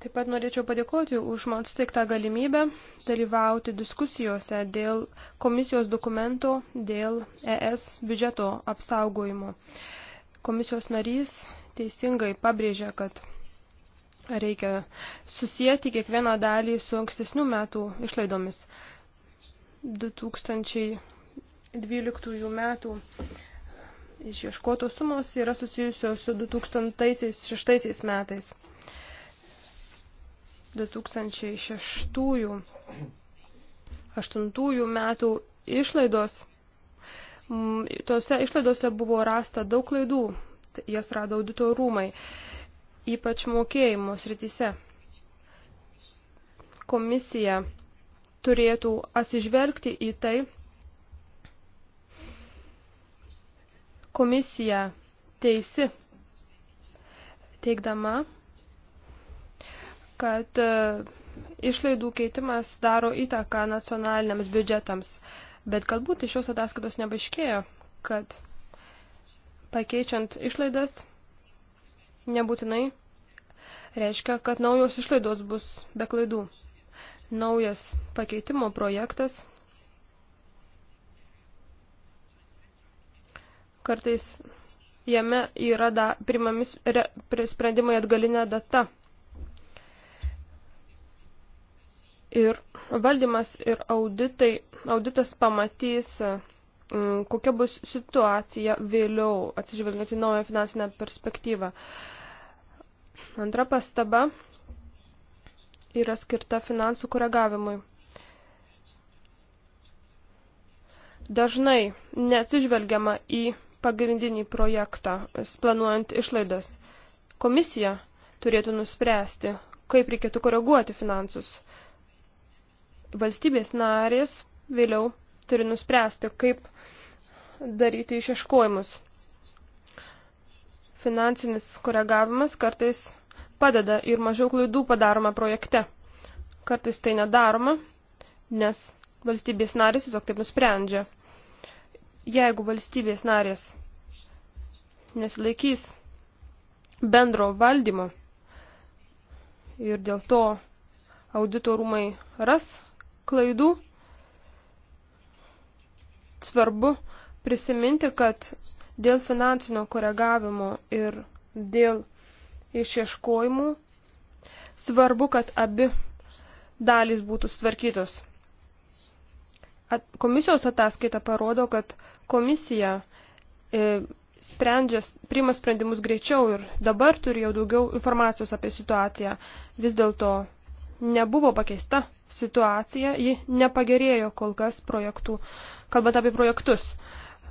Taip pat norėčiau padėkoti už man suteiktą galimybę dalyvauti diskusijose dėl komisijos dokumento dėl ES biudžeto apsaugojimo. Komisijos narys teisingai pabrėžė, kad reikia susijęti kiekvieną dalį su ankstesnių metų išlaidomis. 2012 metų Išieškotos sumos yra susijusios su 2006 metais. 2006-2008 metų išlaidos. Tose išlaidose buvo rasta daug klaidų, jas rado audito rūmai, ypač mokėjimo srityse. Komisija turėtų atsižvelgti į tai, Komisija teisi teikdama, kad e, išlaidų keitimas daro įtaką nacionaliniams biudžetams, bet galbūt iš šios ataskaitos nebaiškėjo, kad pakeičiant išlaidas nebūtinai reiškia, kad naujos išlaidos bus be klaidų. Naujas pakeitimo projektas kartais jame yra da, primami re, sprendimai atgalinė data. Ir valdymas ir auditai, auditas pamatys, mm, kokia bus situacija vėliau, atsižvelgiant į naują finansinę perspektyvą. Antra pastaba yra skirta finansų koregavimui. Dažnai neatsižvelgiama į pagrindinį projektą, planuojant išlaidas. Komisija turėtų nuspręsti, kaip reikėtų koreguoti finansus. Valstybės narės vėliau turi nuspręsti, kaip daryti išieškojimus. Finansinis koregavimas kartais padeda ir mažiau klaidų padaroma projekte. Kartais tai nedaroma, nes valstybės narės tiesiog taip nusprendžia jeigu valstybės narės nesilaikys bendro valdymo ir dėl to auditorumai ras klaidų, svarbu prisiminti, kad dėl finansinio koregavimo ir dėl išieškojimų svarbu, kad abi dalys būtų sutvarkytos at, komisijos ataskaita parodo, kad komisija e, sprendžia, priima sprendimus greičiau ir dabar turi jau daugiau informacijos apie situaciją. Vis dėlto nebuvo pakeista situacija, ji nepagerėjo kol kas projektų, kalbant apie projektus.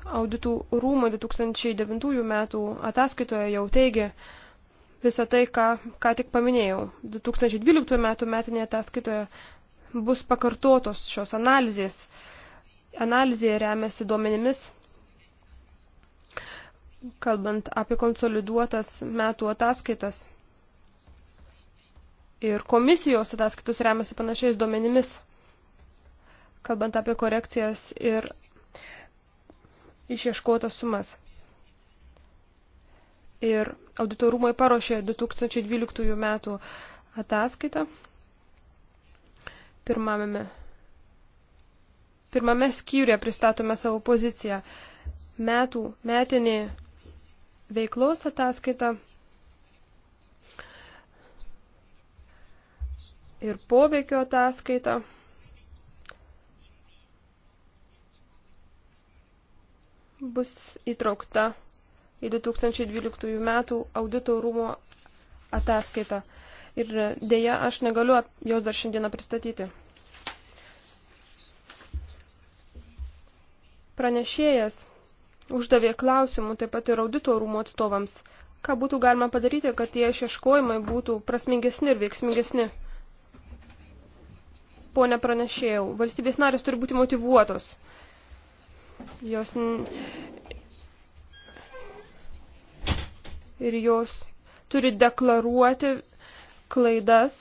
Auditų rūmų 2009 metų ataskaitoje jau teigia visą tai, ką, ką tik paminėjau. 2012 metų metinėje ataskaitoje bus pakartotos šios analizės. Analizė remiasi duomenimis, kalbant apie konsoliduotas metų ataskaitas. Ir komisijos ataskaitus remiasi panašiais duomenimis, kalbant apie korekcijas ir išieškotas sumas. Ir auditorumai paruošė 2012 metų ataskaitą, Pirmame, pirmame skyriuje pristatome savo poziciją. Metų, metinį veiklos ataskaitą ir poveikio ataskaitą. bus įtraukta į 2012 metų audito rūmo ataskaitą ir dėja aš negaliu jos dar šiandieną pristatyti. Pranešėjas uždavė klausimų taip pat ir audito rūmų atstovams, ką būtų galima padaryti, kad tie išieškojimai būtų prasmingesni ir veiksmingesni. Pone pranešėjau, valstybės narės turi būti motivuotos. Jos ir jos turi deklaruoti klaidas,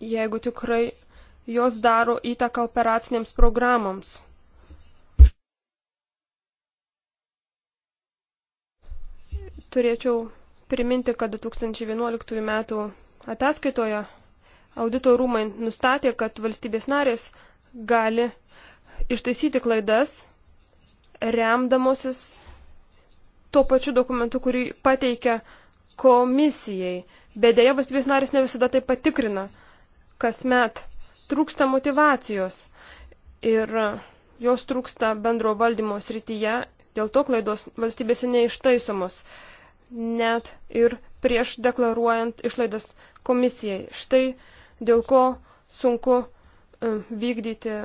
jeigu tikrai jos daro įtaką operacinėms programoms. Turėčiau priminti, kad 2011 m. ataskaitoje audito rūmai nustatė, kad valstybės narės gali ištaisyti klaidas, remdamosis tuo pačiu dokumentu, kurį pateikia komisijai. Bet dėja valstybės narės ne visada tai patikrina. Kasmet trūksta motivacijos ir jos trūksta bendro valdymo srityje, dėl to klaidos valstybėse neištaisomos, net ir prieš deklaruojant išlaidas komisijai. Štai dėl ko sunku e, vykdyti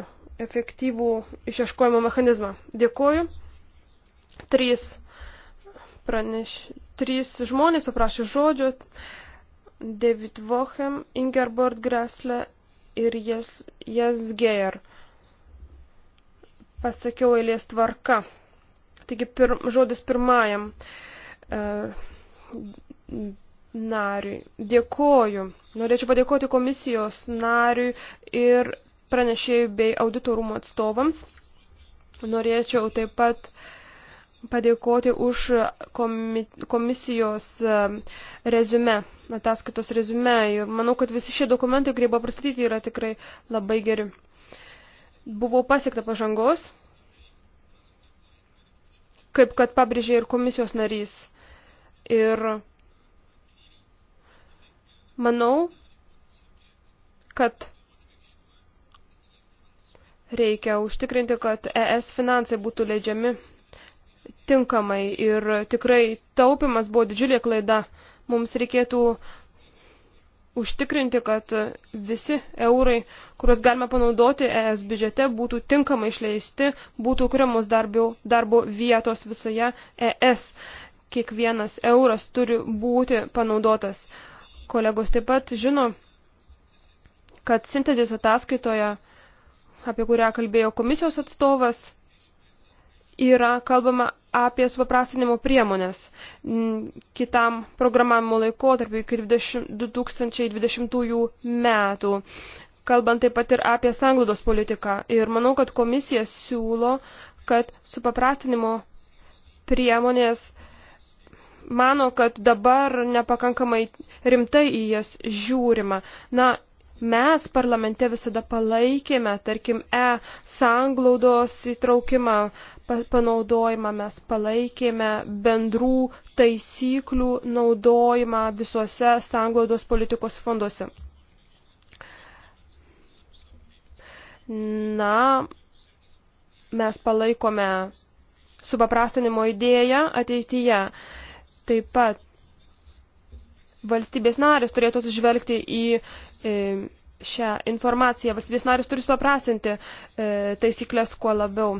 efektyvų išieškojimo mechanizmą. Dėkuoju. Trys, praneš, trys žmonės paprašė žodžio. David Vochem, Ingeborg Grasle ir Jas, Jas Geier. Pasakiau eilės tvarka. Taigi pir, žodis pirmajam e, nariui. Dėkoju. Norėčiau padėkoti komisijos nariui ir pranešėjų bei auditorumo atstovams. Norėčiau taip pat e, padėkoti už komisijos e, rezume, ataskaitos rezume. Ir manau, kad visi šie dokumentai, kurie buvo pristatyti, yra tikrai labai geri. Buvo pasiekta pažangos, kaip kad pabrėžė ir komisijos narys. Ir manau, kad reikia užtikrinti, kad ES finansai būtų leidžiami tinkamai ir tikrai taupimas buvo didžiulė klaida. Mums reikėtų užtikrinti, kad visi eurai, kuriuos galime panaudoti ES biudžete, būtų tinkamai išleisti, būtų kuriamos darbo, darbo vietos visoje ES. Kiekvienas euras turi būti panaudotas. Kolegos taip pat žino, kad sintezės ataskaitoje, apie kurią kalbėjo komisijos atstovas, yra kalbama apie supaprastinimo priemonės mm, kitam programavimo laikotarpiu iki 2020 metų, kalbant taip pat ir apie sanglaudos politiką. Ir manau, kad komisija siūlo, kad supaprastinimo priemonės mano, kad dabar nepakankamai rimtai į jas žiūrima. Na, Mes parlamente visada palaikėme, tarkim, E sanglaudos įtraukimą, panaudojimą, mes palaikėme bendrų taisyklių naudojimą visuose sanglaudos politikos fonduose. Na, mes palaikome supaprastinimo idėją ateityje. Taip pat valstybės narės turėtų sužvelgti į e, šią informaciją. Valstybės narės turi supaprastinti e, taisyklės kuo labiau.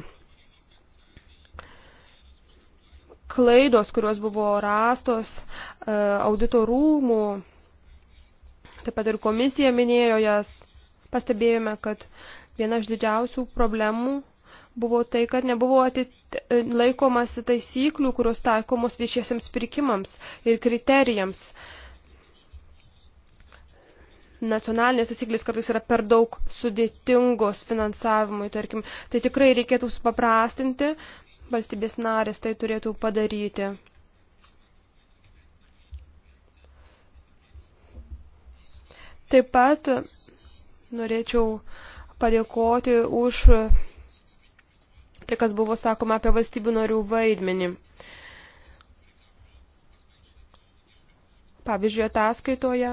Klaidos, kurios buvo rastos e, audito rūmų, taip pat ir komisija minėjo jas, pastebėjome, kad viena iš didžiausių problemų buvo tai, kad nebuvo atit, laikomasi taisyklių, kurios taikomos viešiesiams pirkimams ir kriterijams. E, nacionalinės taisyklės kartais yra per daug sudėtingos finansavimui, tarkim. Tai tikrai reikėtų supaprastinti, valstybės narės tai turėtų padaryti. Taip pat norėčiau padėkoti už tai, kas buvo sakoma apie valstybių narių vaidmenį. Pavyzdžiui, ataskaitoje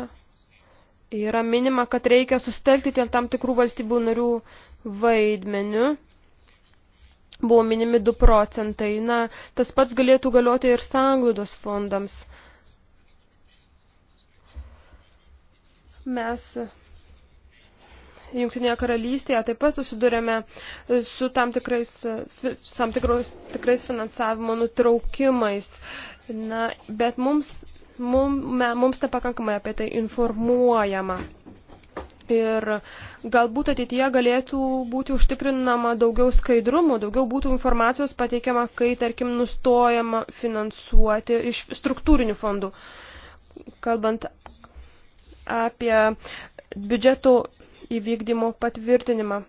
yra minima, kad reikia sustelkti dėl tam tikrų valstybių narių vaidmenių. Buvo minimi 2 procentai. Na, tas pats galėtų galioti ir sanglūdos fondams. Mes Junktinėje karalystėje taip pat susidurėme su tam tikrais, tam tikros, tikrais finansavimo nutraukimais. Na, bet mums mums nepakankamai apie tai informuojama. Ir galbūt ateityje galėtų būti užtikrinama daugiau skaidrumo, daugiau būtų informacijos pateikiama, kai, tarkim, nustojama finansuoti iš struktūrinių fondų. Kalbant apie biudžeto įvykdymo patvirtinimą.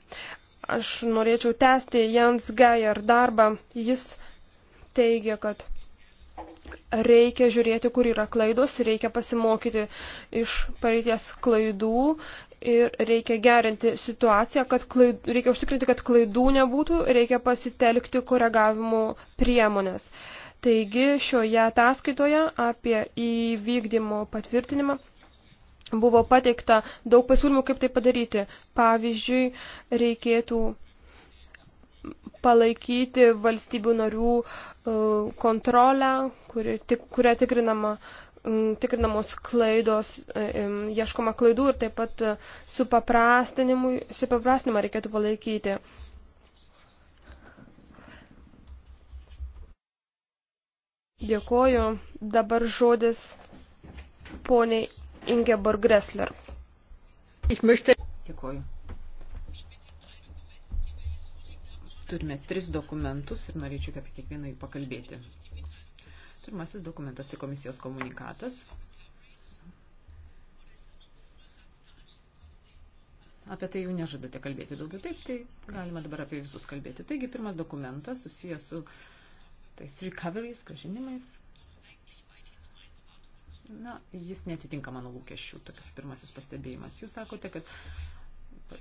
Aš norėčiau tęsti Jens Geier darbą. Jis teigia, kad reikia žiūrėti, kur yra klaidos, reikia pasimokyti iš praeities klaidų ir reikia gerinti situaciją, kad klaid, reikia užtikrinti, kad klaidų nebūtų, reikia pasitelkti koregavimo priemonės. Taigi šioje ataskaitoje apie įvykdymo patvirtinimą buvo pateikta daug pasiūlymų, kaip tai padaryti. Pavyzdžiui, reikėtų palaikyti valstybių narių e, kontrolę, kuri, tik, kuria tikrinama tikrinamos klaidos, e, ieškoma klaidų ir taip pat e, su paprastinimą reikėtų palaikyti. Dėkoju. Dabar žodis poniai Ingeborg Gressler. Dėkoju. Turime tris dokumentus ir norėčiau apie kiekvieną jų pakalbėti. Pirmasis dokumentas tai komisijos komunikatas. Apie tai jau nežadate kalbėti daugiau. Taip, tai galima dabar apie visus kalbėti. Taigi, pirmas dokumentas susijęs su tais recoveries, gražinimais. Na, jis netitinka mano lūkesčių, tokias pirmasis pastebėjimas. Jūs sakote, kad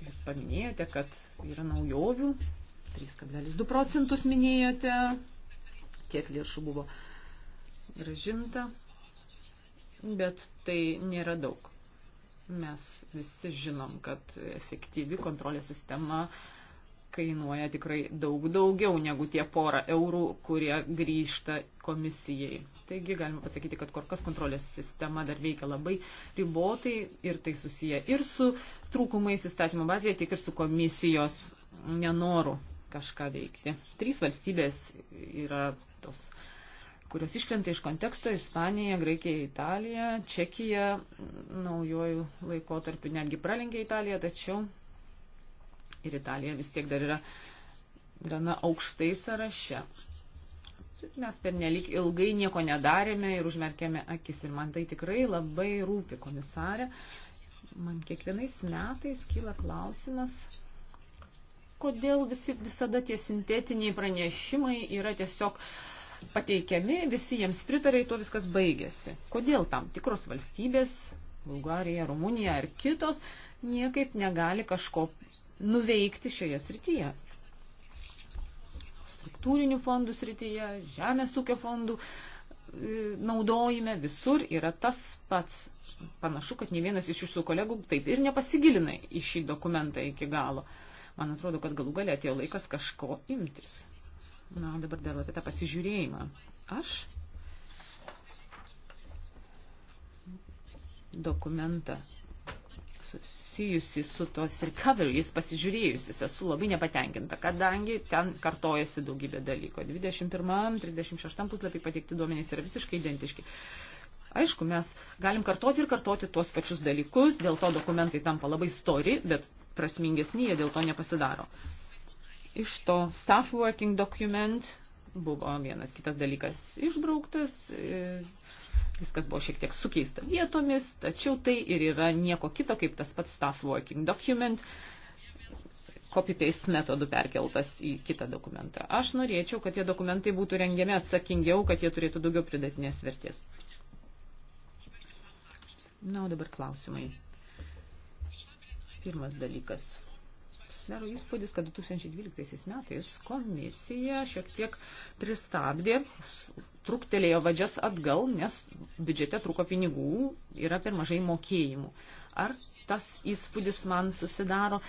jūs paminėjote, kad yra naujovių 3,2 procentus minėjote, tiek lėšų buvo gražinta, bet tai nėra daug. Mes visi žinom, kad efektyvi kontrolės sistema kainuoja tikrai daug daugiau negu tie porą eurų, kurie grįžta komisijai. Taigi galima pasakyti, kad kol kas kontrolės sistema dar veikia labai ribotai ir tai susiję ir su trūkumais įstatymo bazėje, tiek ir su komisijos nenoru kažką veikti. Trys valstybės yra tos, kurios iškrenta iš konteksto - Ispanija, Graikija, Italija, Čekija naujojų laikotarpių netgi pralenkė Italiją, tačiau ir Italija vis tiek dar yra gana aukštai sąraše. Mes per nelik ilgai nieko nedarėme ir užmerkėme akis ir man tai tikrai labai rūpi komisarė. Man kiekvienais metais kyla klausimas, kodėl visi, visada tie sintetiniai pranešimai yra tiesiog pateikiami, visi jiems pritarė, tuo viskas baigėsi. Kodėl tam tikros valstybės, Bulgarija, Rumunija ar kitos, niekaip negali kažko nuveikti šioje srityje. Struktūrinių fondų srityje, žemės ūkio fondų e, naudojime visur yra tas pats. Panašu, kad ne vienas iš jūsų kolegų taip ir nepasigilina į šį dokumentą iki galo. Uh, Man atrodo, kad galų galia atėjo laikas kažko imtis. Na, dabar dėl apie tą pasižiūrėjimą. Aš dokumentą susijusi su tos recoveries pasižiūrėjusis esu labai nepatenkinta, kadangi ten kartojasi daugybė dalyko. 21-36 puslapį pateikti duomenys yra visiškai identiški. Aišku, mes galim kartoti ir kartoti tuos pačius dalykus, dėl to dokumentai tampa labai stori, bet prasmingesni jie dėl to nepasidaro. Iš to staff working document buvo vienas kitas dalykas išbrauktas, e, viskas buvo šiek tiek sukeista vietomis, tačiau tai ir yra nieko kito kaip tas pats staff working document, copy-paste metodų perkeltas į kitą dokumentą. Aš norėčiau, kad tie dokumentai būtų rengiami atsakingiau, kad jie turėtų daugiau pridatinės vertės. Na, o dabar klausimai. Pirmas dalykas. Daro įspūdis, kad 2012 metais komisija šiek tiek pristabdė, truktelėjo vadžias atgal, nes biudžete trūko pinigų, yra per mažai mokėjimų. Ar tas įspūdis man susidaro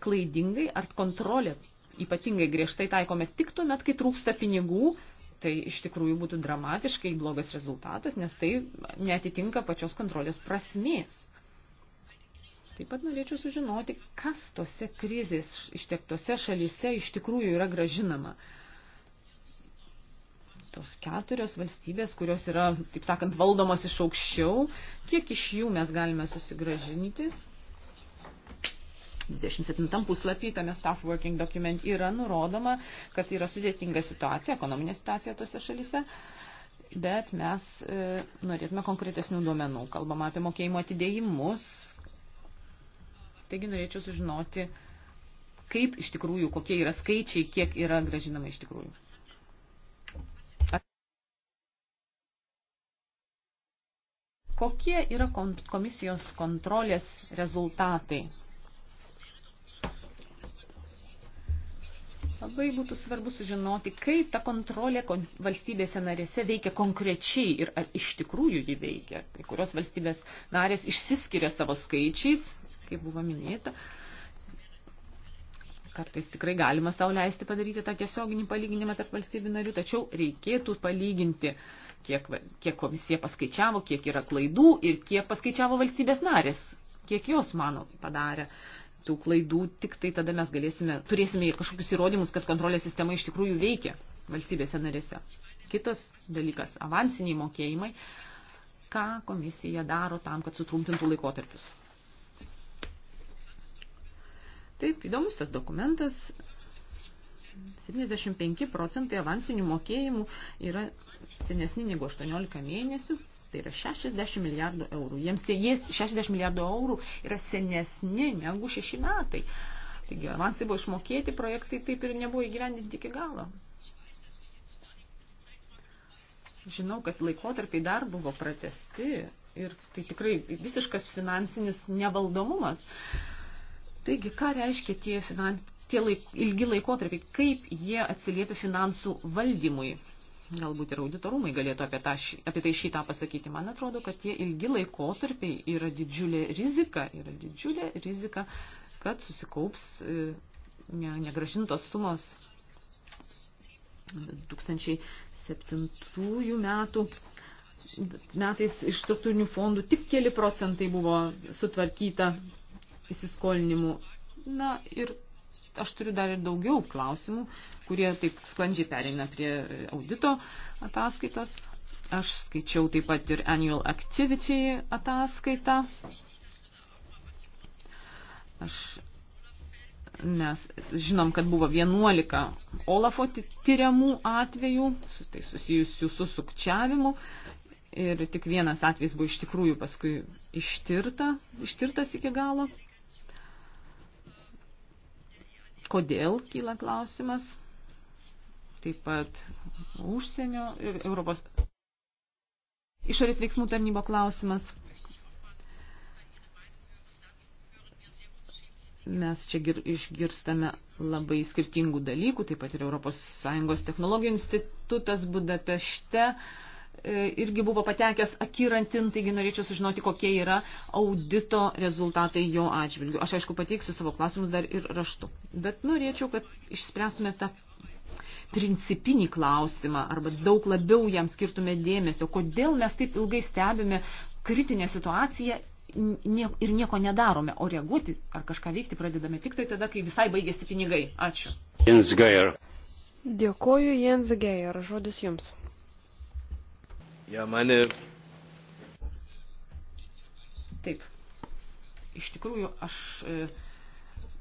klaidingai, ar kontrolė ypatingai griežtai taikome tik tuomet, kai trūksta pinigų, tai iš tikrųjų būtų dramatiškai blogas rezultatas, nes tai netitinka pačios kontrolės prasmės. Taip pat norėčiau sužinoti, kas tose krizės ištektose šalyse iš tikrųjų yra gražinama. Tos keturios valstybės, kurios yra, taip sakant, valdomos iš aukščiau, kiek iš jų mes galime susigražinti 27 puslapį tame staff working document yra nurodoma, kad yra sudėtinga situacija, ekonominė situacija tose šalise, bet mes e, norėtume konkretesnių duomenų, kalbama apie mokėjimo atidėjimus. Taigi norėčiau sužinoti, kaip iš tikrųjų, kokie yra skaičiai, kiek yra gražinama iš tikrųjų. Kokie yra komisijos kontrolės rezultatai Labai būtų svarbu sužinoti, kaip ta kontrolė valstybėse narėse veikia konkrečiai ir ar iš tikrųjų ji veikia. Kai kurios valstybės narės išsiskiria savo skaičiais, kaip buvo minėta. Kartais tikrai galima sau leisti padaryti tą tiesioginį palyginimą tarp valstybių narių, tačiau reikėtų palyginti, kiek, kiek komisija paskaičiavo, kiek yra klaidų ir kiek paskaičiavo valstybės narės, kiek jos mano padarė tų klaidų, tik tai tada mes galėsime, turėsime kažkokius įrodymus, kad kontrolės sistema iš tikrųjų veikia valstybėse narėse. Kitas dalykas – avansiniai mokėjimai, ką komisija daro tam, kad sutrumpintų laikotarpius. Taip, įdomus tas dokumentas. 75 procentai avansinių mokėjimų yra senesni negu 18 mėnesių tai yra 60 milijardų eurų. Jiems jie 60 milijardų eurų yra senesni negu 6 metai. Taigi avansai buvo išmokėti, projektai taip ir nebuvo įgyvendinti iki galo. Žinau, kad laikotarpiai dar buvo pratesti ir tai tikrai visiškas finansinis nevaldomumas. Taigi, ką reiškia tie, finan... tie laik... ilgi laikotarpiai, kaip jie atsiliepia finansų valdymui? Galbūt ir auditorumai galėtų apie, tą, apie tai šitą pasakyti. Man atrodo, kad tie ilgi laikotarpiai yra didžiulė rizika, yra didžiulė rizika, kad susikaups e, ne, negražintos sumos 2007 metų metais iš struktūrinių fondų tik keli procentai buvo sutvarkyta įsiskolinimų. Na ir aš turiu dar ir daugiau klausimų, kurie taip sklandžiai pereina prie audito ataskaitos. Aš skaičiau taip pat ir Annual Activity ataskaitą. Aš, mes žinom, kad buvo 11 Olafo tyriamų atvejų, su tai susijusių su sukčiavimu. Ir tik vienas atvejis buvo iš tikrųjų paskui ištirta, ištirtas iki galo. Kodėl kyla klausimas? Taip pat užsienio ir Europos išorės veiksmų tarnybo klausimas. Mes čia gir, išgirstame labai skirtingų dalykų, taip pat ir ES technologijų institutas Budapešte. Uh, E, irgi buvo patekęs akirantin, taigi norėčiau sužinoti, kokie yra audito rezultatai jo atžvilgiu. Aš aišku pateiksiu savo klausimus dar ir raštu, bet norėčiau, kad išspręstume tą principinį klausimą arba daug labiau jam skirtume dėmesio, kodėl mes taip ilgai stebime kritinę situaciją ir nieko nedarome, o reaguoti ar kažką veikti pradedame tik tai tada, kai visai baigėsi pinigai. Ačiū. Jens Geier. Dėkoju Jens Geier, žodis jums. Ja, meine... Taip. Iš tikrųjų, aš e,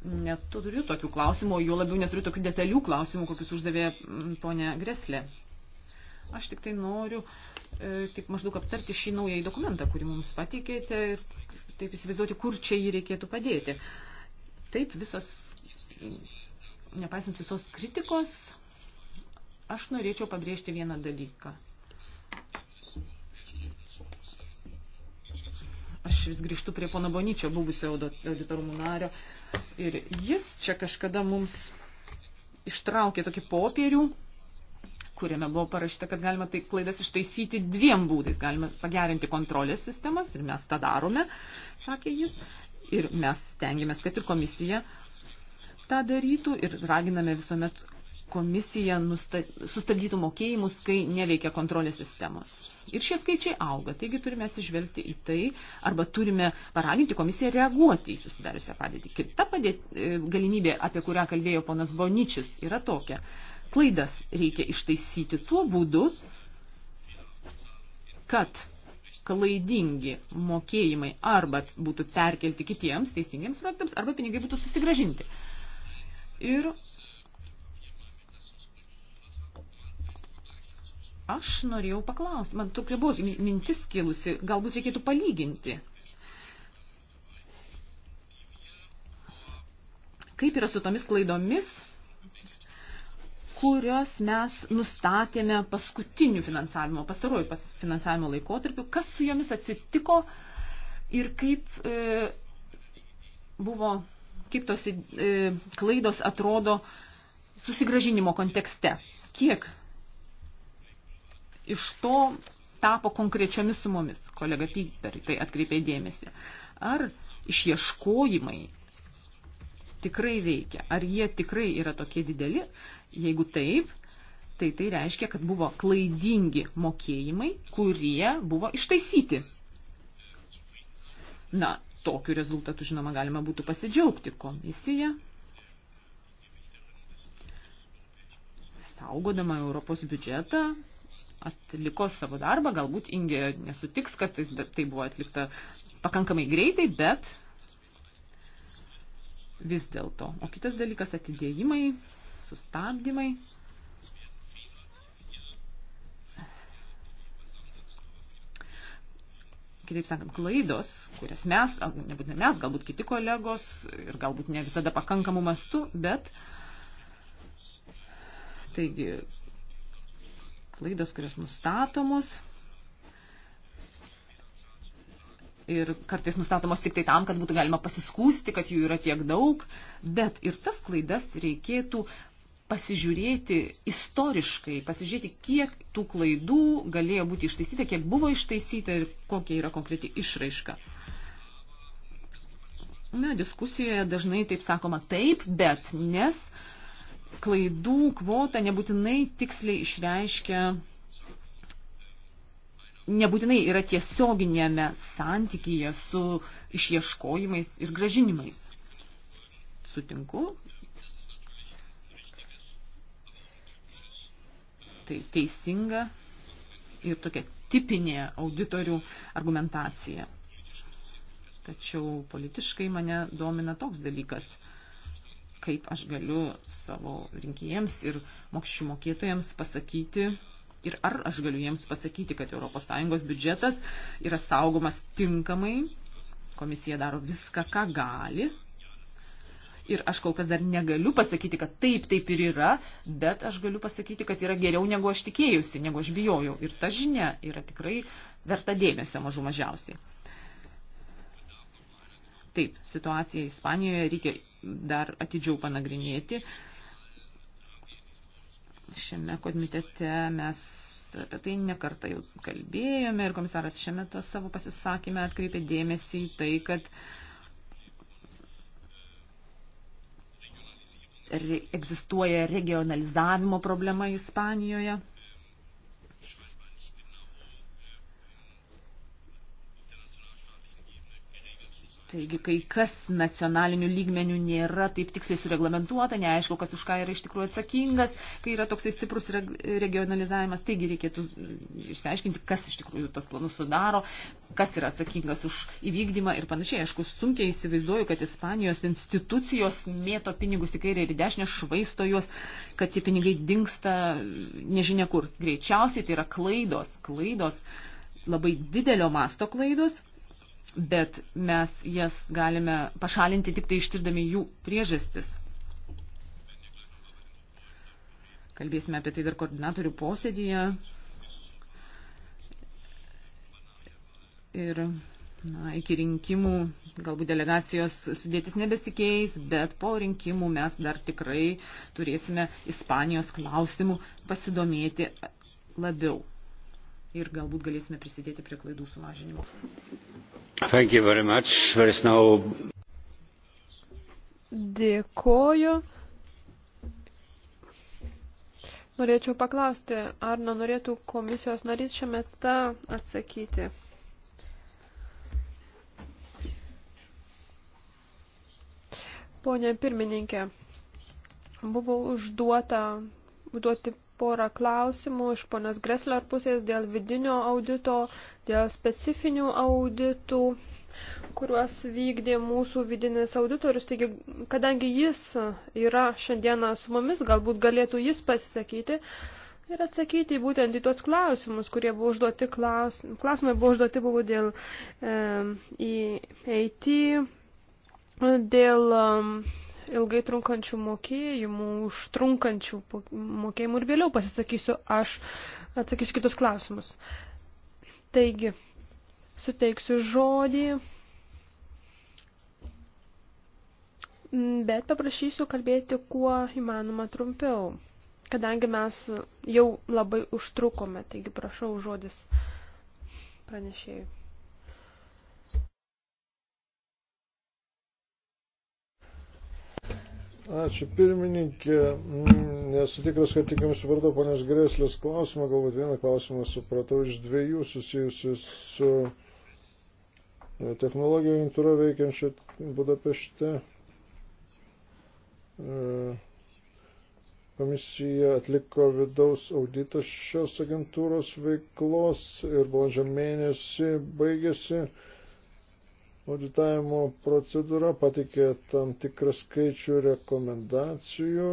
neturiu tokių klausimų, jų labiau neturiu tokių detalių klausimų, kokius uždavė ponė Greslė. Aš tik tai noriu e, tik maždaug aptarti šį naująjį dokumentą, kurį mums pateikėte ir taip įsivaizduoti, kur čia jį reikėtų padėti. Taip, visos, nepaisant visos kritikos, aš norėčiau pabrėžti vieną dalyką – Aš vis grįžtu prie pono Bonyčio, buvusio auditorumų nario. Ir jis čia kažkada mums ištraukė tokį popierių, kuriame buvo parašyta, kad galima tai klaidas ištaisyti dviem būdais. Galima pagerinti kontrolės sistemas ir mes tą darome, sakė jis. Ir mes stengiamės, kad ir komisija tą darytų ir raginame visuomet komisija nusta, sustabdytų mokėjimus, kai neveikia kontrolės sistemos. Ir šie skaičiai auga, taigi turime atsižvelgti į tai arba turime paraginti komisiją reaguoti į susidariusią padėtį. Kita padėt, e, galimybė, apie kurią kalbėjo ponas Boničis, yra tokia. Klaidas reikia ištaisyti tuo būdu, kad klaidingi mokėjimai arba būtų perkelti kitiems teisingiems projektams, arba pinigai būtų susigražinti. Ir Aš norėjau paklausti, man tokia buvo mintis kilusi, galbūt reikėtų palyginti. Kaip yra su tomis klaidomis, kurios mes nustatėme paskutiniu finansavimo, pastaruoju pas finansavimo laikotarpiu, kas su jomis atsitiko ir kaip e, buvo, kaip tos e, klaidos atrodo susigražinimo kontekste. Kiek iš to tapo konkrečiomis sumomis, kolega Piper tai atkreipė dėmesį. Ar išieškojimai tikrai veikia, ar jie tikrai yra tokie dideli, jeigu taip, tai tai reiškia, kad buvo klaidingi mokėjimai, kurie buvo ištaisyti. Na, tokiu rezultatu, žinoma, galima būtų pasidžiaugti komisija. Saugodama Europos biudžetą atliko savo darbą, galbūt Ingė nesutiks, kad tai buvo atlikta pakankamai greitai, bet vis dėlto. O kitas dalykas atidėjimai, sustabdymai. kitaip sakant, klaidos, kurias mes, nebūtinai mes, galbūt kiti kolegos ir galbūt ne visada pakankamų mastų, bet taigi klaidos, kurios nustatomos. Ir kartais nustatomos tik tai tam, kad būtų galima pasiskūsti, kad jų yra tiek daug, bet ir tas klaidas reikėtų pasižiūrėti istoriškai, pasižiūrėti, kiek tų klaidų galėjo būti ištaisyta, kiek buvo ištaisyta ir kokia yra konkreti išraiška. Na, diskusijoje dažnai taip sakoma taip, bet nes uh, klaidų kvota nebūtinai tiksliai išreiškia, nebūtinai yra tiesioginėme santykyje su išieškojimais ir gražinimais. Sutinku. Tai teisinga ir tokia tipinė auditorių argumentacija. Tačiau politiškai mane domina toks dalykas – kaip aš galiu savo rinkėjams ir mokesčių mokėtojams pasakyti ir ar aš galiu jiems pasakyti, kad ES biudžetas yra saugomas tinkamai, komisija daro viską, ką gali. Ir aš kol kas dar negaliu pasakyti, kad taip, taip ir yra, bet aš galiu pasakyti, kad yra geriau negu aš tikėjusi, negu aš bijojau. Ir ta žinia yra tikrai verta dėmesio mažų mažiausiai. Taip, situacija Ispanijoje reikia dar atidžiau panagrinėti. Šiame komitete mes apie tai nekartą jau kalbėjome ir komisaras šiame to savo pasisakymę atkreipė dėmesį į tai, kad egzistuoja regionalizavimo problema Ispanijoje. Taigi, kai kas nacionaliniu lygmeniu nėra taip tiksliai sureglamentuota, neaišku, kas už ką yra iš tikrųjų atsakingas, kai yra toksai stiprus regionalizavimas, taigi reikėtų išsiaiškinti, kas iš tikrųjų tos planus sudaro, kas yra atsakingas už įvykdymą ir panašiai. Aišku, sunkiai įsivaizduoju, kad Ispanijos institucijos mėto pinigus į kairę ir į dešinę, švaisto juos, kad tie pinigai dinksta nežinia kur. Greičiausiai tai yra klaidos, klaidos, labai didelio masto klaidos bet mes jas galime pašalinti tik tai ištirdami jų priežastis. Kalbėsime apie tai dar koordinatorių posėdėje. Ir na, iki rinkimų galbūt delegacijos sudėtis nebesikeis, bet po rinkimų mes dar tikrai turėsime Ispanijos klausimų pasidomėti labiau ir galbūt galėsime prisidėti prie klaidų sumažinimo. Thank you very much. There is no... Dėkoju. Norėčiau paklausti, ar nenorėtų komisijos narys šiame tą atsakyti? Pone pirmininkė, buvo užduota, užduoti porą klausimų iš ponios Gresler pusės dėl vidinio audito, dėl specifinių auditų, kuriuos vykdė mūsų vidinis auditorius. Taigi, kadangi jis yra šiandieną su mumis, galbūt galėtų jis pasisakyti ir atsakyti būtent į tuos klausimus, kurie buvo užduoti, klaus, klausimai buvo užduoti buvo dėl e, IT, dėl ilgai trunkančių mokėjimų, užtrunkančių mokėjimų ir vėliau pasisakysiu, aš atsakysiu kitus klausimus. Taigi, suteiksiu žodį, bet paprašysiu kalbėti kuo įmanoma trumpiau, kadangi mes jau labai užtrukome, taigi prašau žodis pranešėjui. Ačiū pirmininkė, nesu mm, tikras, kad tik jums supratau ponios Greslės klausimą, galbūt vieną klausimą supratau iš dviejų susijusių su e, technologijų agentūra veikiančia Budapešte. E, komisija atliko vidaus auditą šios agentūros veiklos ir balandžio mėnesį baigėsi auditavimo procedūra patikė tam tikrą skaičių rekomendacijų.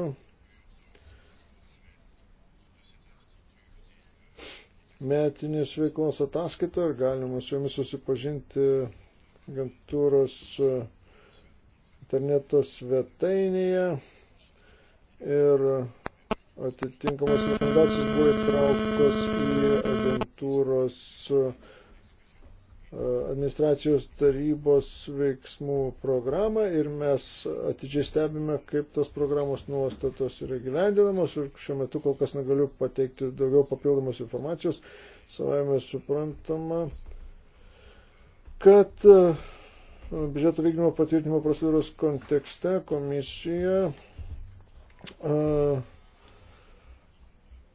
Metinės veiklos ataskaita ir galima su jomis susipažinti agentūros interneto svetainėje ir atitinkamas rekomendacijos buvo įtrauktos į agentūros uh, administracijos tarybos veiksmų programą ir mes atidžiai stebime, kaip tos programos nuostatos yra gyvendinamos ir šiuo metu kol kas negaliu pateikti daugiau papildomos informacijos. Savaime suprantama, kad e, biudžeto vykdymo patvirtinimo procedūros kontekste komisija a, e, a,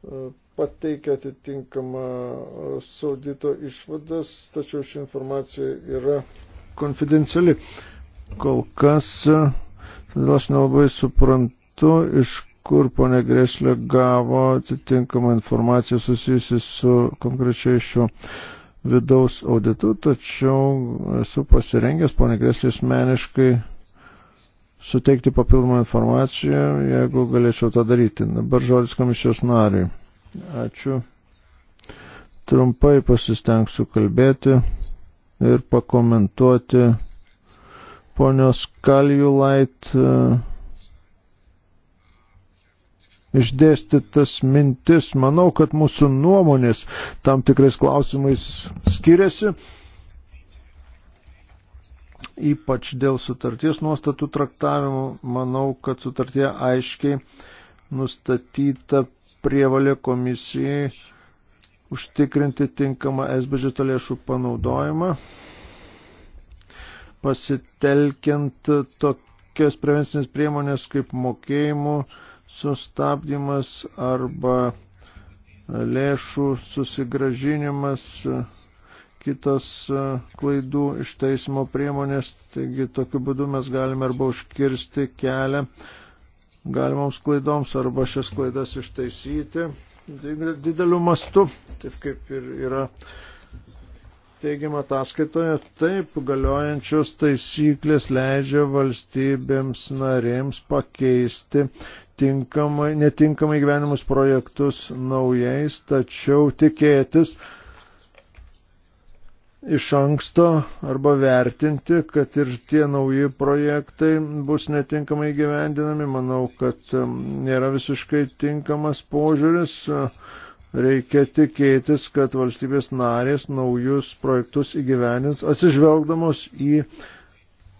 e, pateikia atitinkamą saudito išvadas, tačiau ši informacija yra konfidenciali. Kol kas, todėl aš nelabai suprantu, iš kur ponė Greslė gavo atitinkamą informaciją susijusi su konkrečiai šiuo vidaus auditu, tačiau esu pasirengęs ponė Greslė asmeniškai suteikti papildomą informaciją, jeigu galėčiau tą daryti. Dabar žodis komisijos nariai. Ačiū. Trumpai pasistengsiu kalbėti ir pakomentuoti ponios Kaljulait e, išdėstytas mintis. Manau, kad mūsų nuomonės tam tikrais klausimais skiriasi, ypač dėl sutarties nuostatų traktavimo. Manau, kad sutartie aiškiai nustatyta prievalė komisijai užtikrinti tinkamą S biudžeto lėšų panaudojimą, pasitelkiant tokias prevencinės priemonės kaip mokėjimų sustabdymas arba lėšų susigražinimas, kitos klaidų išteismo priemonės. Taigi tokiu būdu mes galime arba užkirsti kelią galimoms klaidoms arba šias klaidas ištaisyti dideliu mastu, taip kaip ir yra teigiama ataskaitoje, taip galiojančios taisyklės leidžia valstybėms narėms pakeisti tinkamai, netinkamai gyvenimus projektus naujais, tačiau tikėtis, iš anksto arba vertinti, kad ir tie nauji projektai bus netinkamai gyvendinami. Manau, kad um, nėra visiškai tinkamas požiūris. Reikia tikėtis, kad valstybės narės naujus projektus įgyvenins, atsižvelgdamos į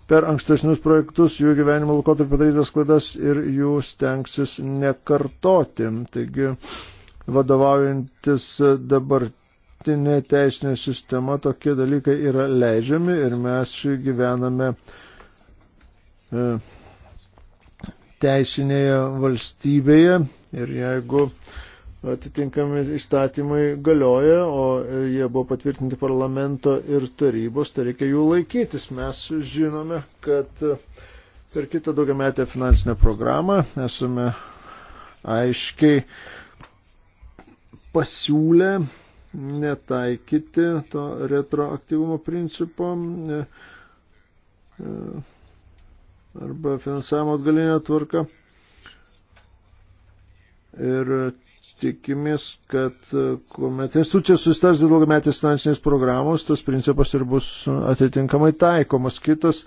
per ankstesnius projektus jų gyvenimo laikotarpį padarytas klaidas ir jų stengsis nekartoti. Taigi, vadovaujantis dabar demokratinė teisinė sistema tokie dalykai yra leidžiami ir mes gyvename e, teisinėje valstybėje ir jeigu atitinkami įstatymai galioja, o jie buvo patvirtinti parlamento ir tarybos, tai reikia jų laikytis. Mes žinome, kad per kitą daugiametę finansinę programą esame aiškiai pasiūlę netaikyti to retroaktyvumo principo e, e, arba finansavimo atgalinė tvarka. Ir tikimės, kad kuomet institucija susitars dėl ilgametės finansinės programos, tas principas ir bus atitinkamai taikomas. Kitas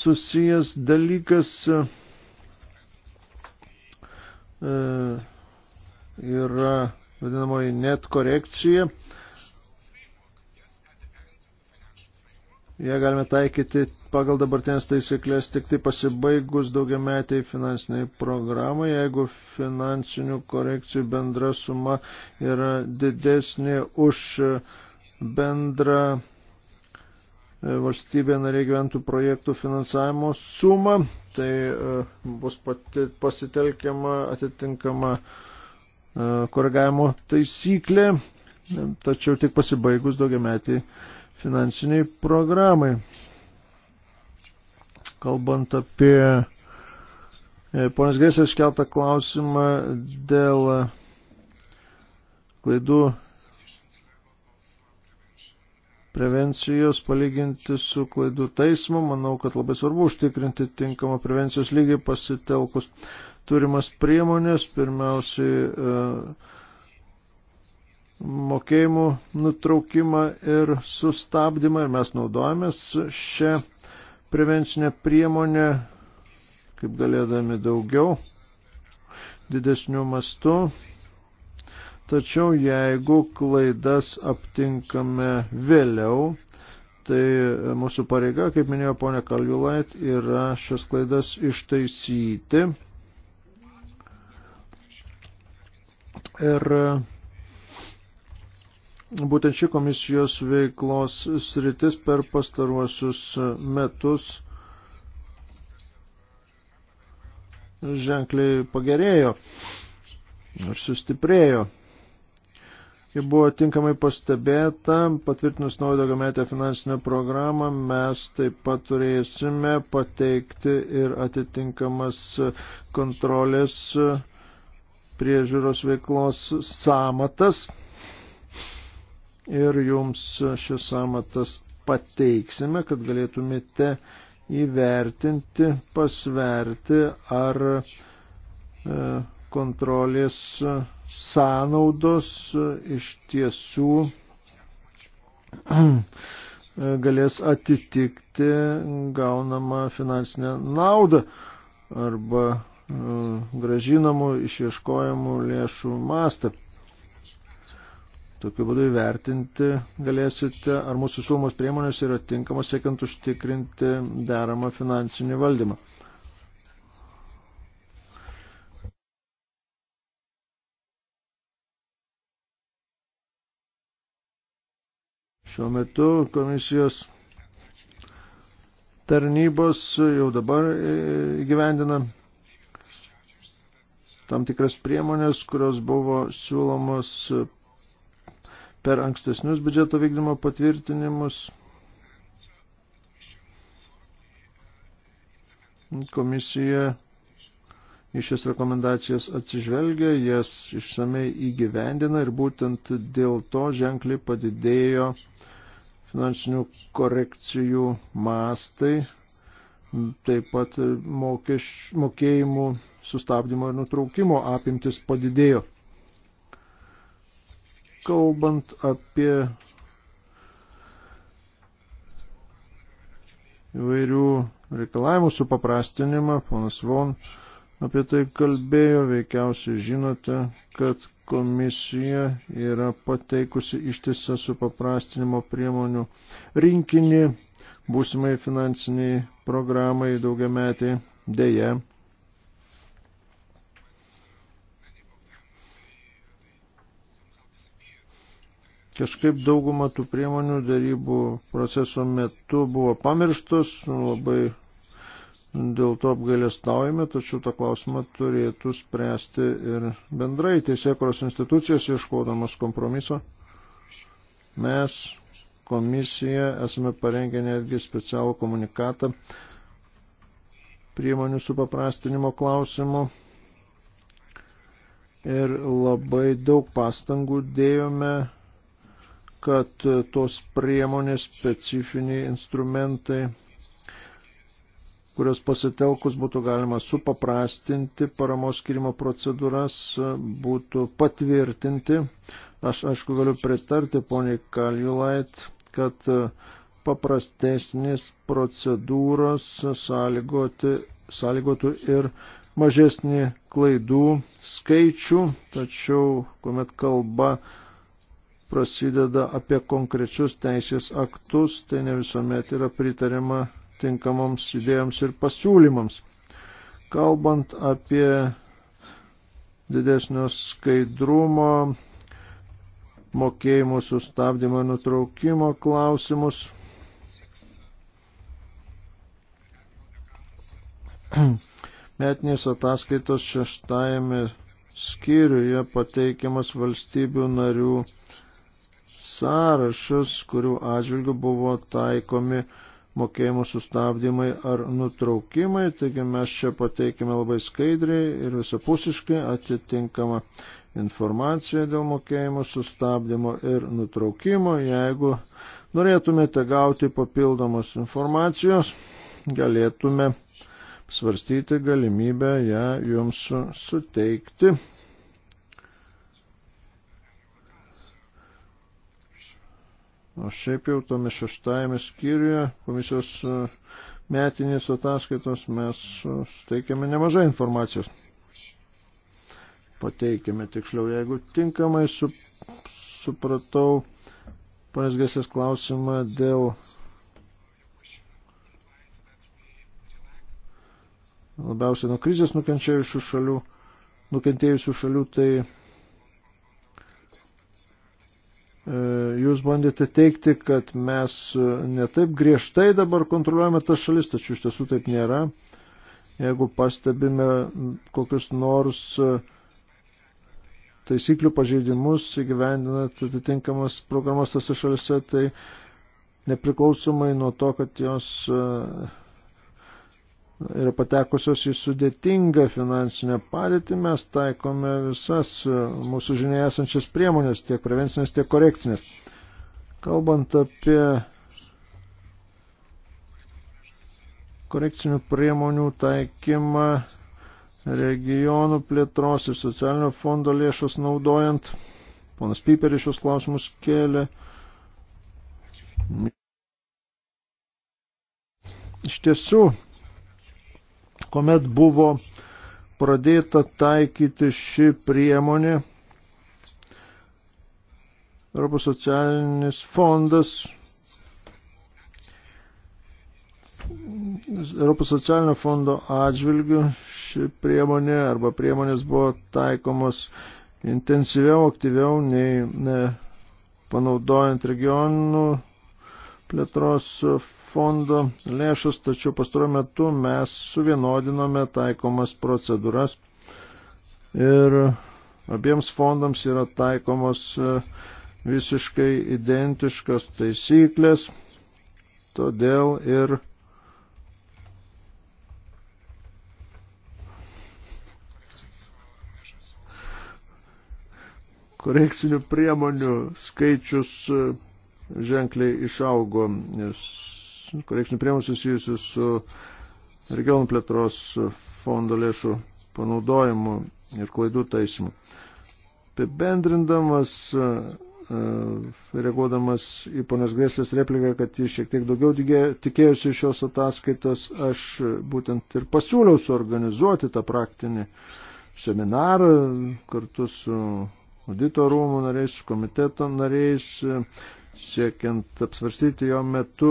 susijęs dalykas e, yra vadinamoji net korekcija. Jie galime taikyti pagal dabartinės taisyklės tik tai pasibaigus daugiametiai finansiniai programai, jeigu finansinių korekcijų bendra suma yra didesnė už bendrą e, valstybė nariai gyventų projektų finansavimo sumą, tai e, bus pasitelkiama atitinkama uh, E, koregavimo taisyklė, tačiau tik pasibaigus daugiametiai finansiniai programai. Kalbant apie e, ponas Gaisės keltą klausimą dėl klaidų prevencijos palyginti su klaidų teismu, manau, kad labai svarbu užtikrinti tinkamą prevencijos lygį pasitelkus uh, turimas priemonės, pirmiausiai e, mokėjimų nutraukimą ir sustabdymą ir mes naudojamės šią prevencinę priemonę, kaip galėdami daugiau, didesnių mastų. Tačiau jeigu klaidas aptinkame vėliau, tai mūsų pareiga, kaip minėjo ponė Kaljulait, yra šias klaidas ištaisyti Ir e, būtent ši komisijos veiklos sritis per pastaruosius metus ženkliai pagerėjo ir sustiprėjo. Ji buvo tinkamai pastebėta, patvirtinus naują daugiametę finansinę programą, mes taip pat turėsime pateikti ir atitinkamas kontrolės priežiūros veiklos samatas ir jums šis samatas pateiksime, kad galėtumėte įvertinti, pasverti, ar e, kontrolės sąnaudos iš tiesų e, galės atitikti gaunamą finansinę naudą arba gražinamų išieškojimų lėšų mastą. Tokiu būdu įvertinti galėsite, ar mūsų siūlomos priemonės yra tinkamos siekiant užtikrinti deramą finansinį valdymą. Šiuo metu komisijos tarnybos jau dabar įgyvendina tam tikras priemonės, kurios buvo siūlomos per ankstesnius biudžeto vykdymo patvirtinimus. Komisija į šias rekomendacijas atsižvelgia, jas išsamei įgyvendina ir būtent dėl to ženkliai padidėjo finansinių korekcijų mastai Taip pat e, mokeš, mokėjimų sustabdymo ir nutraukimo apimtis padidėjo. Kalbant apie įvairių reikalavimų supaprastinimą, ponas Von apie tai kalbėjo, veikiausiai žinote, kad komisija yra pateikusi ištisą supaprastinimo priemonių rinkinį būsimai finansiniai programai daugiametiai dėje. Kažkaip dauguma tų priemonių darybų proceso metu buvo pamirštos, labai dėl to apgailestaujame, tačiau tą klausimą turėtų spręsti ir bendrai teisėkros institucijos ieškodamas kompromiso. Mes komisija esame parengę netgi specialų komunikatą priemonių supaprastinimo klausimu. Ir labai daug pastangų dėjome, kad tos priemonės specifiniai instrumentai, kurios pasitelkus būtų galima supaprastinti paramos skirimo procedūras, būtų patvirtinti. Aš aišku galiu pritarti poniai Kaljulait kad e, paprastesnės procedūros sąlygoti, sąlygotų ir mažesnį klaidų skaičių, tačiau kuomet kalba prasideda apie konkrečius teisės aktus, tai ne visuomet yra pritariama tinkamoms idėjoms ir pasiūlymams. Kalbant apie didesnio skaidrumo mokėjimų sustabdymo nutraukimo klausimus. Metinės ataskaitos šeštajame skyriuje pateikiamas valstybių narių sąrašas, kurių atžvilgių buvo taikomi mokėjimų sustabdymai ar nutraukimai, taigi mes čia pateikime labai skaidriai ir visapusiškai atitinkamą informaciją dėl mokėjimų sustabdymo ir nutraukimo. Jeigu norėtumėte gauti papildomos informacijos, galėtume svarstyti galimybę ją jums suteikti. O šiaip jau tome šeštajame skyriuje komisijos metinės ataskaitos mes suteikiame nemažai informacijos pateikiami. Tiksliau, jeigu tinkamai su, supratau panas Gesės klausimą dėl labiausiai nuo krizės nukentėjusių šalių, nukentėjusių šalių, tai e, Jūs bandėte teikti, kad mes netaip griežtai dabar kontroliuojame tas šalis, tačiau iš tiesų taip nėra. Jeigu pastebime kokius nors uh, taisyklių pažeidimus įgyvendinant atitinkamas programas tose šalise, tai nepriklausomai nuo to, kad jos e, yra patekusios į sudėtingą finansinę padėtį, mes taikome visas e, mūsų žiniai esančias priemonės, tiek prevencinės, tiek korekcinės. Kalbant apie korekcinių priemonių taikymą, regionų plėtros ir socialinio fondo lėšas naudojant. Ponas Piperis šios klausimus kėlė. Iš tiesų, kuomet buvo pradėta taikyti ši priemonė, Europos socialinis fondas Europos socialinio fondo atžvilgių ši priemonė arba priemonės buvo taikomos intensyviau, aktyviau nei ne, panaudojant regionų plėtros fondo lėšas, tačiau pastaruo metu mes suvienodinome taikomas procedūras ir abiems fondams yra taikomos e, visiškai identiškos taisyklės, todėl ir korekcinių priemonių skaičius e, ženkliai išaugo, nes korekcinių priemonių susijusių su regionų plėtros fondo lėšų panaudojimu ir klaidų taisymu. Apibendrindamas, e, e, reaguodamas į ponas Greslės repliką, kad jis šiek tiek daugiau tikėjosi šios ataskaitos, aš būtent ir pasiūliau suorganizuoti tą praktinį seminarą kartu su audito rūmų nariais, su komiteto nariais, siekiant apsvarstyti jo metu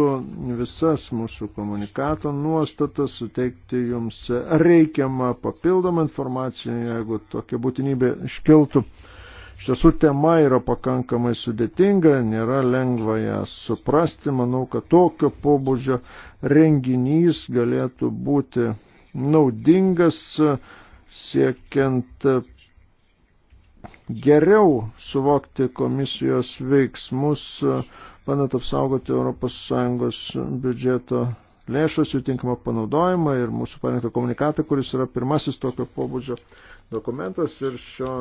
visas mūsų komunikato nuostatas, suteikti jums reikiamą papildomą informaciją, jeigu tokia būtinybė iškiltų. Iš tiesų tema yra pakankamai sudėtinga, nėra lengva ją suprasti. Manau, kad tokio pobūdžio renginys galėtų būti naudingas siekiant geriau suvokti komisijos veiksmus, bandant apsaugoti ES biudžeto lėšos, jų tinkamą panaudojimą ir mūsų parengtą komunikatą, kuris yra pirmasis tokio pobūdžio dokumentas ir šio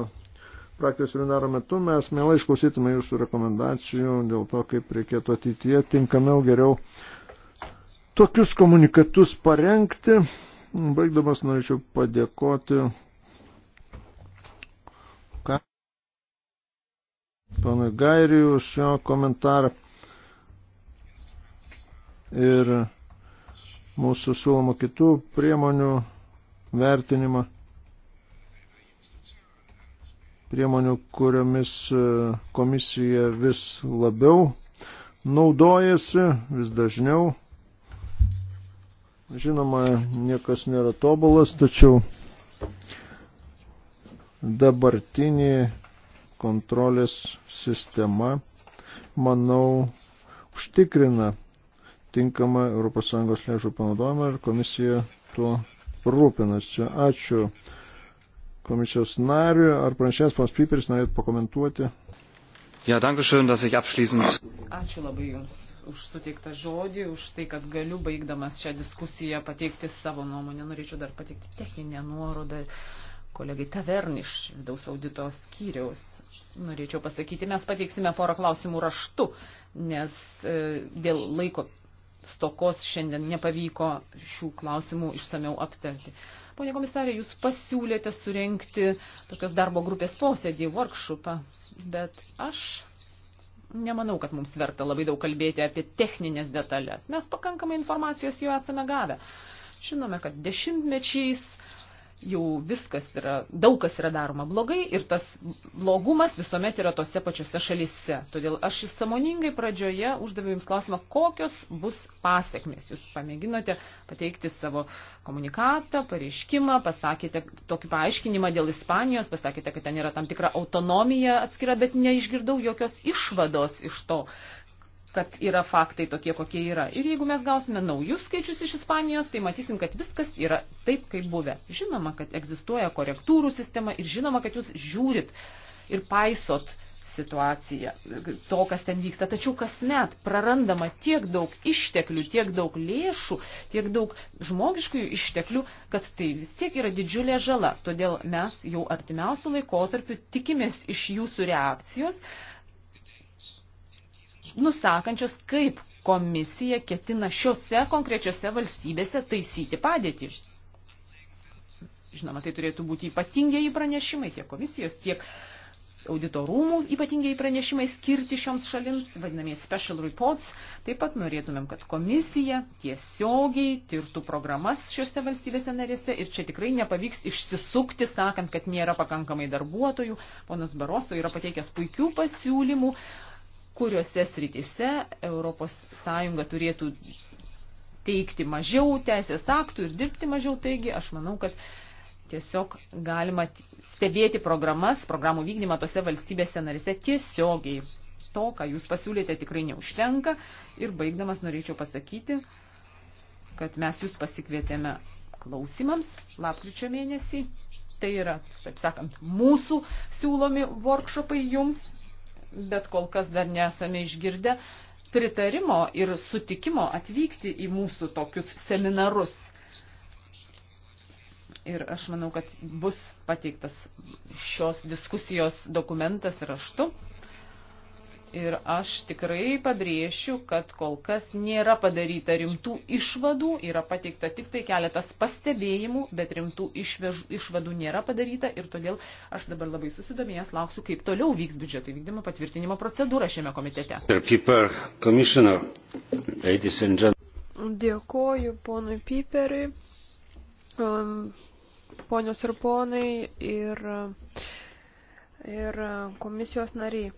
praktikos seminaro metu mes mielai išklausytume jūsų rekomendacijų dėl to, kaip reikėtų ateityje tinkamiau geriau tokius komunikatus parengti. Baigdamas norėčiau padėkoti panui Gairiui už jo komentarą. Ir mūsų siūlomų kitų priemonių vertinimą. Priemonių, kuriomis e, komisija vis labiau naudojasi, vis dažniau. Žinoma, niekas nėra tobulas, tačiau dabartinį kontrolės sistema, manau, užtikrina tinkamą ES lėšų panaudojimą ir komisija tuo rūpinasi. Ačiū komisijos nariu. Ar pranešėjas pas Piperis norėtų pakomentuoti? Ja, danke schön, dass ich abschließend. Ačiū labai Jums už suteiktą žodį, už tai, kad galiu baigdamas šią diskusiją pateikti savo nuomonę. Norėčiau dar pateikti techninę nuorodą kolegai Tavern iš vidaus audito skyriaus. Norėčiau pasakyti, mes pateiksime porą klausimų raštu, nes e, dėl laiko stokos šiandien nepavyko šių klausimų išsameu aptarti. Pone komisarė, jūs pasiūlėte surenkti tokios darbo grupės posėdį, workshopą, bet aš nemanau, kad mums verta labai daug kalbėti apie techninės detalės. Mes pakankamai informacijos jau esame gavę. Žinome, kad dešimtmečiais uh, jau viskas yra, daug kas yra daroma blogai ir tas blogumas visuomet yra tose pačiose šalise. Todėl aš samoningai pradžioje uždaviau Jums klausimą, kokios bus pasiekmės. Jūs pamėginote pateikti savo komunikatą, pareiškimą, pasakėte tokį paaiškinimą dėl Ispanijos, pasakėte, kad ten yra tam tikra autonomija atskira, bet neišgirdau jokios išvados iš to. Uh, kad yra faktai tokie, kokie yra. Ir jeigu mes gausime naujus skaičius iš Ispanijos, tai matysim, kad viskas yra taip, kaip buvę. Žinoma, kad egzistuoja korektūrų sistema ir žinoma, kad jūs žiūrit ir paisot situaciją, to, kas ten vyksta. Tačiau kasmet prarandama tiek daug išteklių, tiek daug lėšų, tiek daug žmogiškųjų išteklių, kad tai vis tiek yra didžiulė žala. Todėl mes jau artimiausių laikotarpių tikimės iš jūsų reakcijos, nusakančios, kaip komisija ketina šiuose konkrečiose valstybėse taisyti padėtį. Žinoma, tai turėtų būti ypatingiai pranešimai tiek komisijos, tiek auditorumų ypatingiai pranešimai skirti šioms šalims, vadinamieji special reports. Taip pat norėtumėm, kad komisija tiesiogiai tirtų programas šiuose valstybėse narėse ir čia tikrai nepavyks išsisukti, sakant, kad nėra pakankamai darbuotojų. Ponas Baroso yra pateikęs puikių pasiūlymų, kuriuose srityse ES turėtų teikti mažiau teisės aktų ir dirbti mažiau. Taigi aš manau, kad tiesiog galima stebėti programas, programų vykdymą tose valstybėse narise tiesiogiai. To, ką jūs pasiūlėte, tikrai neužtenka. Ir baigdamas norėčiau pasakyti, kad mes jūs pasikvietėme klausimams lapkričio mėnesį. Tai yra, taip sakant, mūsų siūlomi workshopai jums bet kol kas dar nesame išgirdę pritarimo ir sutikimo atvykti į mūsų tokius seminarus. Ir aš manau, kad bus pateiktas šios diskusijos dokumentas raštu Ir aš tikrai pabrėšiu, kad kol kas nėra padaryta rimtų išvadų, yra pateikta tik tai keletas pastebėjimų, bet rimtų išvež, išvadų nėra padaryta ir todėl aš dabar labai susidomėjęs lauksiu, kaip toliau vyks biudžeto įvykdymo patvirtinimo procedūra šiame komitete. Dėkoju ponui Piperiui, um, ponios ir ponai ir, ir uh, komisijos nariai.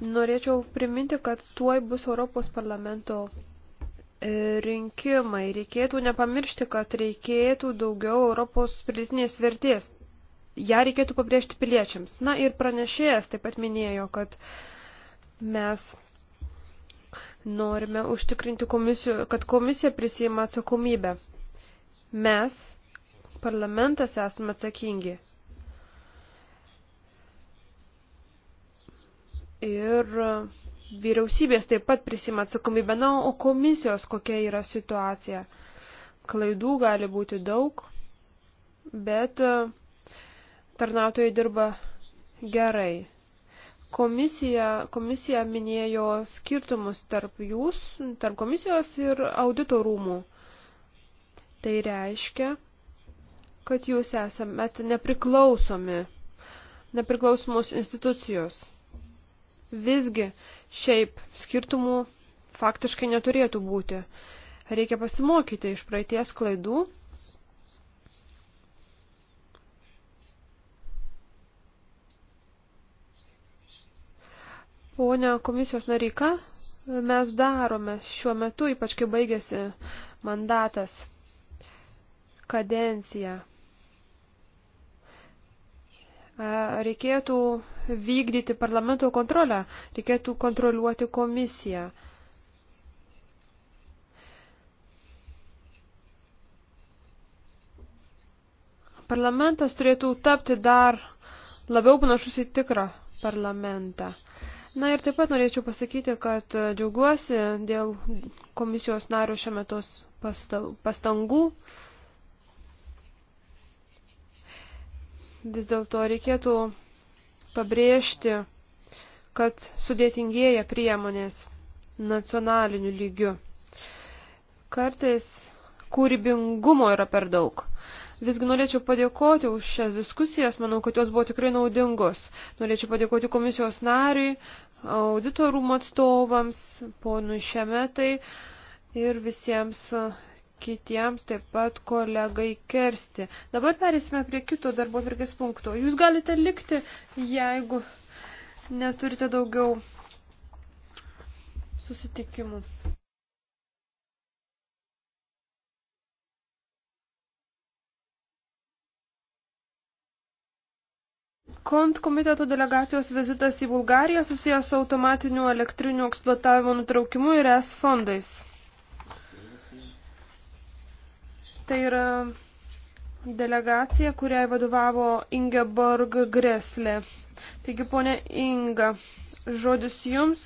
Norėčiau priminti, kad tuoj bus Europos parlamento e, rinkimai. Reikėtų nepamiršti, kad reikėtų daugiau Europos pridėtinės vertės. Ja reikėtų pabrėžti piliečiams. Na ir pranešėjas taip pat minėjo, kad mes norime užtikrinti komisijų, kad komisija prisima atsakomybę. Mes, parlamentas, esame atsakingi. ir vyriausybės taip pat prisima atsakomybę. Na, o komisijos kokia yra situacija? Klaidų gali būti daug, bet e, tarnautojai dirba gerai. Komisija, komisija minėjo skirtumus tarp jūs, tarp komisijos ir audito rūmų. Tai reiškia, kad jūs esame nepriklausomi, nepriklausomos institucijos. Visgi, šiaip skirtumų faktiškai neturėtų būti. Reikia pasimokyti iš praeities klaidų. Pone komisijos naryka, mes darome šiuo metu, ypač kai baigėsi mandatas, kadencija reikėtų vykdyti parlamento kontrolę, reikėtų kontroliuoti komisiją. Parlamentas turėtų tapti dar labiau panašus į tikrą parlamentą. Na ir taip pat norėčiau pasakyti, kad džiaugiuosi dėl komisijos nario šiuo metus pastangų. vis dėlto reikėtų pabrėžti, kad sudėtingėja priemonės nacionaliniu lygiu. Kartais kūrybingumo yra per daug. Visgi norėčiau padėkoti už šias diskusijas, manau, kad jos buvo tikrai naudingos. Norėčiau padėkoti komisijos nariui, auditorumo atstovams, ponui Šemetai ir visiems kitiems taip pat kolegai Kersti. Dabar perėsime prie kito darbo virgės punkto. Jūs galite likti, jeigu neturite daugiau susitikimų. Kont komiteto delegacijos vizitas į Bulgariją susijęs su automatiniu elektriniu eksploatavimo nutraukimu ir es fondais. Tai yra delegacija, kuriai vadovavo Ingeborg Greslė. Taigi, ponė Inga, žodis jums.